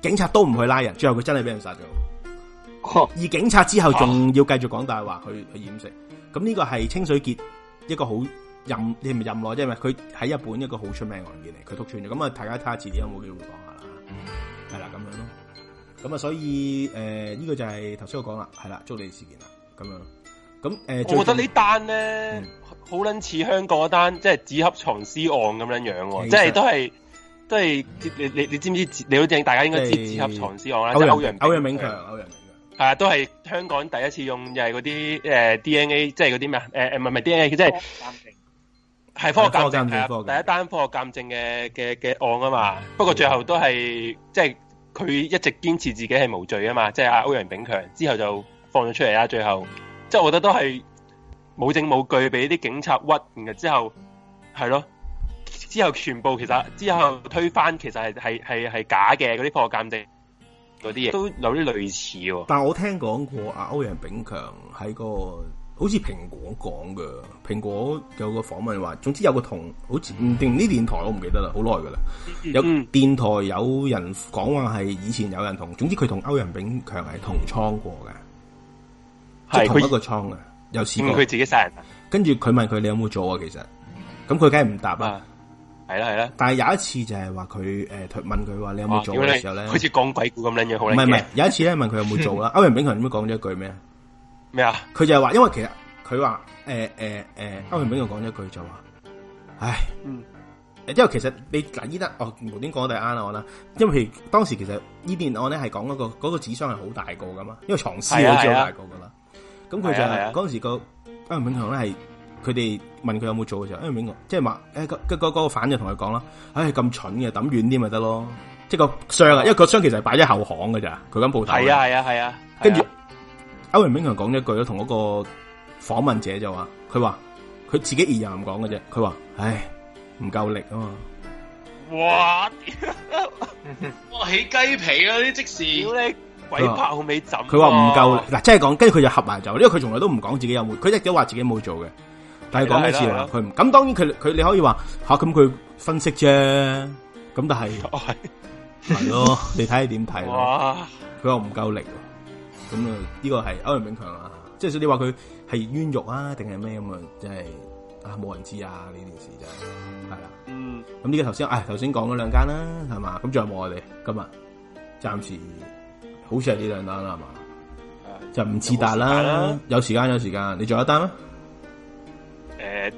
警察都唔去拉人，最後佢真係俾人殺咗。啊、而警察之後仲要繼續講大話去去掩飾，咁呢個係清水潔一個好任你係咪任內即咪佢喺日本一個好出名案件嚟，佢篤穿咗。咁啊，大家睇下遲啲有冇機會講下啦。係啦、嗯，咁樣咯。咁啊，所以誒呢、呃這個就係頭先我講啦，係啦，竹你事件啦，咁樣咁誒。呃、我覺得呢單咧。嗯好撚似香港一單即係紙盒藏屍案咁樣樣喎，其實 即係都係都係你你你知唔知？你好正，大家應該知紙盒藏屍案啦，是即係歐陽，歐陽炳強，歐陽炳強係啊，都係香港第一次用又係嗰啲誒 DNA，即係嗰啲咩啊？誒、呃、誒唔係唔係 DNA，即係係科學鑑證啊！第一單科學鑑證嘅嘅嘅案啊嘛，不過最後都係即係佢一直堅持自己係無罪啊嘛，即係阿歐陽炳強之後就放咗出嚟啦。最後即係我覺得都係。冇證冇據，俾啲警察屈，然後之後係囉，之後全部其實之後推翻，其實係假嘅嗰啲科學鑑定嗰啲嘢都有啲類似喎。但我聽講過歐陽炳強喺個好似蘋果講㗎，蘋果有個訪問話，總之有個同好似唔定啲電台我唔記得啦，好耐㗎啦。有電台有人講話係以前有人同，總之佢同歐陽炳強係同倉過嘅，即係同一個倉嘅。因為佢自己殺人，跟住佢問佢你有冇做啊？其實咁佢梗係唔答啊。係啦係啦。但係有一次就係話佢誒問佢話你有冇做嘅時候咧，好似講鬼故咁樣，好唔係唔係？有一次咧問佢有冇做啦，歐陽炳強點樣講咗一句咩啊？咩啊？佢就係話，因為其實佢話誒誒誒，歐陽炳強講咗一句就話，唉，嗯，因為其實你嗱依得，我無端端講第啱啦，我啦，因為當時其實呢邊我咧係講嗰個嗰個紙箱係好大個噶嘛，因為藏屍好大個噶啦。咁佢就係嗰陣時那個歐陽炳強咧係佢哋問佢有冇做嘅時候，歐陽炳強即係話誒個嗰、那個、反就同佢講啦，唉咁蠢嘅抌遠啲咪得咯，即係、就是、個箱啊，因為個箱其實係擺喺後巷嘅咋，佢間舖頭。係啊係啊係啊，啊啊啊跟住歐陽炳強講一句同個訪問者就話，佢話佢自己而家咁講嘅啫，佢話唉唔夠力啊嘛，哇， <laughs> 哇，起雞皮啊，啲即時。鬼拍好尾走，佢話唔夠力，即係講，跟住佢就合埋走，因為佢從來都唔講自己有冇，佢一直都話自己冇做嘅，但係講咩事話佢唔咁，佢唔當然佢佢你可以話，吓咁佢分析啫，咁但係係咯，你睇下點睇佢話唔夠力，咁啊呢個係歐陽炳強啊，即係你話佢係冤獄啊，定係咩咁啊？即係啊，冇人知啊呢件事真係啦，咁呢個頭先，哎頭先講嗰兩間啦，係嘛、嗯，咁、嗯、仲、嗯嗯嗯、有冇我哋今日暫時？好似係呢兩單啦，係嘛？就唔自達啦，有時間有時間，你做一單啦。誒，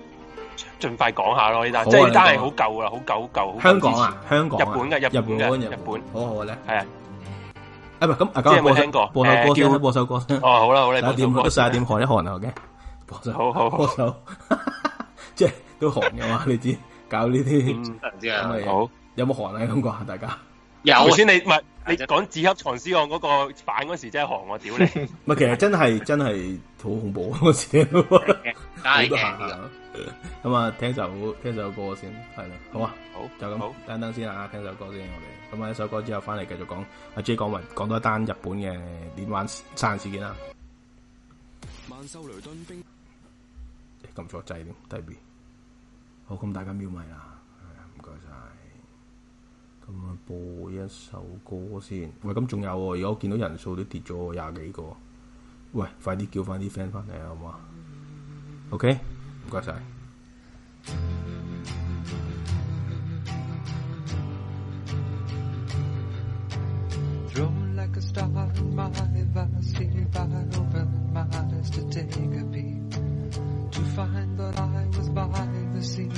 盡快講下咯呢單，即係單係好舊啦，好舊好舊。香港啊，香港日本嘅，日本嘅，日本。好好咧，係。誒，咁，即家有冇聽過播首歌先？播首歌先哦，好啦，好啦，晒點，晒點寒一寒啊，OK。播首。好歌手，即係都寒噶嘛？你知搞呢啲，好有冇寒啊？咁講下大家。有，就算你唔係你講紙盒藏屍案嗰個反嗰時真係寒我屌你，唔係，其實真係真係好恐怖，我屌，係嘅。咁啊，聽首聽首歌先，係啦，好啊，好就咁，好！等等先啊，聽首歌先，我哋咁啊，一首歌之後翻嚟繼續講，阿 J 講埋講多一單日本嘅連環殺人事件啦。萬壽雷敦兵撳錯掣點？大 B，好，咁大家秒埋啦。咁啊，播一首歌先。喂，咁仲有喎、哦，如果我見到人數都跌咗廿幾個。喂，快啲叫翻啲 friend 翻嚟，好嘛？OK，唔該晒。 <music>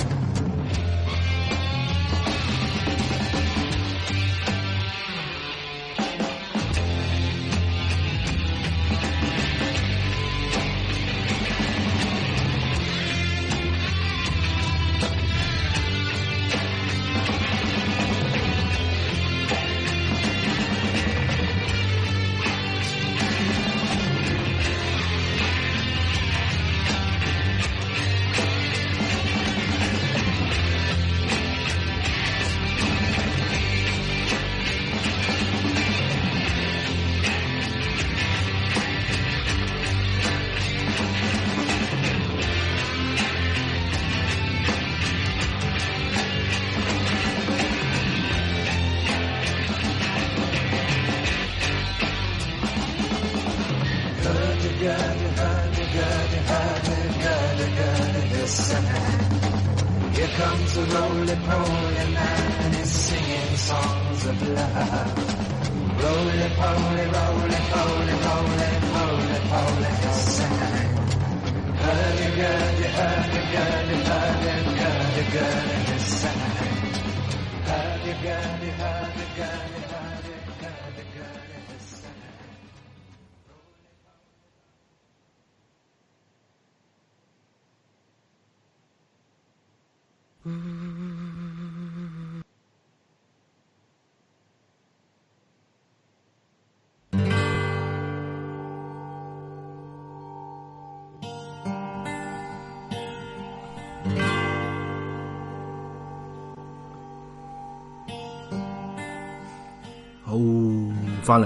翻嚟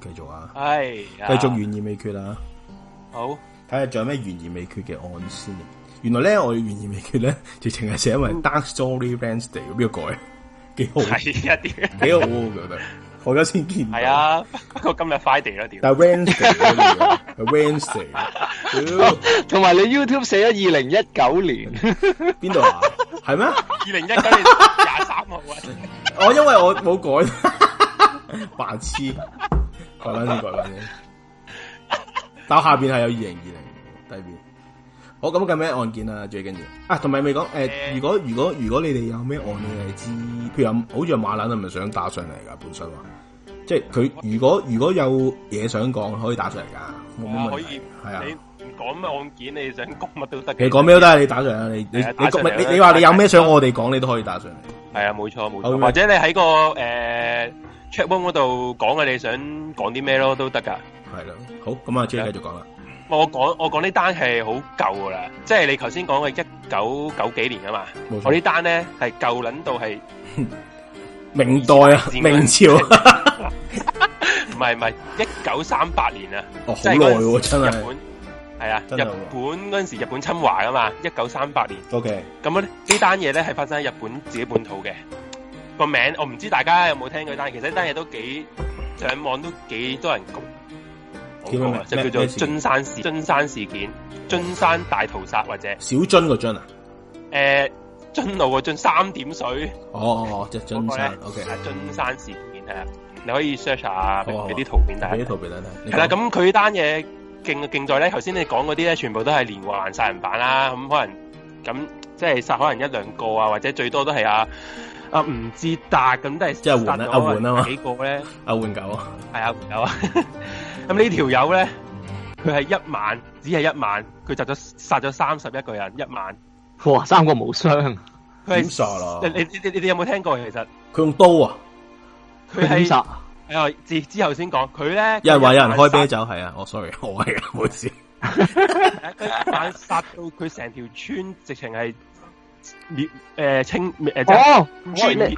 繼續啊，係繼續懸疑未決啊，好睇下仲有咩懸疑未決嘅案先。原來咧我嘅懸疑未決咧，直情係寫埋 Dark Story Wednesday，邊個改？幾好睇一啲，啊、幾好 <laughs> 我我而家先見係啊，不過今日 Friday 咯點？但 Wednesday 係 Wednesday， <laughs> 同埋你 YouTube 寫咗二零一九年邊度啊？係咩？二零一九年廿三號啊？號 <laughs> 我因為我冇改。 <laughs> 白痴， <laughs> 改翻先，改翻先。但我 <laughs> 下邊係有二零二零，第二。好，咁咁咩案件啊？最緊要啊，同埋未講誒，如果如果如果你哋有咩案件係知，譬如好似馬蘭都咪想打上嚟噶，本身話即係佢如果如果有嘢想講，可以打上嚟噶，冇、啊、問題。係以啊，你唔講咩案件，你想谷乜都得。嘅。你講咩都得，你打上嚟，你、啊、你你你話你有咩想我哋講，你都可以打上嚟。係啊，冇錯冇錯，錯好或者你喺個誒。呃 Checkroom 嗰度講嘅你想講啲咩咯都得噶。係啦，好，咁啊 Jee 繼續講啦。我講我講呢單係好舊噶啦，即係你頭先講嘅一九九幾年啊嘛，錯我呢單咧係舊捻到係明代啊，明朝唔係唔係一九三八年啊，哦好耐喎，真係，真係日本。係啊，日本嗰陣時日本侵華啊嘛，一九三八年，OK，咁啊呢單嘢咧係發生喺日本自己本土嘅。個名我唔知大家有冇聽過，但係其實單嘢都幾上網都幾多人講。叫叫做《津山事》《津山事件》《津山大屠殺》或者小津個津啊？誒、呃，津路個津三點水。哦哦哦，即、就、係、是、津山。O K。Okay, 津山事件係啊，嗯、你可以 search 下嗰啲，哦哦、圖片睇。睇圖片睇睇。係啦說，咁佢單嘢勁勁在咧，頭先你講嗰啲咧，全部都係連環殺人犯啦。咁可能咁即係殺可能一兩個啊，或者最多都係啊。阿唔、啊、知達咁都係啊嘛？即呢幾個咧？阿換狗啊？係阿換狗啊？咁 <laughs> 呢條友咧，佢係一晚，只係一晚，佢殺咗殺咗三十一個人，一晚哇，三個無傷。佢傻咯？你你你有冇聽過？其實佢用刀啊！佢係是殺。哎之、啊、之後先講佢咧。呢人有人話有人開啤酒，係啊殺。我 sorry，我係冇佢一晚殺到佢成條村，直情係。滅誒清滅誒，哦，穿越，你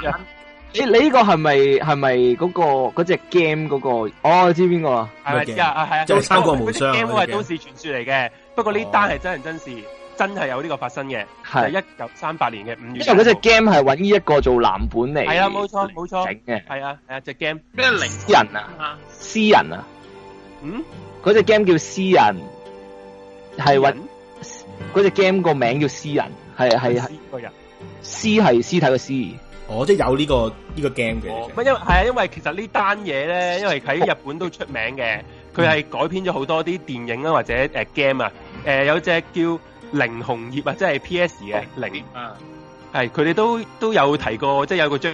你呢個係咪係咪嗰個嗰隻 game 嗰個？哦，知邊個啊？係咪啊？係啊，有三個門箱。嗰隻 game 都係都市傳說嚟嘅，不過呢單係真人真事，真係有呢個發生嘅，係一九三八年嘅五月。因為嗰隻 game 係搵呢一個做藍本嚟，係啊，冇錯冇錯整嘅，係啊係啊隻 game 咩？私人啊，私人啊，嗯，嗰隻 game 叫私人，係搵，嗰隻 game 個名叫私人。係啊，係啊係！屍係屍體嘅屍，哦，即係有呢個呢個 game 嘅。因為係啊，因為其實呢單嘢咧，因為喺日本都出名嘅。佢係改編咗好多啲電影啊，或者誒 game 啊，誒有隻叫靈紅葉啊，即係 P.S. 嘅零啊，係佢哋都都有提過，即係有個章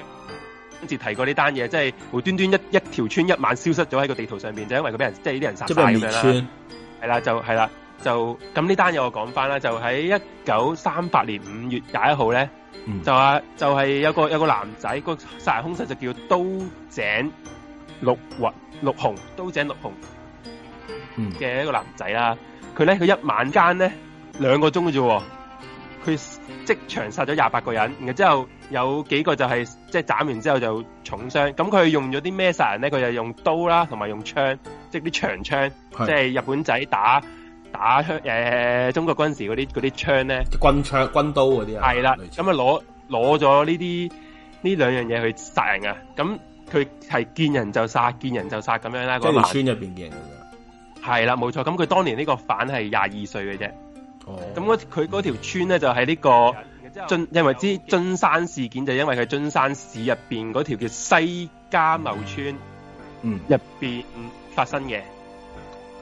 先提過呢單嘢，即係無端端一一條村一晚消失咗喺個地圖上面，就因為佢俾人即係啲人殺晒咁樣，係啦就係啦。就咁呢單嘢我講翻啦，就喺一九三八年五月廿一號咧，就話就係有個有個男仔，個殺人兇手就叫刀井六宏，陸雄。刀井六雄嘅一個男仔啦。佢咧佢一晚間咧兩個鐘嘅啫，佢即場殺咗廿八個人，然後之後有幾個就係、是、即係斬完之後就重傷。咁佢用咗啲咩殺人咧？佢就用刀啦，同埋用槍，即係啲長槍，是 即係日本仔打。打槍誒、呃，中國軍事嗰啲嗰啲槍咧，槍軍槍、軍刀嗰啲啊，係啦的，咁啊攞攞咗呢啲呢兩樣嘢去殺人呀，咁佢係見人就殺，見人就殺咁樣啦。即係條村入邊嘅咋？係啦，冇錯。咁佢當年呢個犯係廿二歲嘅啫。哦。咁佢嗰條村咧就喺呢、這個、嗯、津，因為之津山事件就因為佢津山市入邊嗰條叫西加茂村嗯，嗯，入邊發生嘅。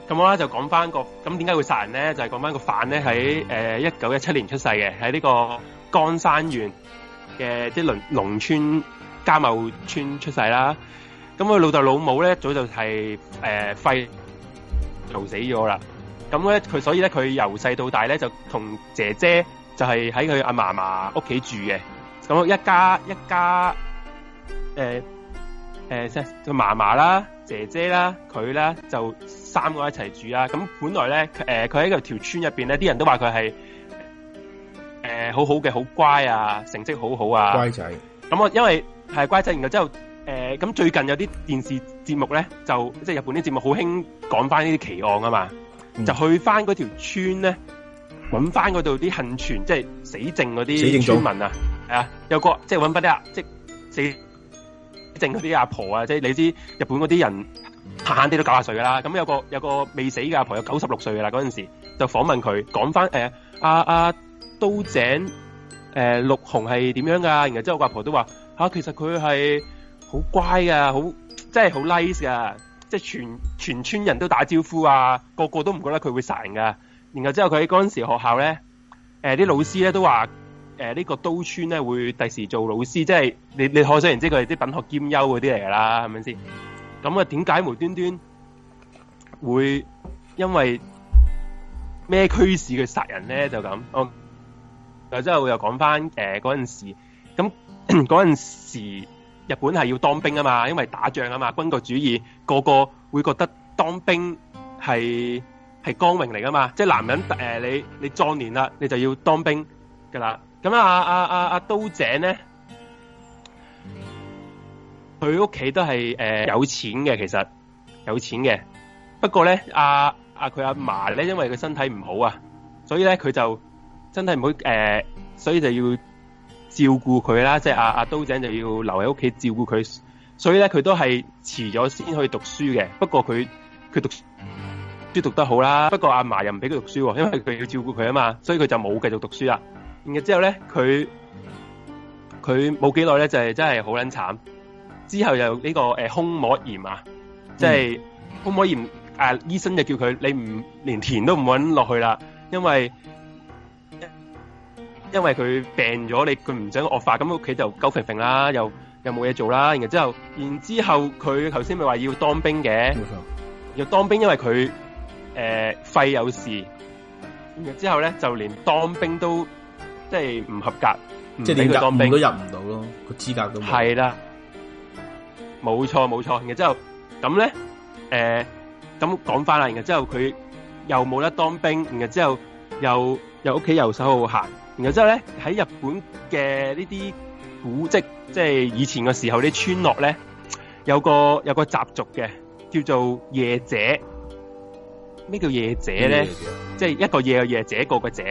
咁我啦就講翻個咁點解會殺人咧？就係講翻個犯咧喺誒一九一七年出世嘅，喺呢個岡山縣嘅即係輪農村加茂村出世啦。咁佢老豆老母咧早就係誒肺癆死咗啦。咁咧佢所以咧佢由細到大咧就同姐姐就係喺佢阿嫲嫲屋企住嘅。咁一家一家誒。呃誒，即係嫲嫲啦、姐姐啦、佢啦，就三個一齊住啊。咁本來咧，誒、呃，佢喺個條村入邊咧，啲人都話佢係誒好好嘅、好乖啊，成績好好啊。乖仔。咁我、嗯、因為係乖仔，然後之後誒，咁、呃嗯、最近有啲電視節目咧，就即係日本啲節目好興講翻呢啲奇案啊嘛，嗯、就去翻嗰條村咧，揾翻嗰度啲幸存，即係死剩嗰啲村民啊。係啊，有個即係揾翻啲啊，即死。即正嗰啲阿婆啊，即係你知日本嗰啲人，閒閒哋都九廿歲噶啦。咁有個有個未死嘅阿婆有九十六歲噶啦，嗰陣時就訪問佢，講翻誒阿阿刀井誒陸雄係點樣噶？然後之後個阿婆都話吓、啊，其實佢係好乖噶，好即係好 nice 噶，即係全全村人都打招呼啊，個個都唔覺得佢會殺人噶。然後之後佢喺嗰陣時學校咧，誒、呃、啲老師咧都話。誒，呢、呃這個刀村咧會第時做老師，即係你你可想而知，佢哋啲品學兼優嗰啲嚟噶啦，係咪先？咁啊，點解無端端會因為咩驅使佢殺人咧？就咁哦。又之後又講翻誒嗰陣時，咁嗰陣時日本係要當兵啊嘛，因為打仗啊嘛，軍國主義個個會覺得當兵係係光榮嚟噶嘛，即係男人誒、呃，你你壯年啦，你就要當兵噶啦。咁阿阿阿阿刀井咧，佢屋企都係誒、呃、有錢嘅，其實有錢嘅。不過咧，阿阿佢阿嫲咧，因為佢身體唔好啊，所以咧佢就真係唔好誒，所以就要照顧佢啦。即係阿阿刀井就要留喺屋企照顧佢，所以咧佢都係遲咗先去讀書嘅。不過佢佢讀書讀得好啦。不過阿嫲又唔俾佢讀書，啊，因為佢要照顧佢啊嘛，所以佢就冇繼續讀書啦。然之後咧，佢佢冇幾耐咧，就係、是、真係好捻慘。之後又呢、這個誒、呃、胸膜炎啊，即係、嗯、胸膜炎啊，醫生就叫佢你唔連田都唔揾落去啦，因為因為佢病咗，你佢唔想惡化，咁屋企就夠揈揈啦，又又冇嘢做啦。然之後，然之後佢頭先咪話要當兵嘅，又當兵，因為佢誒肺有事。然後之後咧，就連當兵都。即係唔合格，即係是你當兵都入唔到咯，個資格都係啦，冇錯冇錯。然之後咁咧，誒，咁講翻啦。然之後佢又冇得當兵，然後之後又又屋企游手好閒。然後之後咧喺日本嘅呢啲古蹟，即係以前嘅時候啲村落咧、嗯，有個有個習俗嘅叫做夜者。咩叫夜者咧？即係一個夜嘅夜者，一個嘅者。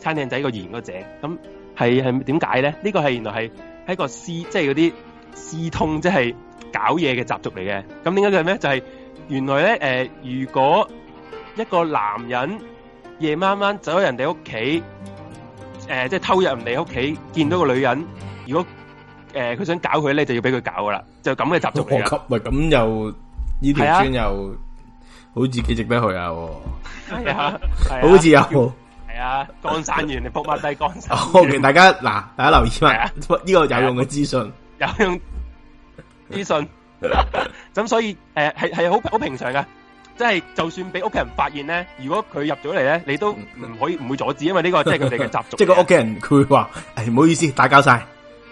餐廳仔個言個姐，咁係係點解咧？呢、這個係原來係一個私，即係嗰啲私通，即係搞嘢嘅習俗嚟嘅。咁點解嘅咩？就係、是、原來咧，誒、呃，如果一個男人夜晚晚走咗人哋屋企，誒、呃，即、就、係、是、偷入人哋屋企，見到個女人，如果誒佢、呃，想搞佢咧，就要俾佢搞噶啦，就咁嘅習俗嚟嘅。高咁又呢條、啊、村又好似幾值得去啊？係啊，好似有。啊！干散完你撲埋低，干散。好，大家嗱，大家留意啊，呢個有用嘅資訊，啊、有用資訊。咁 <laughs> <laughs> 所以誒，係係好好平常噶，即係就算俾屋企人發現咧，如果佢入咗嚟咧，你都唔可以唔會阻止，因為呢個他 <laughs> 即係佢哋嘅習俗。即係個屋企人佢會話：，誒、哎，唔好意思，打攪晒，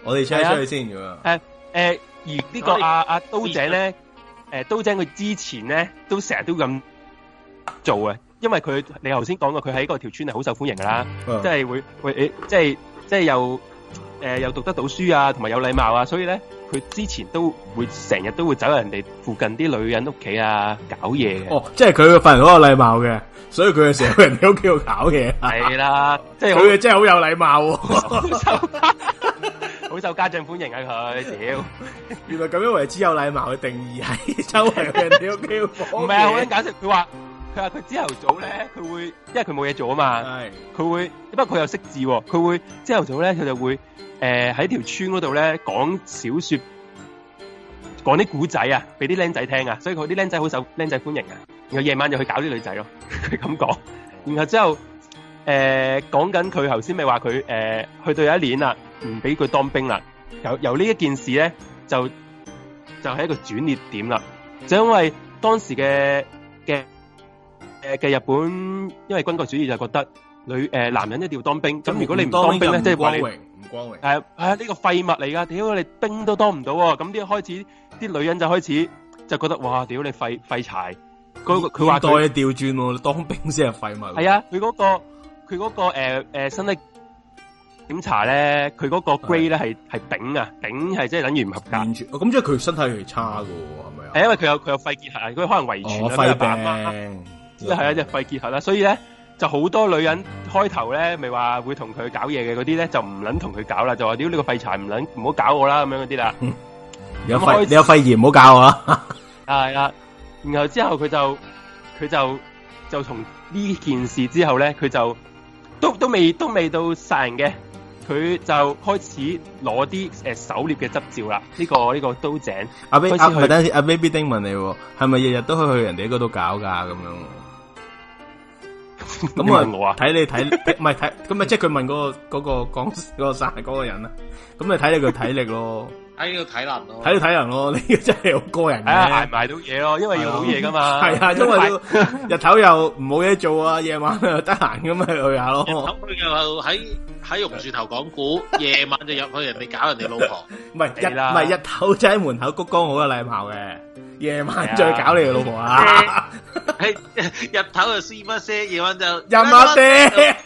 我哋出,、啊、出去先。誒誒、呃，而這個、啊啊、呢個阿阿刀姐咧，誒、呃，刀姐佢之前咧都成日都咁做嘅。因為佢，你頭先講過佢喺嗰條村係好受歡迎噶啦，uh huh. 即係會會、欸、即係即係又誒又讀得到書啊，同埋有禮貌啊，所以咧佢之前都會成日都會走入人哋附近啲女人屋企啊搞嘢。哦，即係佢個份人好有禮貌嘅，所以佢係成日喺人哋屋企度搞嘢、啊。係啦，即係佢嘅真係好有禮貌、啊，好、哦、受家長歡迎啊！佢屌，原來咁樣為之有禮貌嘅定義係周圍人喺屋企唔係啊！我想解釋佢話。佢話，佢朝頭早咧，佢會，因為佢冇嘢做啊嘛。係佢是的 會，不過佢又識字喎，佢會朝頭早咧，佢就會誒喺條村嗰度咧講小說，講啲古仔啊，俾啲僆仔聽啊。所以佢啲僆仔好受僆仔歡迎啊。然後夜晚又去搞啲女仔咯，佢咁講。然後之後誒講緊佢頭先咪話佢誒去到有一年啦，唔俾佢當兵啦。由由呢一件事咧，就就係、是、一個轉捩點啦。就因為當時嘅嘅。的誒，嘅日本因為軍國主義就覺得女誒男人一定要當兵，咁如果你唔當兵咧，即係冇光榮，唔光榮。係係啊，呢個廢物嚟噶，屌你兵都當唔到，咁啲開始啲女人就開始就覺得哇，屌你廢廢柴。佢佢話年代調轉，當兵先係廢物。係啊，佢嗰個佢嗰個誒誒身體檢查咧，佢嗰個 grade 咧係係丙啊，丙係即係等於唔合格。咁即係佢身體係差噶，係咪啊？係因為佢有佢有肺結核，佢可能遺傳啊，佢係啊，只肺 <noise> 結核啦，所以咧就好多女人開頭咧咪話會同佢搞嘢嘅嗰啲咧就唔捻同佢搞啦，就話屌你個廢柴唔捻唔好搞我啦咁樣嗰啲啦。有肺你有肺炎唔好搞我 <laughs> 啊！係啦，然後之後佢就佢就就,就從呢件事之後咧，佢就都都未都未到殺人嘅，佢就開始攞啲誒狩獵嘅執照啦。呢、這個呢、這個刀井，阿 Baby，等阿 Baby Ding 問你係咪日日都去去人哋嗰度搞噶咁、啊、樣？咁啊，冇啊，睇你體，唔係睇，咁啊，即係佢問嗰個嗰個講嗰個山嗰個人啦，咁啊睇你個體力咯，喺度體能咯，喺度體能咯，呢個真係好個人，係買到嘢咯，因為要好嘢噶嘛，係啊，因為日頭又唔冇嘢做啊，夜晚又得閒噶嘛，去下咯，咁佢又喺喺榕樹頭講故，夜晚就入去人哋搞人哋老婆，唔係日唔係日頭就喺門口鞠躬好有禮貌嘅。夜晚再搞你嘅老婆啊！日頭就私密些，夜晚就陰阿爹。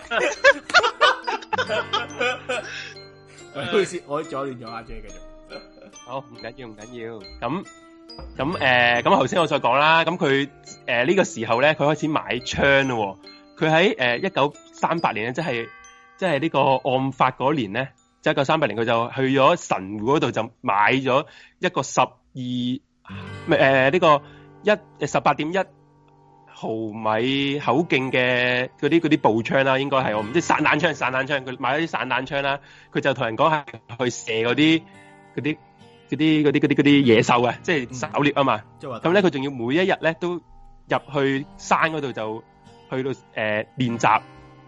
唔好意思，我阻亂咗阿姐，繼續。好，唔緊要，唔緊要。咁咁誒，咁頭先我再講啦。咁佢誒呢個時候咧，佢開始買槍咯。佢喺誒一九三八年咧，即係即係呢個案發嗰年咧，即係一九三八年，佢就去咗神戶嗰度就買咗一個十二。咩誒？呢個一誒十八點一毫米口徑嘅嗰啲啲步槍啦，應該係我唔知散彈槍，散彈槍佢買咗啲散彈槍啦。佢就同人講係去射嗰啲嗰啲嗰啲嗰啲嗰啲野獸啊，即係狩獵啊嘛。即係話咁咧，佢仲要每一日咧都入去山嗰度就去到誒練習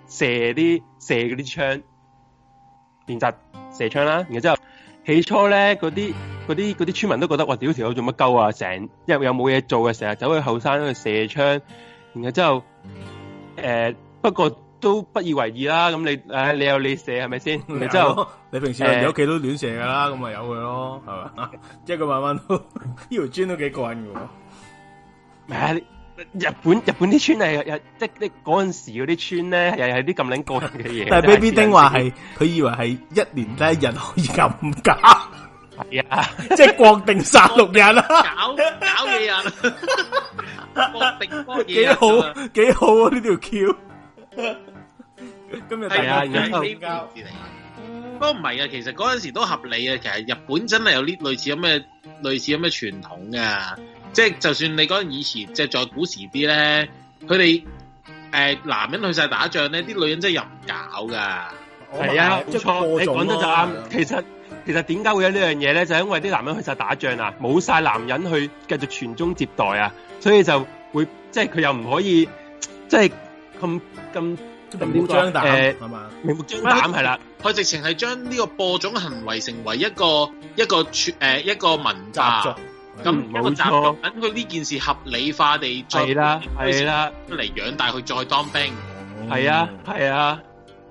射啲射嗰啲槍，練習射槍啦。然之後起初咧嗰啲。嗰啲嗰啲村民都覺得哇！屌條友做乜鳩啊？成日有冇嘢做啊？成日走去後山度射槍，然後之後誒，不過都不以為意啦。咁你誒，你有你射係咪先？你之後你平時喺屋企都亂射噶啦，咁咪有佢咯，係嘛？即係佢慢慢，呢條村都幾過癮嘅。唔係啊，日本日本啲村係日即係嗰陣時嗰啲村咧，又係啲咁撚過癮嘅嘢。但係 Baby Ding 話係，佢以為係一年得一日可以咁假。係啊，是呀即係國定殺六日啦，啊，搞搞幾日， <laughs> 國定國嘢，幾好幾好啊！呢條 q <laughs> 今日係啊，不過唔係啊，其實嗰陣時都合理啊。其實日本真係有啲類似咁嘅類似咁嘅傳統噶。即係就算你嗰陣以前即係再古時啲咧，佢哋誒男人去晒打仗咧，啲女人真係又唔搞噶。係啊，冇錯錯，你講得就啱，對其實。其實點解會有呢樣嘢咧？就因為啲男人去晒打仗啊，冇晒男人去繼續傳宗接代啊，所以就會即係佢又唔可以即係咁咁明目張膽，係嘛，明目張膽係，啦。佢直情係將呢個播種行為成為一個一個誒一、呃、一個文習咁，冇錯。等佢呢件事合理化地係啦係啦嚟養大佢再當兵，係啊係啊，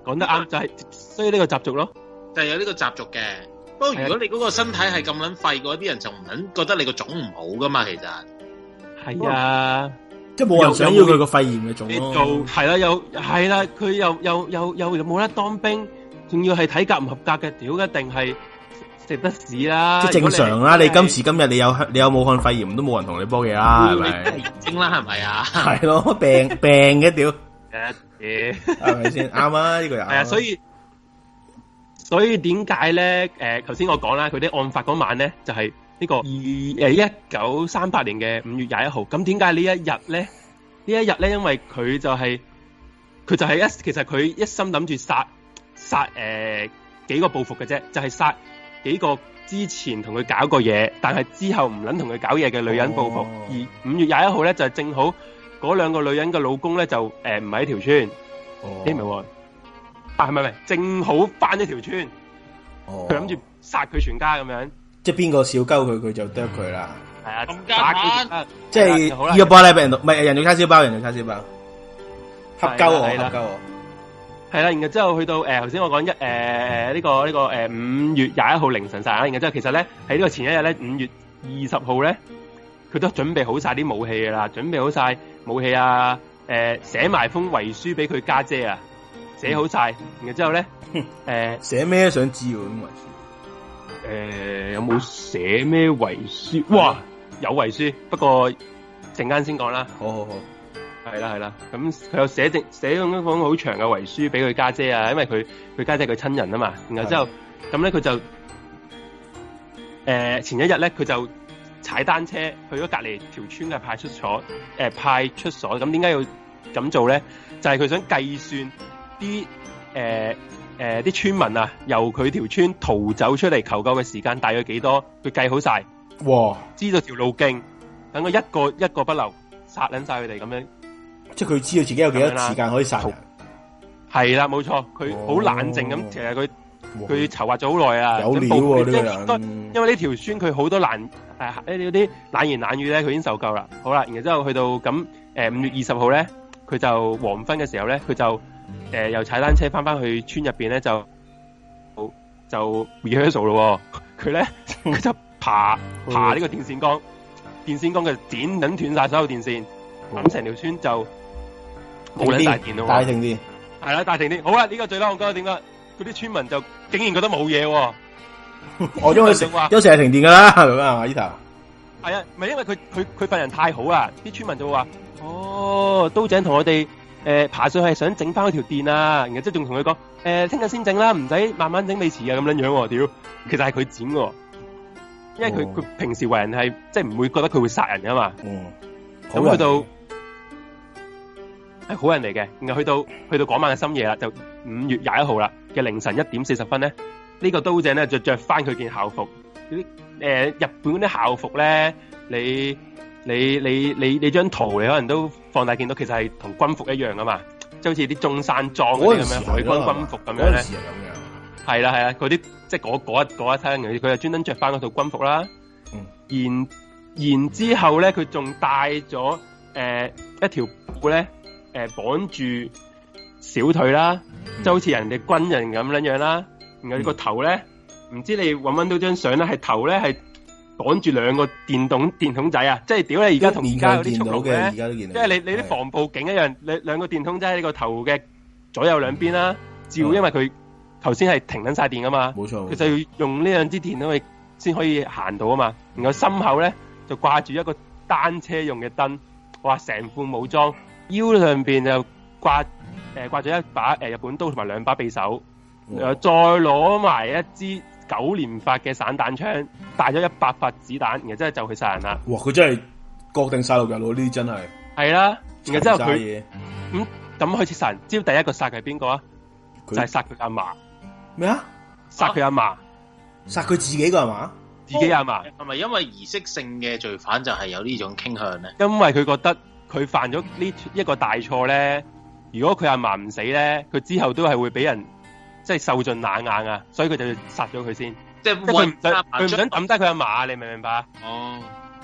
講得啱就係、是、所以呢個習俗咯，就係有呢個習俗嘅。如果你嗰個身體係咁撚廢，嗰啲人就唔撚覺得你個種唔好噶嘛，其實係啊，即係冇人想要佢個肺炎嘅種咯。係啦，又係啦，佢又又又又冇得當兵，仲要係體格唔合格嘅，屌嘅，一定係食得屎啦，即係正常啦。你今時今日你有你有武漢肺炎，都冇人同你煲嘢啦，係咪？精啦，係咪啊？係咯，病病嘅屌，係咪先啱啊？呢個又係啊，所以。所以點解咧？誒、呃，頭先我講啦，佢啲案發嗰晚咧，就係、是、呢個二誒一九三八年嘅五月廿一號。咁點解呢一日咧？呢一日咧，因為佢就係、是、佢就係、是、一其實佢一心諗住殺殺誒、呃、幾個報復嘅啫，就係、是、殺幾個之前同佢搞過嘢，但係之後唔撚同佢搞嘢嘅女人報復。哦、而五月廿一號咧，就係、是、正好嗰兩個女人嘅老公咧，就誒唔喺條村，誒唔係啊，唔係正好翻呢條村，佢諗住殺佢全家咁樣，即係邊個了小鳩佢，佢就剁佢啦。係啊，打即係要包你俾人度，唔係人肉叉燒包，人肉叉燒包，合鳩我合鳩我。係啦了，然後之後去到誒，頭、呃、先我講一誒呢個呢個誒五、呃、月廿一號凌晨殺，然後之後其實咧喺呢個前一日咧五月二十號咧，佢都準備好晒啲武器噶啦，準備好晒武器啊，誒寫埋封遺書俾佢家姐啊。寫好晒，然之後咧，誒、 <laughs> 呃，寫咩想知道？咁、呃、遺書，誒，有冇寫咩遺書？哇，嗯、有遺書，不過陣間先講啦。好,好,好，好，好，係啦，係啦。咁佢有寫定，寫咗好長嘅遺書俾佢家姐啊，因為佢佢家姐係佢親人啊嘛。然後之後，咁咧佢就，誒、呃，前一日咧佢就踩單車去咗隔籬條村嘅派出所，誒、呃、派出所。咁點解要咁做咧？就係、是、佢想計算。啲誒誒啲村民啊，由佢條村逃走出嚟求救嘅時間大約幾多？佢計好晒，哇！知道條路徑，等佢一個一個不留殺撚晒佢哋咁樣，即係佢知道自己有幾多時間可以殺人，係啦、啊，冇、啊、錯，佢好冷靜咁。哇其實佢佢哇籌劃咗好耐啊，有料啲因為呢條村佢好多難誒啲冷言冷語咧，佢已經受夠啦。好啦、啊，然之後去到咁誒五月二十號咧，佢就黃昏嘅時候咧，佢就。誒、呃，又踩單車翻翻去村入邊咧，就就 rehearsal 咯。佢咧，佢就爬爬呢個電線杆，電線杆嘅，剪剪斷晒所有電線，咁成條村就冇大電咯。大停電，係啦，大停電。好啦、啊，呢、這個最嬲，我覺得，點解？佢啲村民就竟然覺得冇嘢、啊。我 <laughs> 因為成話都成日停電噶啦，係阿伊塔！係啊，咪因為佢佢佢份人太好啊，啲村民就話，哦，刀仔同我哋。誒，爬上去係想整翻嗰條電啊，然後即仲同佢講，誒、呃，聽日先整啦，唔使慢慢整，未遲啊，咁樣這樣，屌，其實係佢剪喎。」因為佢佢、嗯、平時為人係即係唔會覺得佢會殺人㗎嘛，咁去到係好人嚟嘅。然後去到去到嗰晚嘅深夜啦，就五月廿一號啦嘅凌晨一點四十分咧，呢、這個刀仔咧就着翻佢件校服，啲、呃、誒日本啲校服咧，你。你你你你張圖你可能都放大見到，其實係同軍服一樣噶嘛，即係好似啲中山裝咁樣、海軍軍服咁樣咧。嗰陣時係咁樣係啦，係啊，嗰啲即係嗰一嗰一睇嘅，佢就專登着翻嗰套軍服啦。嗯、然然之後咧，佢仲帶咗誒一條布咧，誒、呃、綁住小腿啦，嗯、就好似人哋軍人咁樣樣啦。然後個頭咧，唔、嗯、知道你揾唔揾到張相咧？係頭咧係。是趕住兩個電動電筒仔啊！即係屌你而家同而家有啲速度嘅。即係你你啲防暴警一樣，是的 兩個電筒仔喺個頭嘅左右兩邊啦、啊，照，的因為佢頭先係停緊曬電噶嘛，冇錯，佢就要用呢兩支電筒去先可以行到啊嘛。然後心口咧就掛住一個單車用嘅燈，哇！成副武裝，腰上邊就掛誒掛住、呃、一把、呃、日本刀同埋兩把匕首，哦、再攞埋一支。九連發嘅散彈槍，帶咗一百發子彈，然後真係就去殺人啦。哇，佢真係確定晒路㗎咯，呢啲真係係啦。然後之後佢咁咁開始殺人，只要第一個殺係邊個啊？就係殺佢阿嫲。咩啊？殺佢阿嫲？殺佢自己噶阿嫲！自己阿嫲？係咪、哦、因為儀式性嘅罪犯就係有這種傾呢種傾向咧？因為佢覺得佢犯咗呢一個大錯咧，如果佢阿嫲唔死咧，佢之後都係會俾人。即係受盡冷眼啊，所以佢就殺咗佢先。即係佢唔想抌低佢阿嫲，你明唔明白？哦，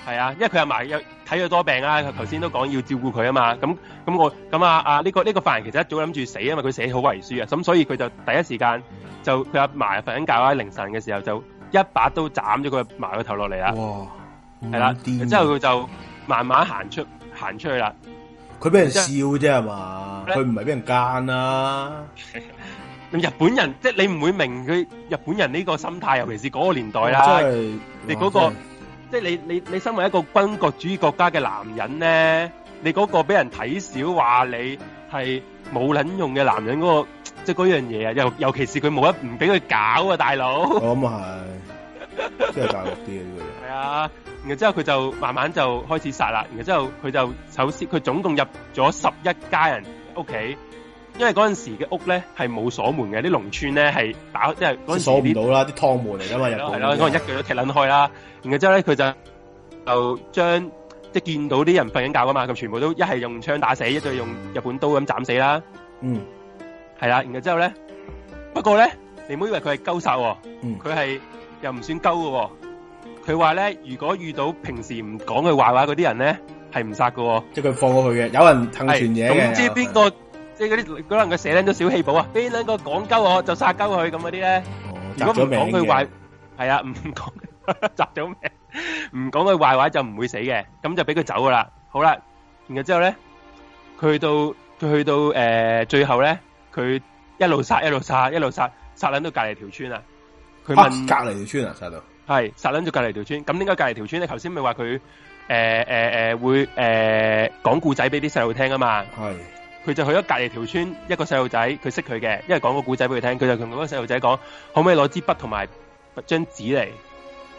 係啊，因為佢阿嫲又睇咗多病啊，頭先都講要照顧佢啊嘛。咁咁、嗯、我咁啊，阿、這、呢個呢、呢個犯人其實一早諗住死啊嘛，佢寫好遺書啊，咁所以佢就第一時間就佢阿嫲瞓緊覺啊，在凌晨嘅時候就一把刀斬咗佢阿嫲個頭落嚟啦。哇！係啦、啊，然之後佢就慢慢行出行出去啦。佢俾人笑啫係嘛，佢唔係俾人奸啊。 <laughs> 咁日本人即係你唔會明佢日本人呢個心態，尤其是嗰個年代啦。即係你嗰個，即係你你你身為一個軍國主義國家嘅男人咧，你嗰個俾人睇小，話你係冇撚用嘅男人嗰個，即係嗰樣嘢啊！尤尤其是佢冇得唔俾佢搞啊，大佬。我諗係，即係大陸啲嘅呢個。係啊，然後之後佢就慢慢就開始殺啦，然後之後佢就首先佢總共入咗十一家人屋企。因為嗰陣時嘅屋咧係冇鎖門嘅，啲農村咧係打即係嗰陣鎖唔到啦，啲趟門嚟噶嘛，入到係啦，嗰陣一腳都踢捻開啦。然之後咧，佢就就將即係見到啲人瞓緊覺噶嘛，咁全部都一係用槍打死，一就用日本刀咁斬死啦。嗯，係啦。然後之後咧，不過咧，你唔好以為佢係鳩殺喎，佢係、嗯、又唔算鳩噶、哦。佢話咧，如果遇到平時唔講佢壞話嗰啲人咧，係唔殺噶。即係佢放過去嘅，有人騰全嘢唔知邊個。即係嗰啲可能佢寫撚咗小氣堡啊，邊撚個講鳩我，就殺鳩佢咁嗰啲咧。哦，集咗名。如果唔講佢壞，係啊，唔講集咗名，唔講佢壞話就唔會死嘅。咁就俾佢走噶啦。好啦，然後之後咧，佢去到佢去到誒最後咧，佢一路殺一路殺一路殺，殺捻到隔籬條村啊。佢問隔籬條村啊殺到？係殺捻到隔籬條村。咁點解隔籬條村咧？頭先咪話佢誒誒誒會誒講故仔俾啲細路聽啊嘛。係。佢就去咗隔籬條村，一個細路仔佢識佢嘅，因為講個古仔俾佢聽。佢就同嗰個細路仔講，可唔可以攞支筆同埋張紙嚟？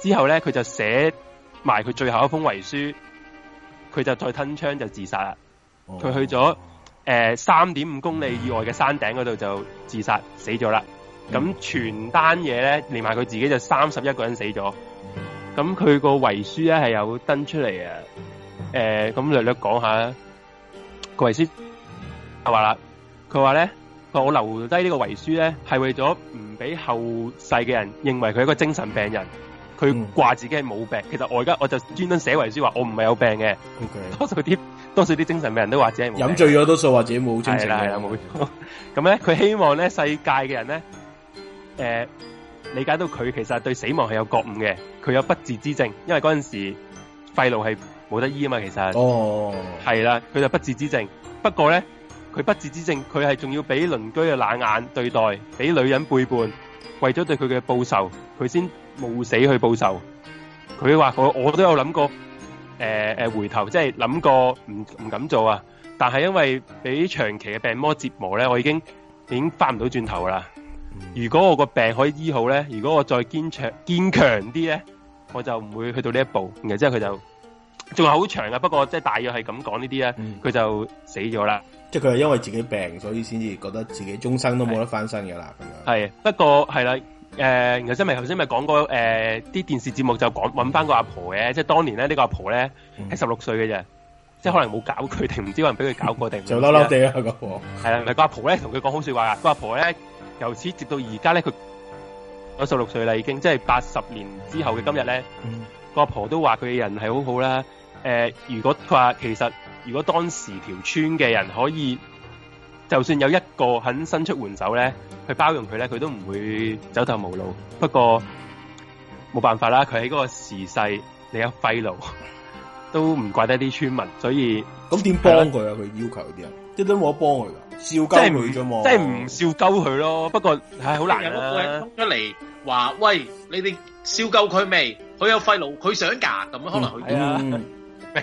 之後咧，佢就寫埋佢最後一封遺書。佢就再吞槍就自殺啦。佢去咗誒三點五公里以外嘅山頂嗰度就自殺死咗啦。咁全單嘢咧，連埋佢自己就三十一個人死咗。咁佢個遺書咧係有登出嚟啊。誒、呃，咁略略講下啦，個遺書。佢話啦，佢話咧，我留低呢個遺書咧，係為咗唔俾後世嘅人認為佢係一個精神病人，佢掛自己係冇病。其實我而家我就專登寫遺書話，我唔係有病嘅 Okay.。多數啲，多數啲精神病人都話自己飲醉咗，多數話自己冇精神對啦，係啦沒，冇。 <laughs> <laughs> 咁咧，佢希望咧，世界嘅人咧，誒、呃，理解到佢其實對死亡係有覺悟嘅，佢有不治之症，因為嗰陣時肺癆係冇得醫啊嘛，其實。哦、oh.。係啦，佢就不治之症。不過咧。佢不治之症，佢係仲要俾鄰居嘅冷眼對待，俾女人背叛，為咗對佢嘅報仇，佢先冇死去報仇。佢話：我我都有諗過，誒、呃、誒回頭即係諗過不，唔唔敢做啊！但係因為俾長期嘅病魔折磨咧，我已經已經返唔到轉頭啦。如果我個病可以醫好咧，如果我再堅強堅強啲咧，我就唔會去到呢一步。然之後佢就仲係好長嘅、啊，不過即係大約係咁講呢啲咧，佢、嗯、就死咗啦。即係佢係因為自己病，所以先至覺得自己終生都冇得翻身噶啦。咁樣係，不過係啦，誒，然後真係頭先咪講過，誒、呃，啲電視節目就講搵翻個阿婆嘅、嗯，即係當年咧呢個阿婆咧係十六歲嘅啫，即係可能冇搞佢定唔知話俾佢搞過定。就嬲嬲哋啊個婆係啦，嚟，個阿婆咧同佢講好說話啊，個阿婆咧由此直到而家咧佢，有十六歲啦已經，即係八十年之後嘅今日咧，嗯嗯、個阿婆都話佢嘅人係好好、啊、啦。誒、呃，如果佢話其實。如果當時條村嘅人可以，就算有一個肯伸出援手咧，去包容佢咧，佢都唔會走投無路。不過冇辦法啦，佢喺嗰個時勢，你有肺癆，都唔怪得啲村民。所以咁點幫佢啊？佢了要求啲人，即都冇得幫佢噶，笑鳩佢啫嘛，即係唔笑鳩佢咯。不過係好難啦、啊。有一個人出嚟話，喂，你哋笑鳩佢未？佢有肺癆，佢想㗎咁可能佢都。嗯」啊嗯、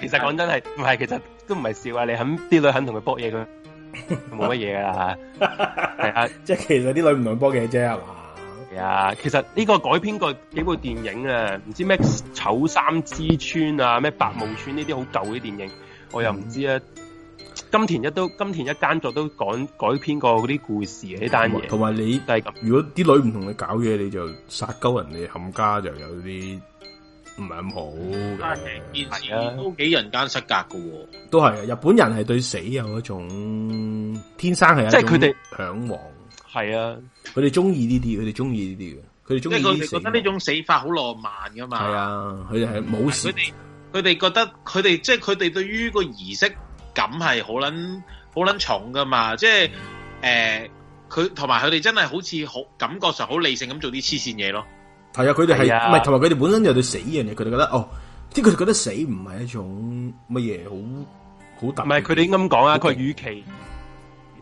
其實講真係唔係，其實。都唔係笑話，你肯啲女肯同佢搏嘢，佢冇乜嘢噶。係啊，即係其實啲女唔同佢搏嘢啫，係嘛？啊，其實呢個改編過幾部電影啊，唔知咩丑三之村啊，咩白霧村呢啲好舊嘅電影，我又唔知啊。金田、嗯、一都金田一間作都改改編過嗰啲故事啊，呢單嘢。同埋你，咁如果啲女唔同你搞嘢，你就殺鳩人家，哋，冚家就有啲。唔係咁好，件事都幾人間失格噶。都係嘅，日本人係對死有一種天生係，即係佢哋向往。係啊，佢哋中意呢啲，佢哋中意呢啲嘅，佢哋中。即係佢哋覺得呢種死法好浪漫噶嘛。係啊，佢哋係冇事。佢哋覺得佢哋即係佢哋對於個儀式感係好捻好捻重噶嘛。即係誒，佢同埋佢哋真係好似好感覺上好理性，咁做啲黐線嘢咯。係啊，佢哋係唔係？同埋佢哋本身就對死嘅嘢，佢哋覺得哦，即係佢哋覺得死唔係一種乜嘢好好特別。唔係佢哋咁講啊，佢與其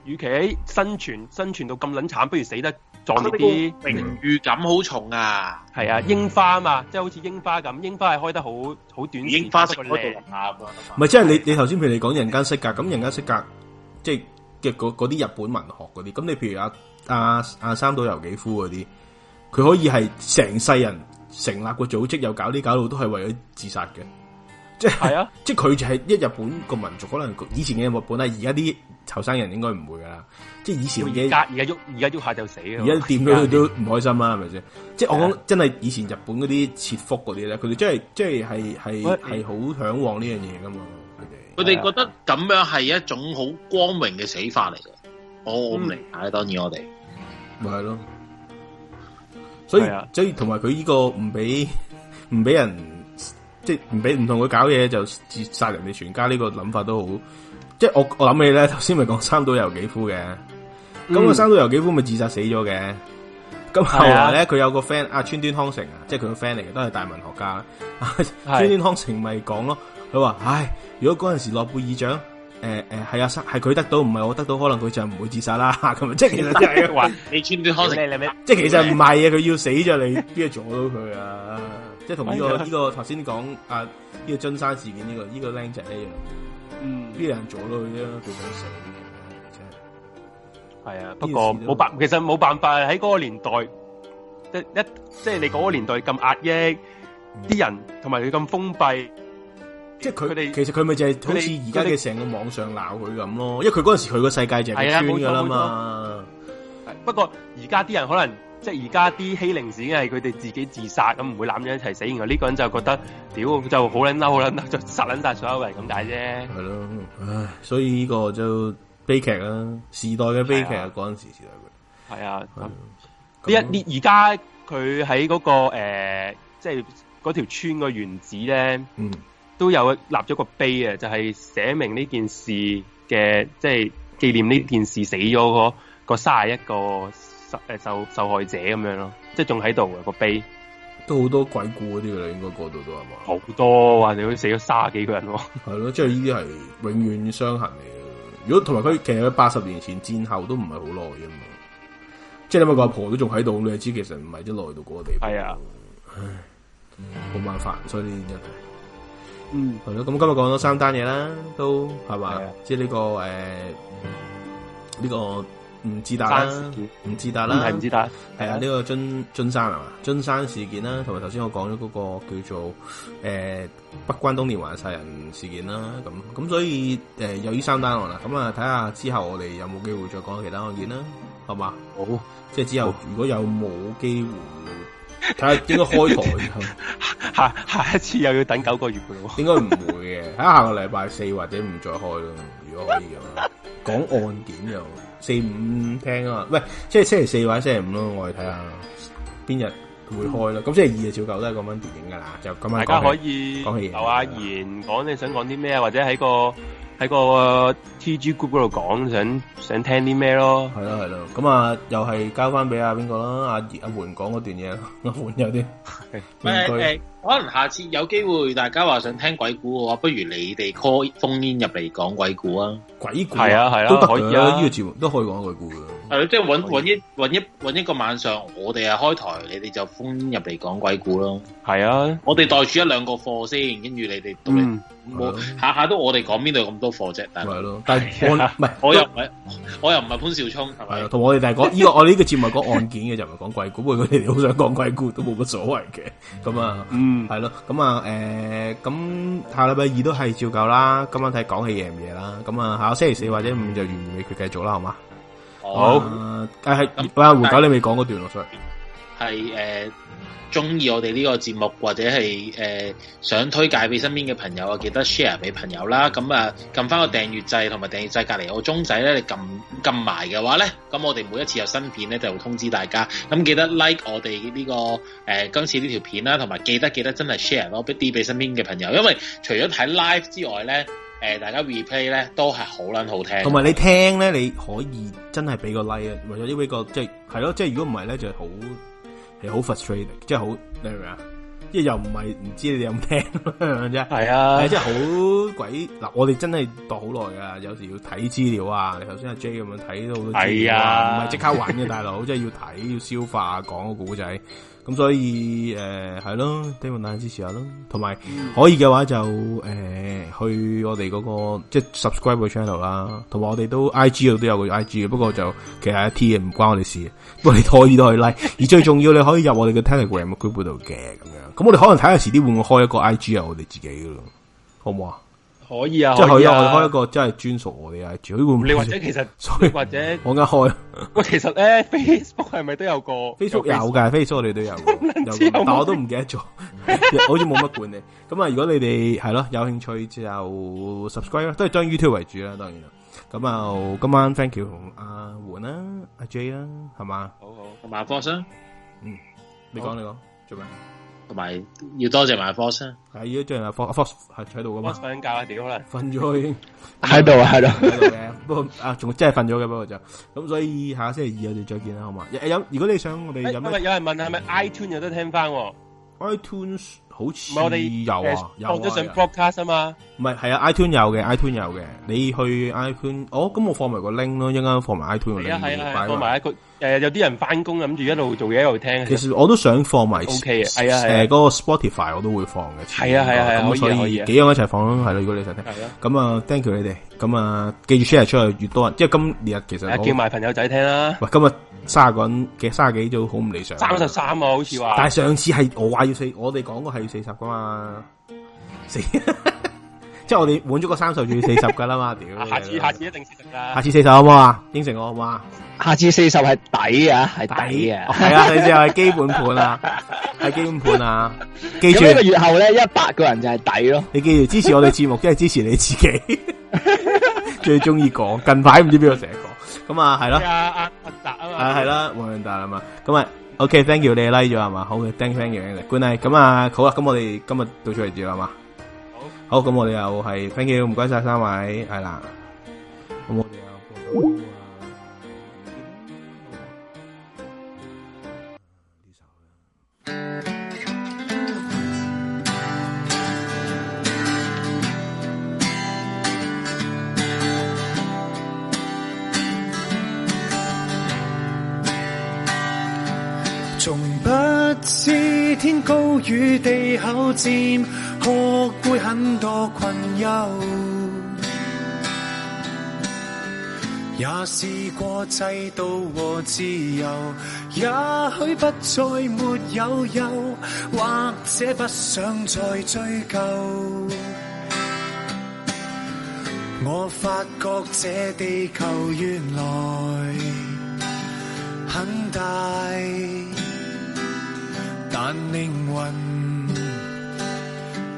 與其喺生存生存到咁撚慘，不如死得壯烈啲。榮譽、啊那個、感好重啊！係啊，櫻、嗯、花嘛，即係好似櫻花咁，櫻花係開得好好短，櫻花開到咁啱。唔係不、啊，即係你你頭先譬如你講人間失格咁，人間失格、嗯、即係嘅嗰啲日本文學嗰啲，咁你譬如阿阿阿三島由紀夫嗰啲。佢可以係成世人成立個組織，又搞啲搞到，都係為咗自殺嘅。即係係啊，即係佢就係、是、一日本個民族，可能以前嘅日本係而家啲後生人應該唔會噶啦。即係以前嘢，而家而家喐而家喐下就死嘅，而家掂咗都唔開心啦，係咪先？即係我講真係，以前日本嗰啲切腹嗰啲咧，佢哋真係即係係係係好向往呢樣嘢噶嘛。佢哋佢哋覺得咁樣係一種好光明嘅死法嚟嘅。哦、嗯，我唔理解，當然我哋咪係咯。嗯就是所以所以同埋佢呢個唔俾唔俾人即係唔俾唔同佢搞嘢，就自殺人哋全家，呢個諗法都好即係，我我諗起咧，頭先咪講三島由紀夫嘅，咁個三島由紀夫咪自殺死咗嘅。咁後來咧佢、啊、有個 friend 阿、啊、川端康成啊，即係佢個 friend 嚟嘅，都係大文學家、啊、是川端康成咪講咯佢話唉，如果嗰陣時諾貝爾獎。誒誒係啊，係佢得到，唔係我得到，可能佢就唔會自殺啦。咁啊，即係其實即係話，你穿啲康你，你嚟即係其實唔係啊，佢要死咗，你，邊個阻到佢啊？即係同呢個呢個頭先講啊呢個津山事件呢個呢個靚仔一樣。嗯，邊人阻到佢啫？係啊，不過冇辦，其實冇辦法喺嗰個年代，即一即係、就是、你嗰個年代咁壓抑，啲、嗯、人同埋你咁封閉。即係佢，佢哋其實佢咪就係好似而家嘅成個網上鬧佢咁咯，因為佢嗰陣時佢個世界就係村噶啦嘛。不過而家啲人可能即係而家啲欺凌事件係佢哋自己自殺咁，唔會攬咗一齊死。然後呢個人就覺得屌就好捻嬲，好捻嬲，就殺捻晒所有人咁解啫。係咯，唉，所以呢個就悲劇啦，時代嘅悲劇啊，嗰陣時時代嘅。係啊，呢一呢而家佢喺嗰個誒，即係嗰條村個原子咧，嗯。都有立咗個碑啊，就係寫明呢件事嘅，即係紀念呢件事死咗個卅一個受受害者咁樣咯，即係仲喺度嘅個碑。都好多鬼故嗰啲噶啦，應該嗰度都係嘛？好多，或者佢你死咗卅幾個人咯。係咯，即係呢啲係永遠傷痕嚟嘅。如果同埋佢其實八十年前戰後都唔係好耐啊嘛，即係你問個阿婆都仲喺度，你又知其實唔係啲耐到嗰個地步。係啊，好、嗯、麻煩，所以真。係咯，咁、嗯嗯、今日講咗三單嘢啦，都係嘛，的即係呢、這個誒、呢、呃這個吳志達啦，吳志達啦，係吳志達，係啊，呢個津津山係嘛？的津山事件啦，同埋頭先我講咗嗰個叫做誒、呃，北關東連環殺人事件啦，咁咁所以誒、呃、有呢三單案啦，咁啊睇下之後我哋有冇機會再講其他案件啦、嗯，好嘛？好，即係之後如果有冇機會。睇下應該開台 <laughs> 下下一次又要等九個月嘅喎。應該唔會嘅，睇下 <laughs> 下個禮拜四或者唔再開咯。如果可以嘅話，講 <laughs> 案件又四五聽啊，喂，即係星期四或者星期五咯，我哋睇下邊日會開啦。咁、嗯、星期二嘅小九都係咁樣電影噶啦，就咁大家可以講嘢，由起阿賢講你想講啲咩啊，或者喺個。喺個 T G group 嗰度講想想聽啲咩咯。係咯係咯，咁啊又係交翻俾阿邊個啦，阿阿煥講嗰段嘢，啊，阿煥有啲，唔該。可能下次有機會大家話想聽鬼故嘅話，不如你哋 call 烽煙入嚟講鬼故啊，鬼故係啊係啊，都可以，可以啊，呢個節目都可以講鬼故嘅。係，即係揾揾一揾一揾一個晚上，我哋係開台，你哋就封入嚟講鬼故咯。係啊，我哋袋住一兩個貨先，跟住你哋。都嗯，下下都我哋講邊度有咁多貨啫。係咯，但係我我又唔係，我又唔係潘兆聰係咪？同我哋大係講依個，我呢個節目講案件嘅就唔係講鬼故。不過你哋好想講鬼故都冇乜所謂嘅。咁啊，嗯，係咯，咁啊，誒，咁下禮拜二都係照舊啦。今晚睇講起嘢唔嘢啦。咁啊，下星期四或者五就完完全全繼續啦，好嘛？好，誒係、嗯，啊、嗯，回搞你未講嗰段落出嚟，係誒中意我哋呢個節目，或者係誒、呃、想推介俾身邊嘅朋友啊，記得 share 俾朋友啦。咁、嗯、啊，撳翻個訂閱掣，同埋訂閱掣隔離有個鐘仔咧，你撳撳埋嘅話咧，咁、嗯、我哋每一次有新片咧，就會通知大家。咁、嗯、記得 like 我哋呢、呢個誒、呃、今次呢條片啦，同埋記得記得真係 share 咯，俾啲俾身邊嘅朋友。因為除咗睇 live 之外咧。誒、呃，大家 replay 咧都係好撚好聽，同埋你聽咧，對你可以真係俾個 like，啊、或者、就是就是、呢位個即係咯，即係如果唔係咧就係好係好 frustrating 即係好你明唔明啊？即係又唔係唔知你哋有冇聽啫，係啊，即係好鬼嗱，我哋真係度好耐噶，有時要睇資料，你剛才資料是啊，頭先阿 J 咁樣睇到好多資料啊，唔係即刻玩嘅大佬，即係要睇要消化講個古仔。咁所以誒係、呃、咯 d 問 m o 大家支持下咯，同埋可以嘅話就誒、呃、去我哋嗰、嗰個即係 subscribe 個 channel 啦，同埋我哋都 I G 度都有個 I G 嘅，不過就其實一 T 嘅唔關我哋事，不過 <laughs> 你可以都可以 like，而最重要你可以入我哋嘅 Telegram group 度嘅咁樣，咁我哋可能睇下遲啲會唔會開一個 I G 啊，我哋自己咯，好唔好啊？可以啊，即係可以開一個真係專屬我哋啊，除非你或者其實，或者我而家開，我其實咧 Facebook 係咪都有個 Facebook 有噶，Facebook 我哋都有，但我都唔記得咗，好似冇乜管理。咁啊，如果你哋係咯有興趣就 subscribe 啦，都係將 YouTube 為主啦，當然啦。咁啊，今晚 thank you 阿煥啦，阿 J 啦，係嘛？好好，同埋阿 f o 嗯，你講你講，做咩？同埋要多謝埋 Fox，係要多謝埋 Fox，Fox 係喺度噶嘛？Fox 瞓覺啊，屌啦，可能瞓咗已經喺度啊，喺度嘅，os, 不過 <laughs> 啊，仲真係瞓咗嘅，不過就咁，所以下星期二我哋再見啦，好嘛？有如果你想我哋有咩，是不是有人問係咪 <noise> iTunes 有得聽翻？iTunes。好似有啊，放咗上 broadcast 啊嘛，唔係，係啊，iTune 有嘅，iTune 有嘅，你去 iTune。哦咁我放埋個 link 咯，一陣間放埋 iTune 嘅 link，放埋一個誒，有啲人翻工諗住一路做嘢一路聽，其實我都想放埋，OK 啊，係啊，誒嗰個 Spotify 我都會放嘅，係啊係啊，咁所以幾樣一齊放咯，係咯，如果你想聽，咁啊 thank you 你哋，咁啊記住 share 出去越多人，即係今日其實叫埋朋友仔聽啦，喂今日卅個人，其實卅幾都好唔理想，三十三啊好似話，但係上次係我話要四，我哋講過係。四十噶嘛？呵呵即係我哋滿足個三十要四十噶啦嘛？屌， <laughs> 下次下次一定四十噶，下次四十好唔好啊？應承我好唔好啊？下次四十係抵啊，係抵啊，係啊、哦，你又係基本盤啊，係 <laughs> 基本盤啊， <laughs> 記住一個月後咧一百個人就係抵咯。你記住支持我哋節目，即係支持你自己， <laughs> 最中意講。近排唔知邊個成日講，咁啊係咯，啊！阿阿達啊嘛，係係啦，黃永達啊嘛，咁啊。OK，thank you，你 like 咗係嘛？好嘅，thank you，thank you，good night，咁啊，好啊，咁我哋今日到此為止係嘛？好，好，咁我哋又係 thank you，唔該晒三位，係啦。知天高與地厚，漸學會很多困擾。也試過制度和自由，也許不再沒有憂，或者不想再追究。我發覺這地球原來很大。但靈魂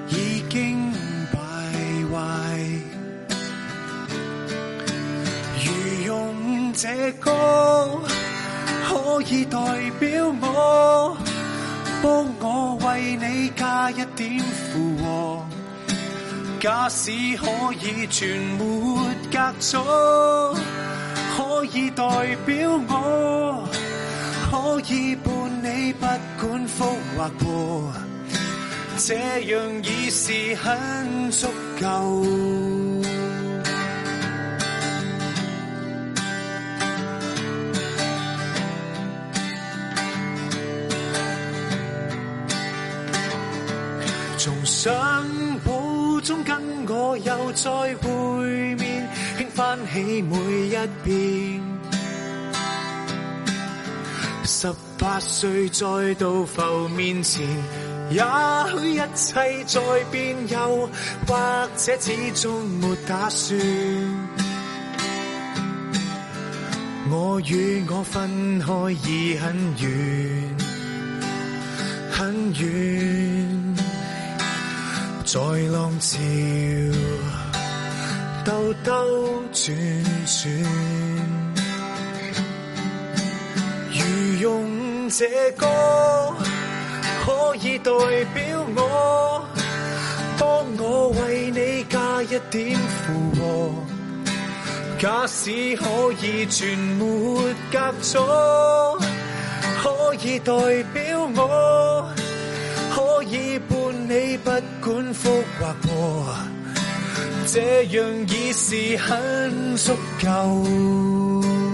已經敗壞，如用這歌可以代表我，幫我為你加一點附和。假使可以全沒隔阻，可以代表我。可以伴你不管富或貧，這樣已是很足夠。從相簿中跟我又再會面，拼返起每一遍。十八歲再度浮面前，也許一切在變又，或者始終沒打算。我與我分開已很遠，很遠，在浪潮兜兜轉轉。用這歌可以代表我，當我為你加一點負荷，假使可以全沒隔阻，可以代表我，可以伴你不管福或禍，這樣已是很足夠。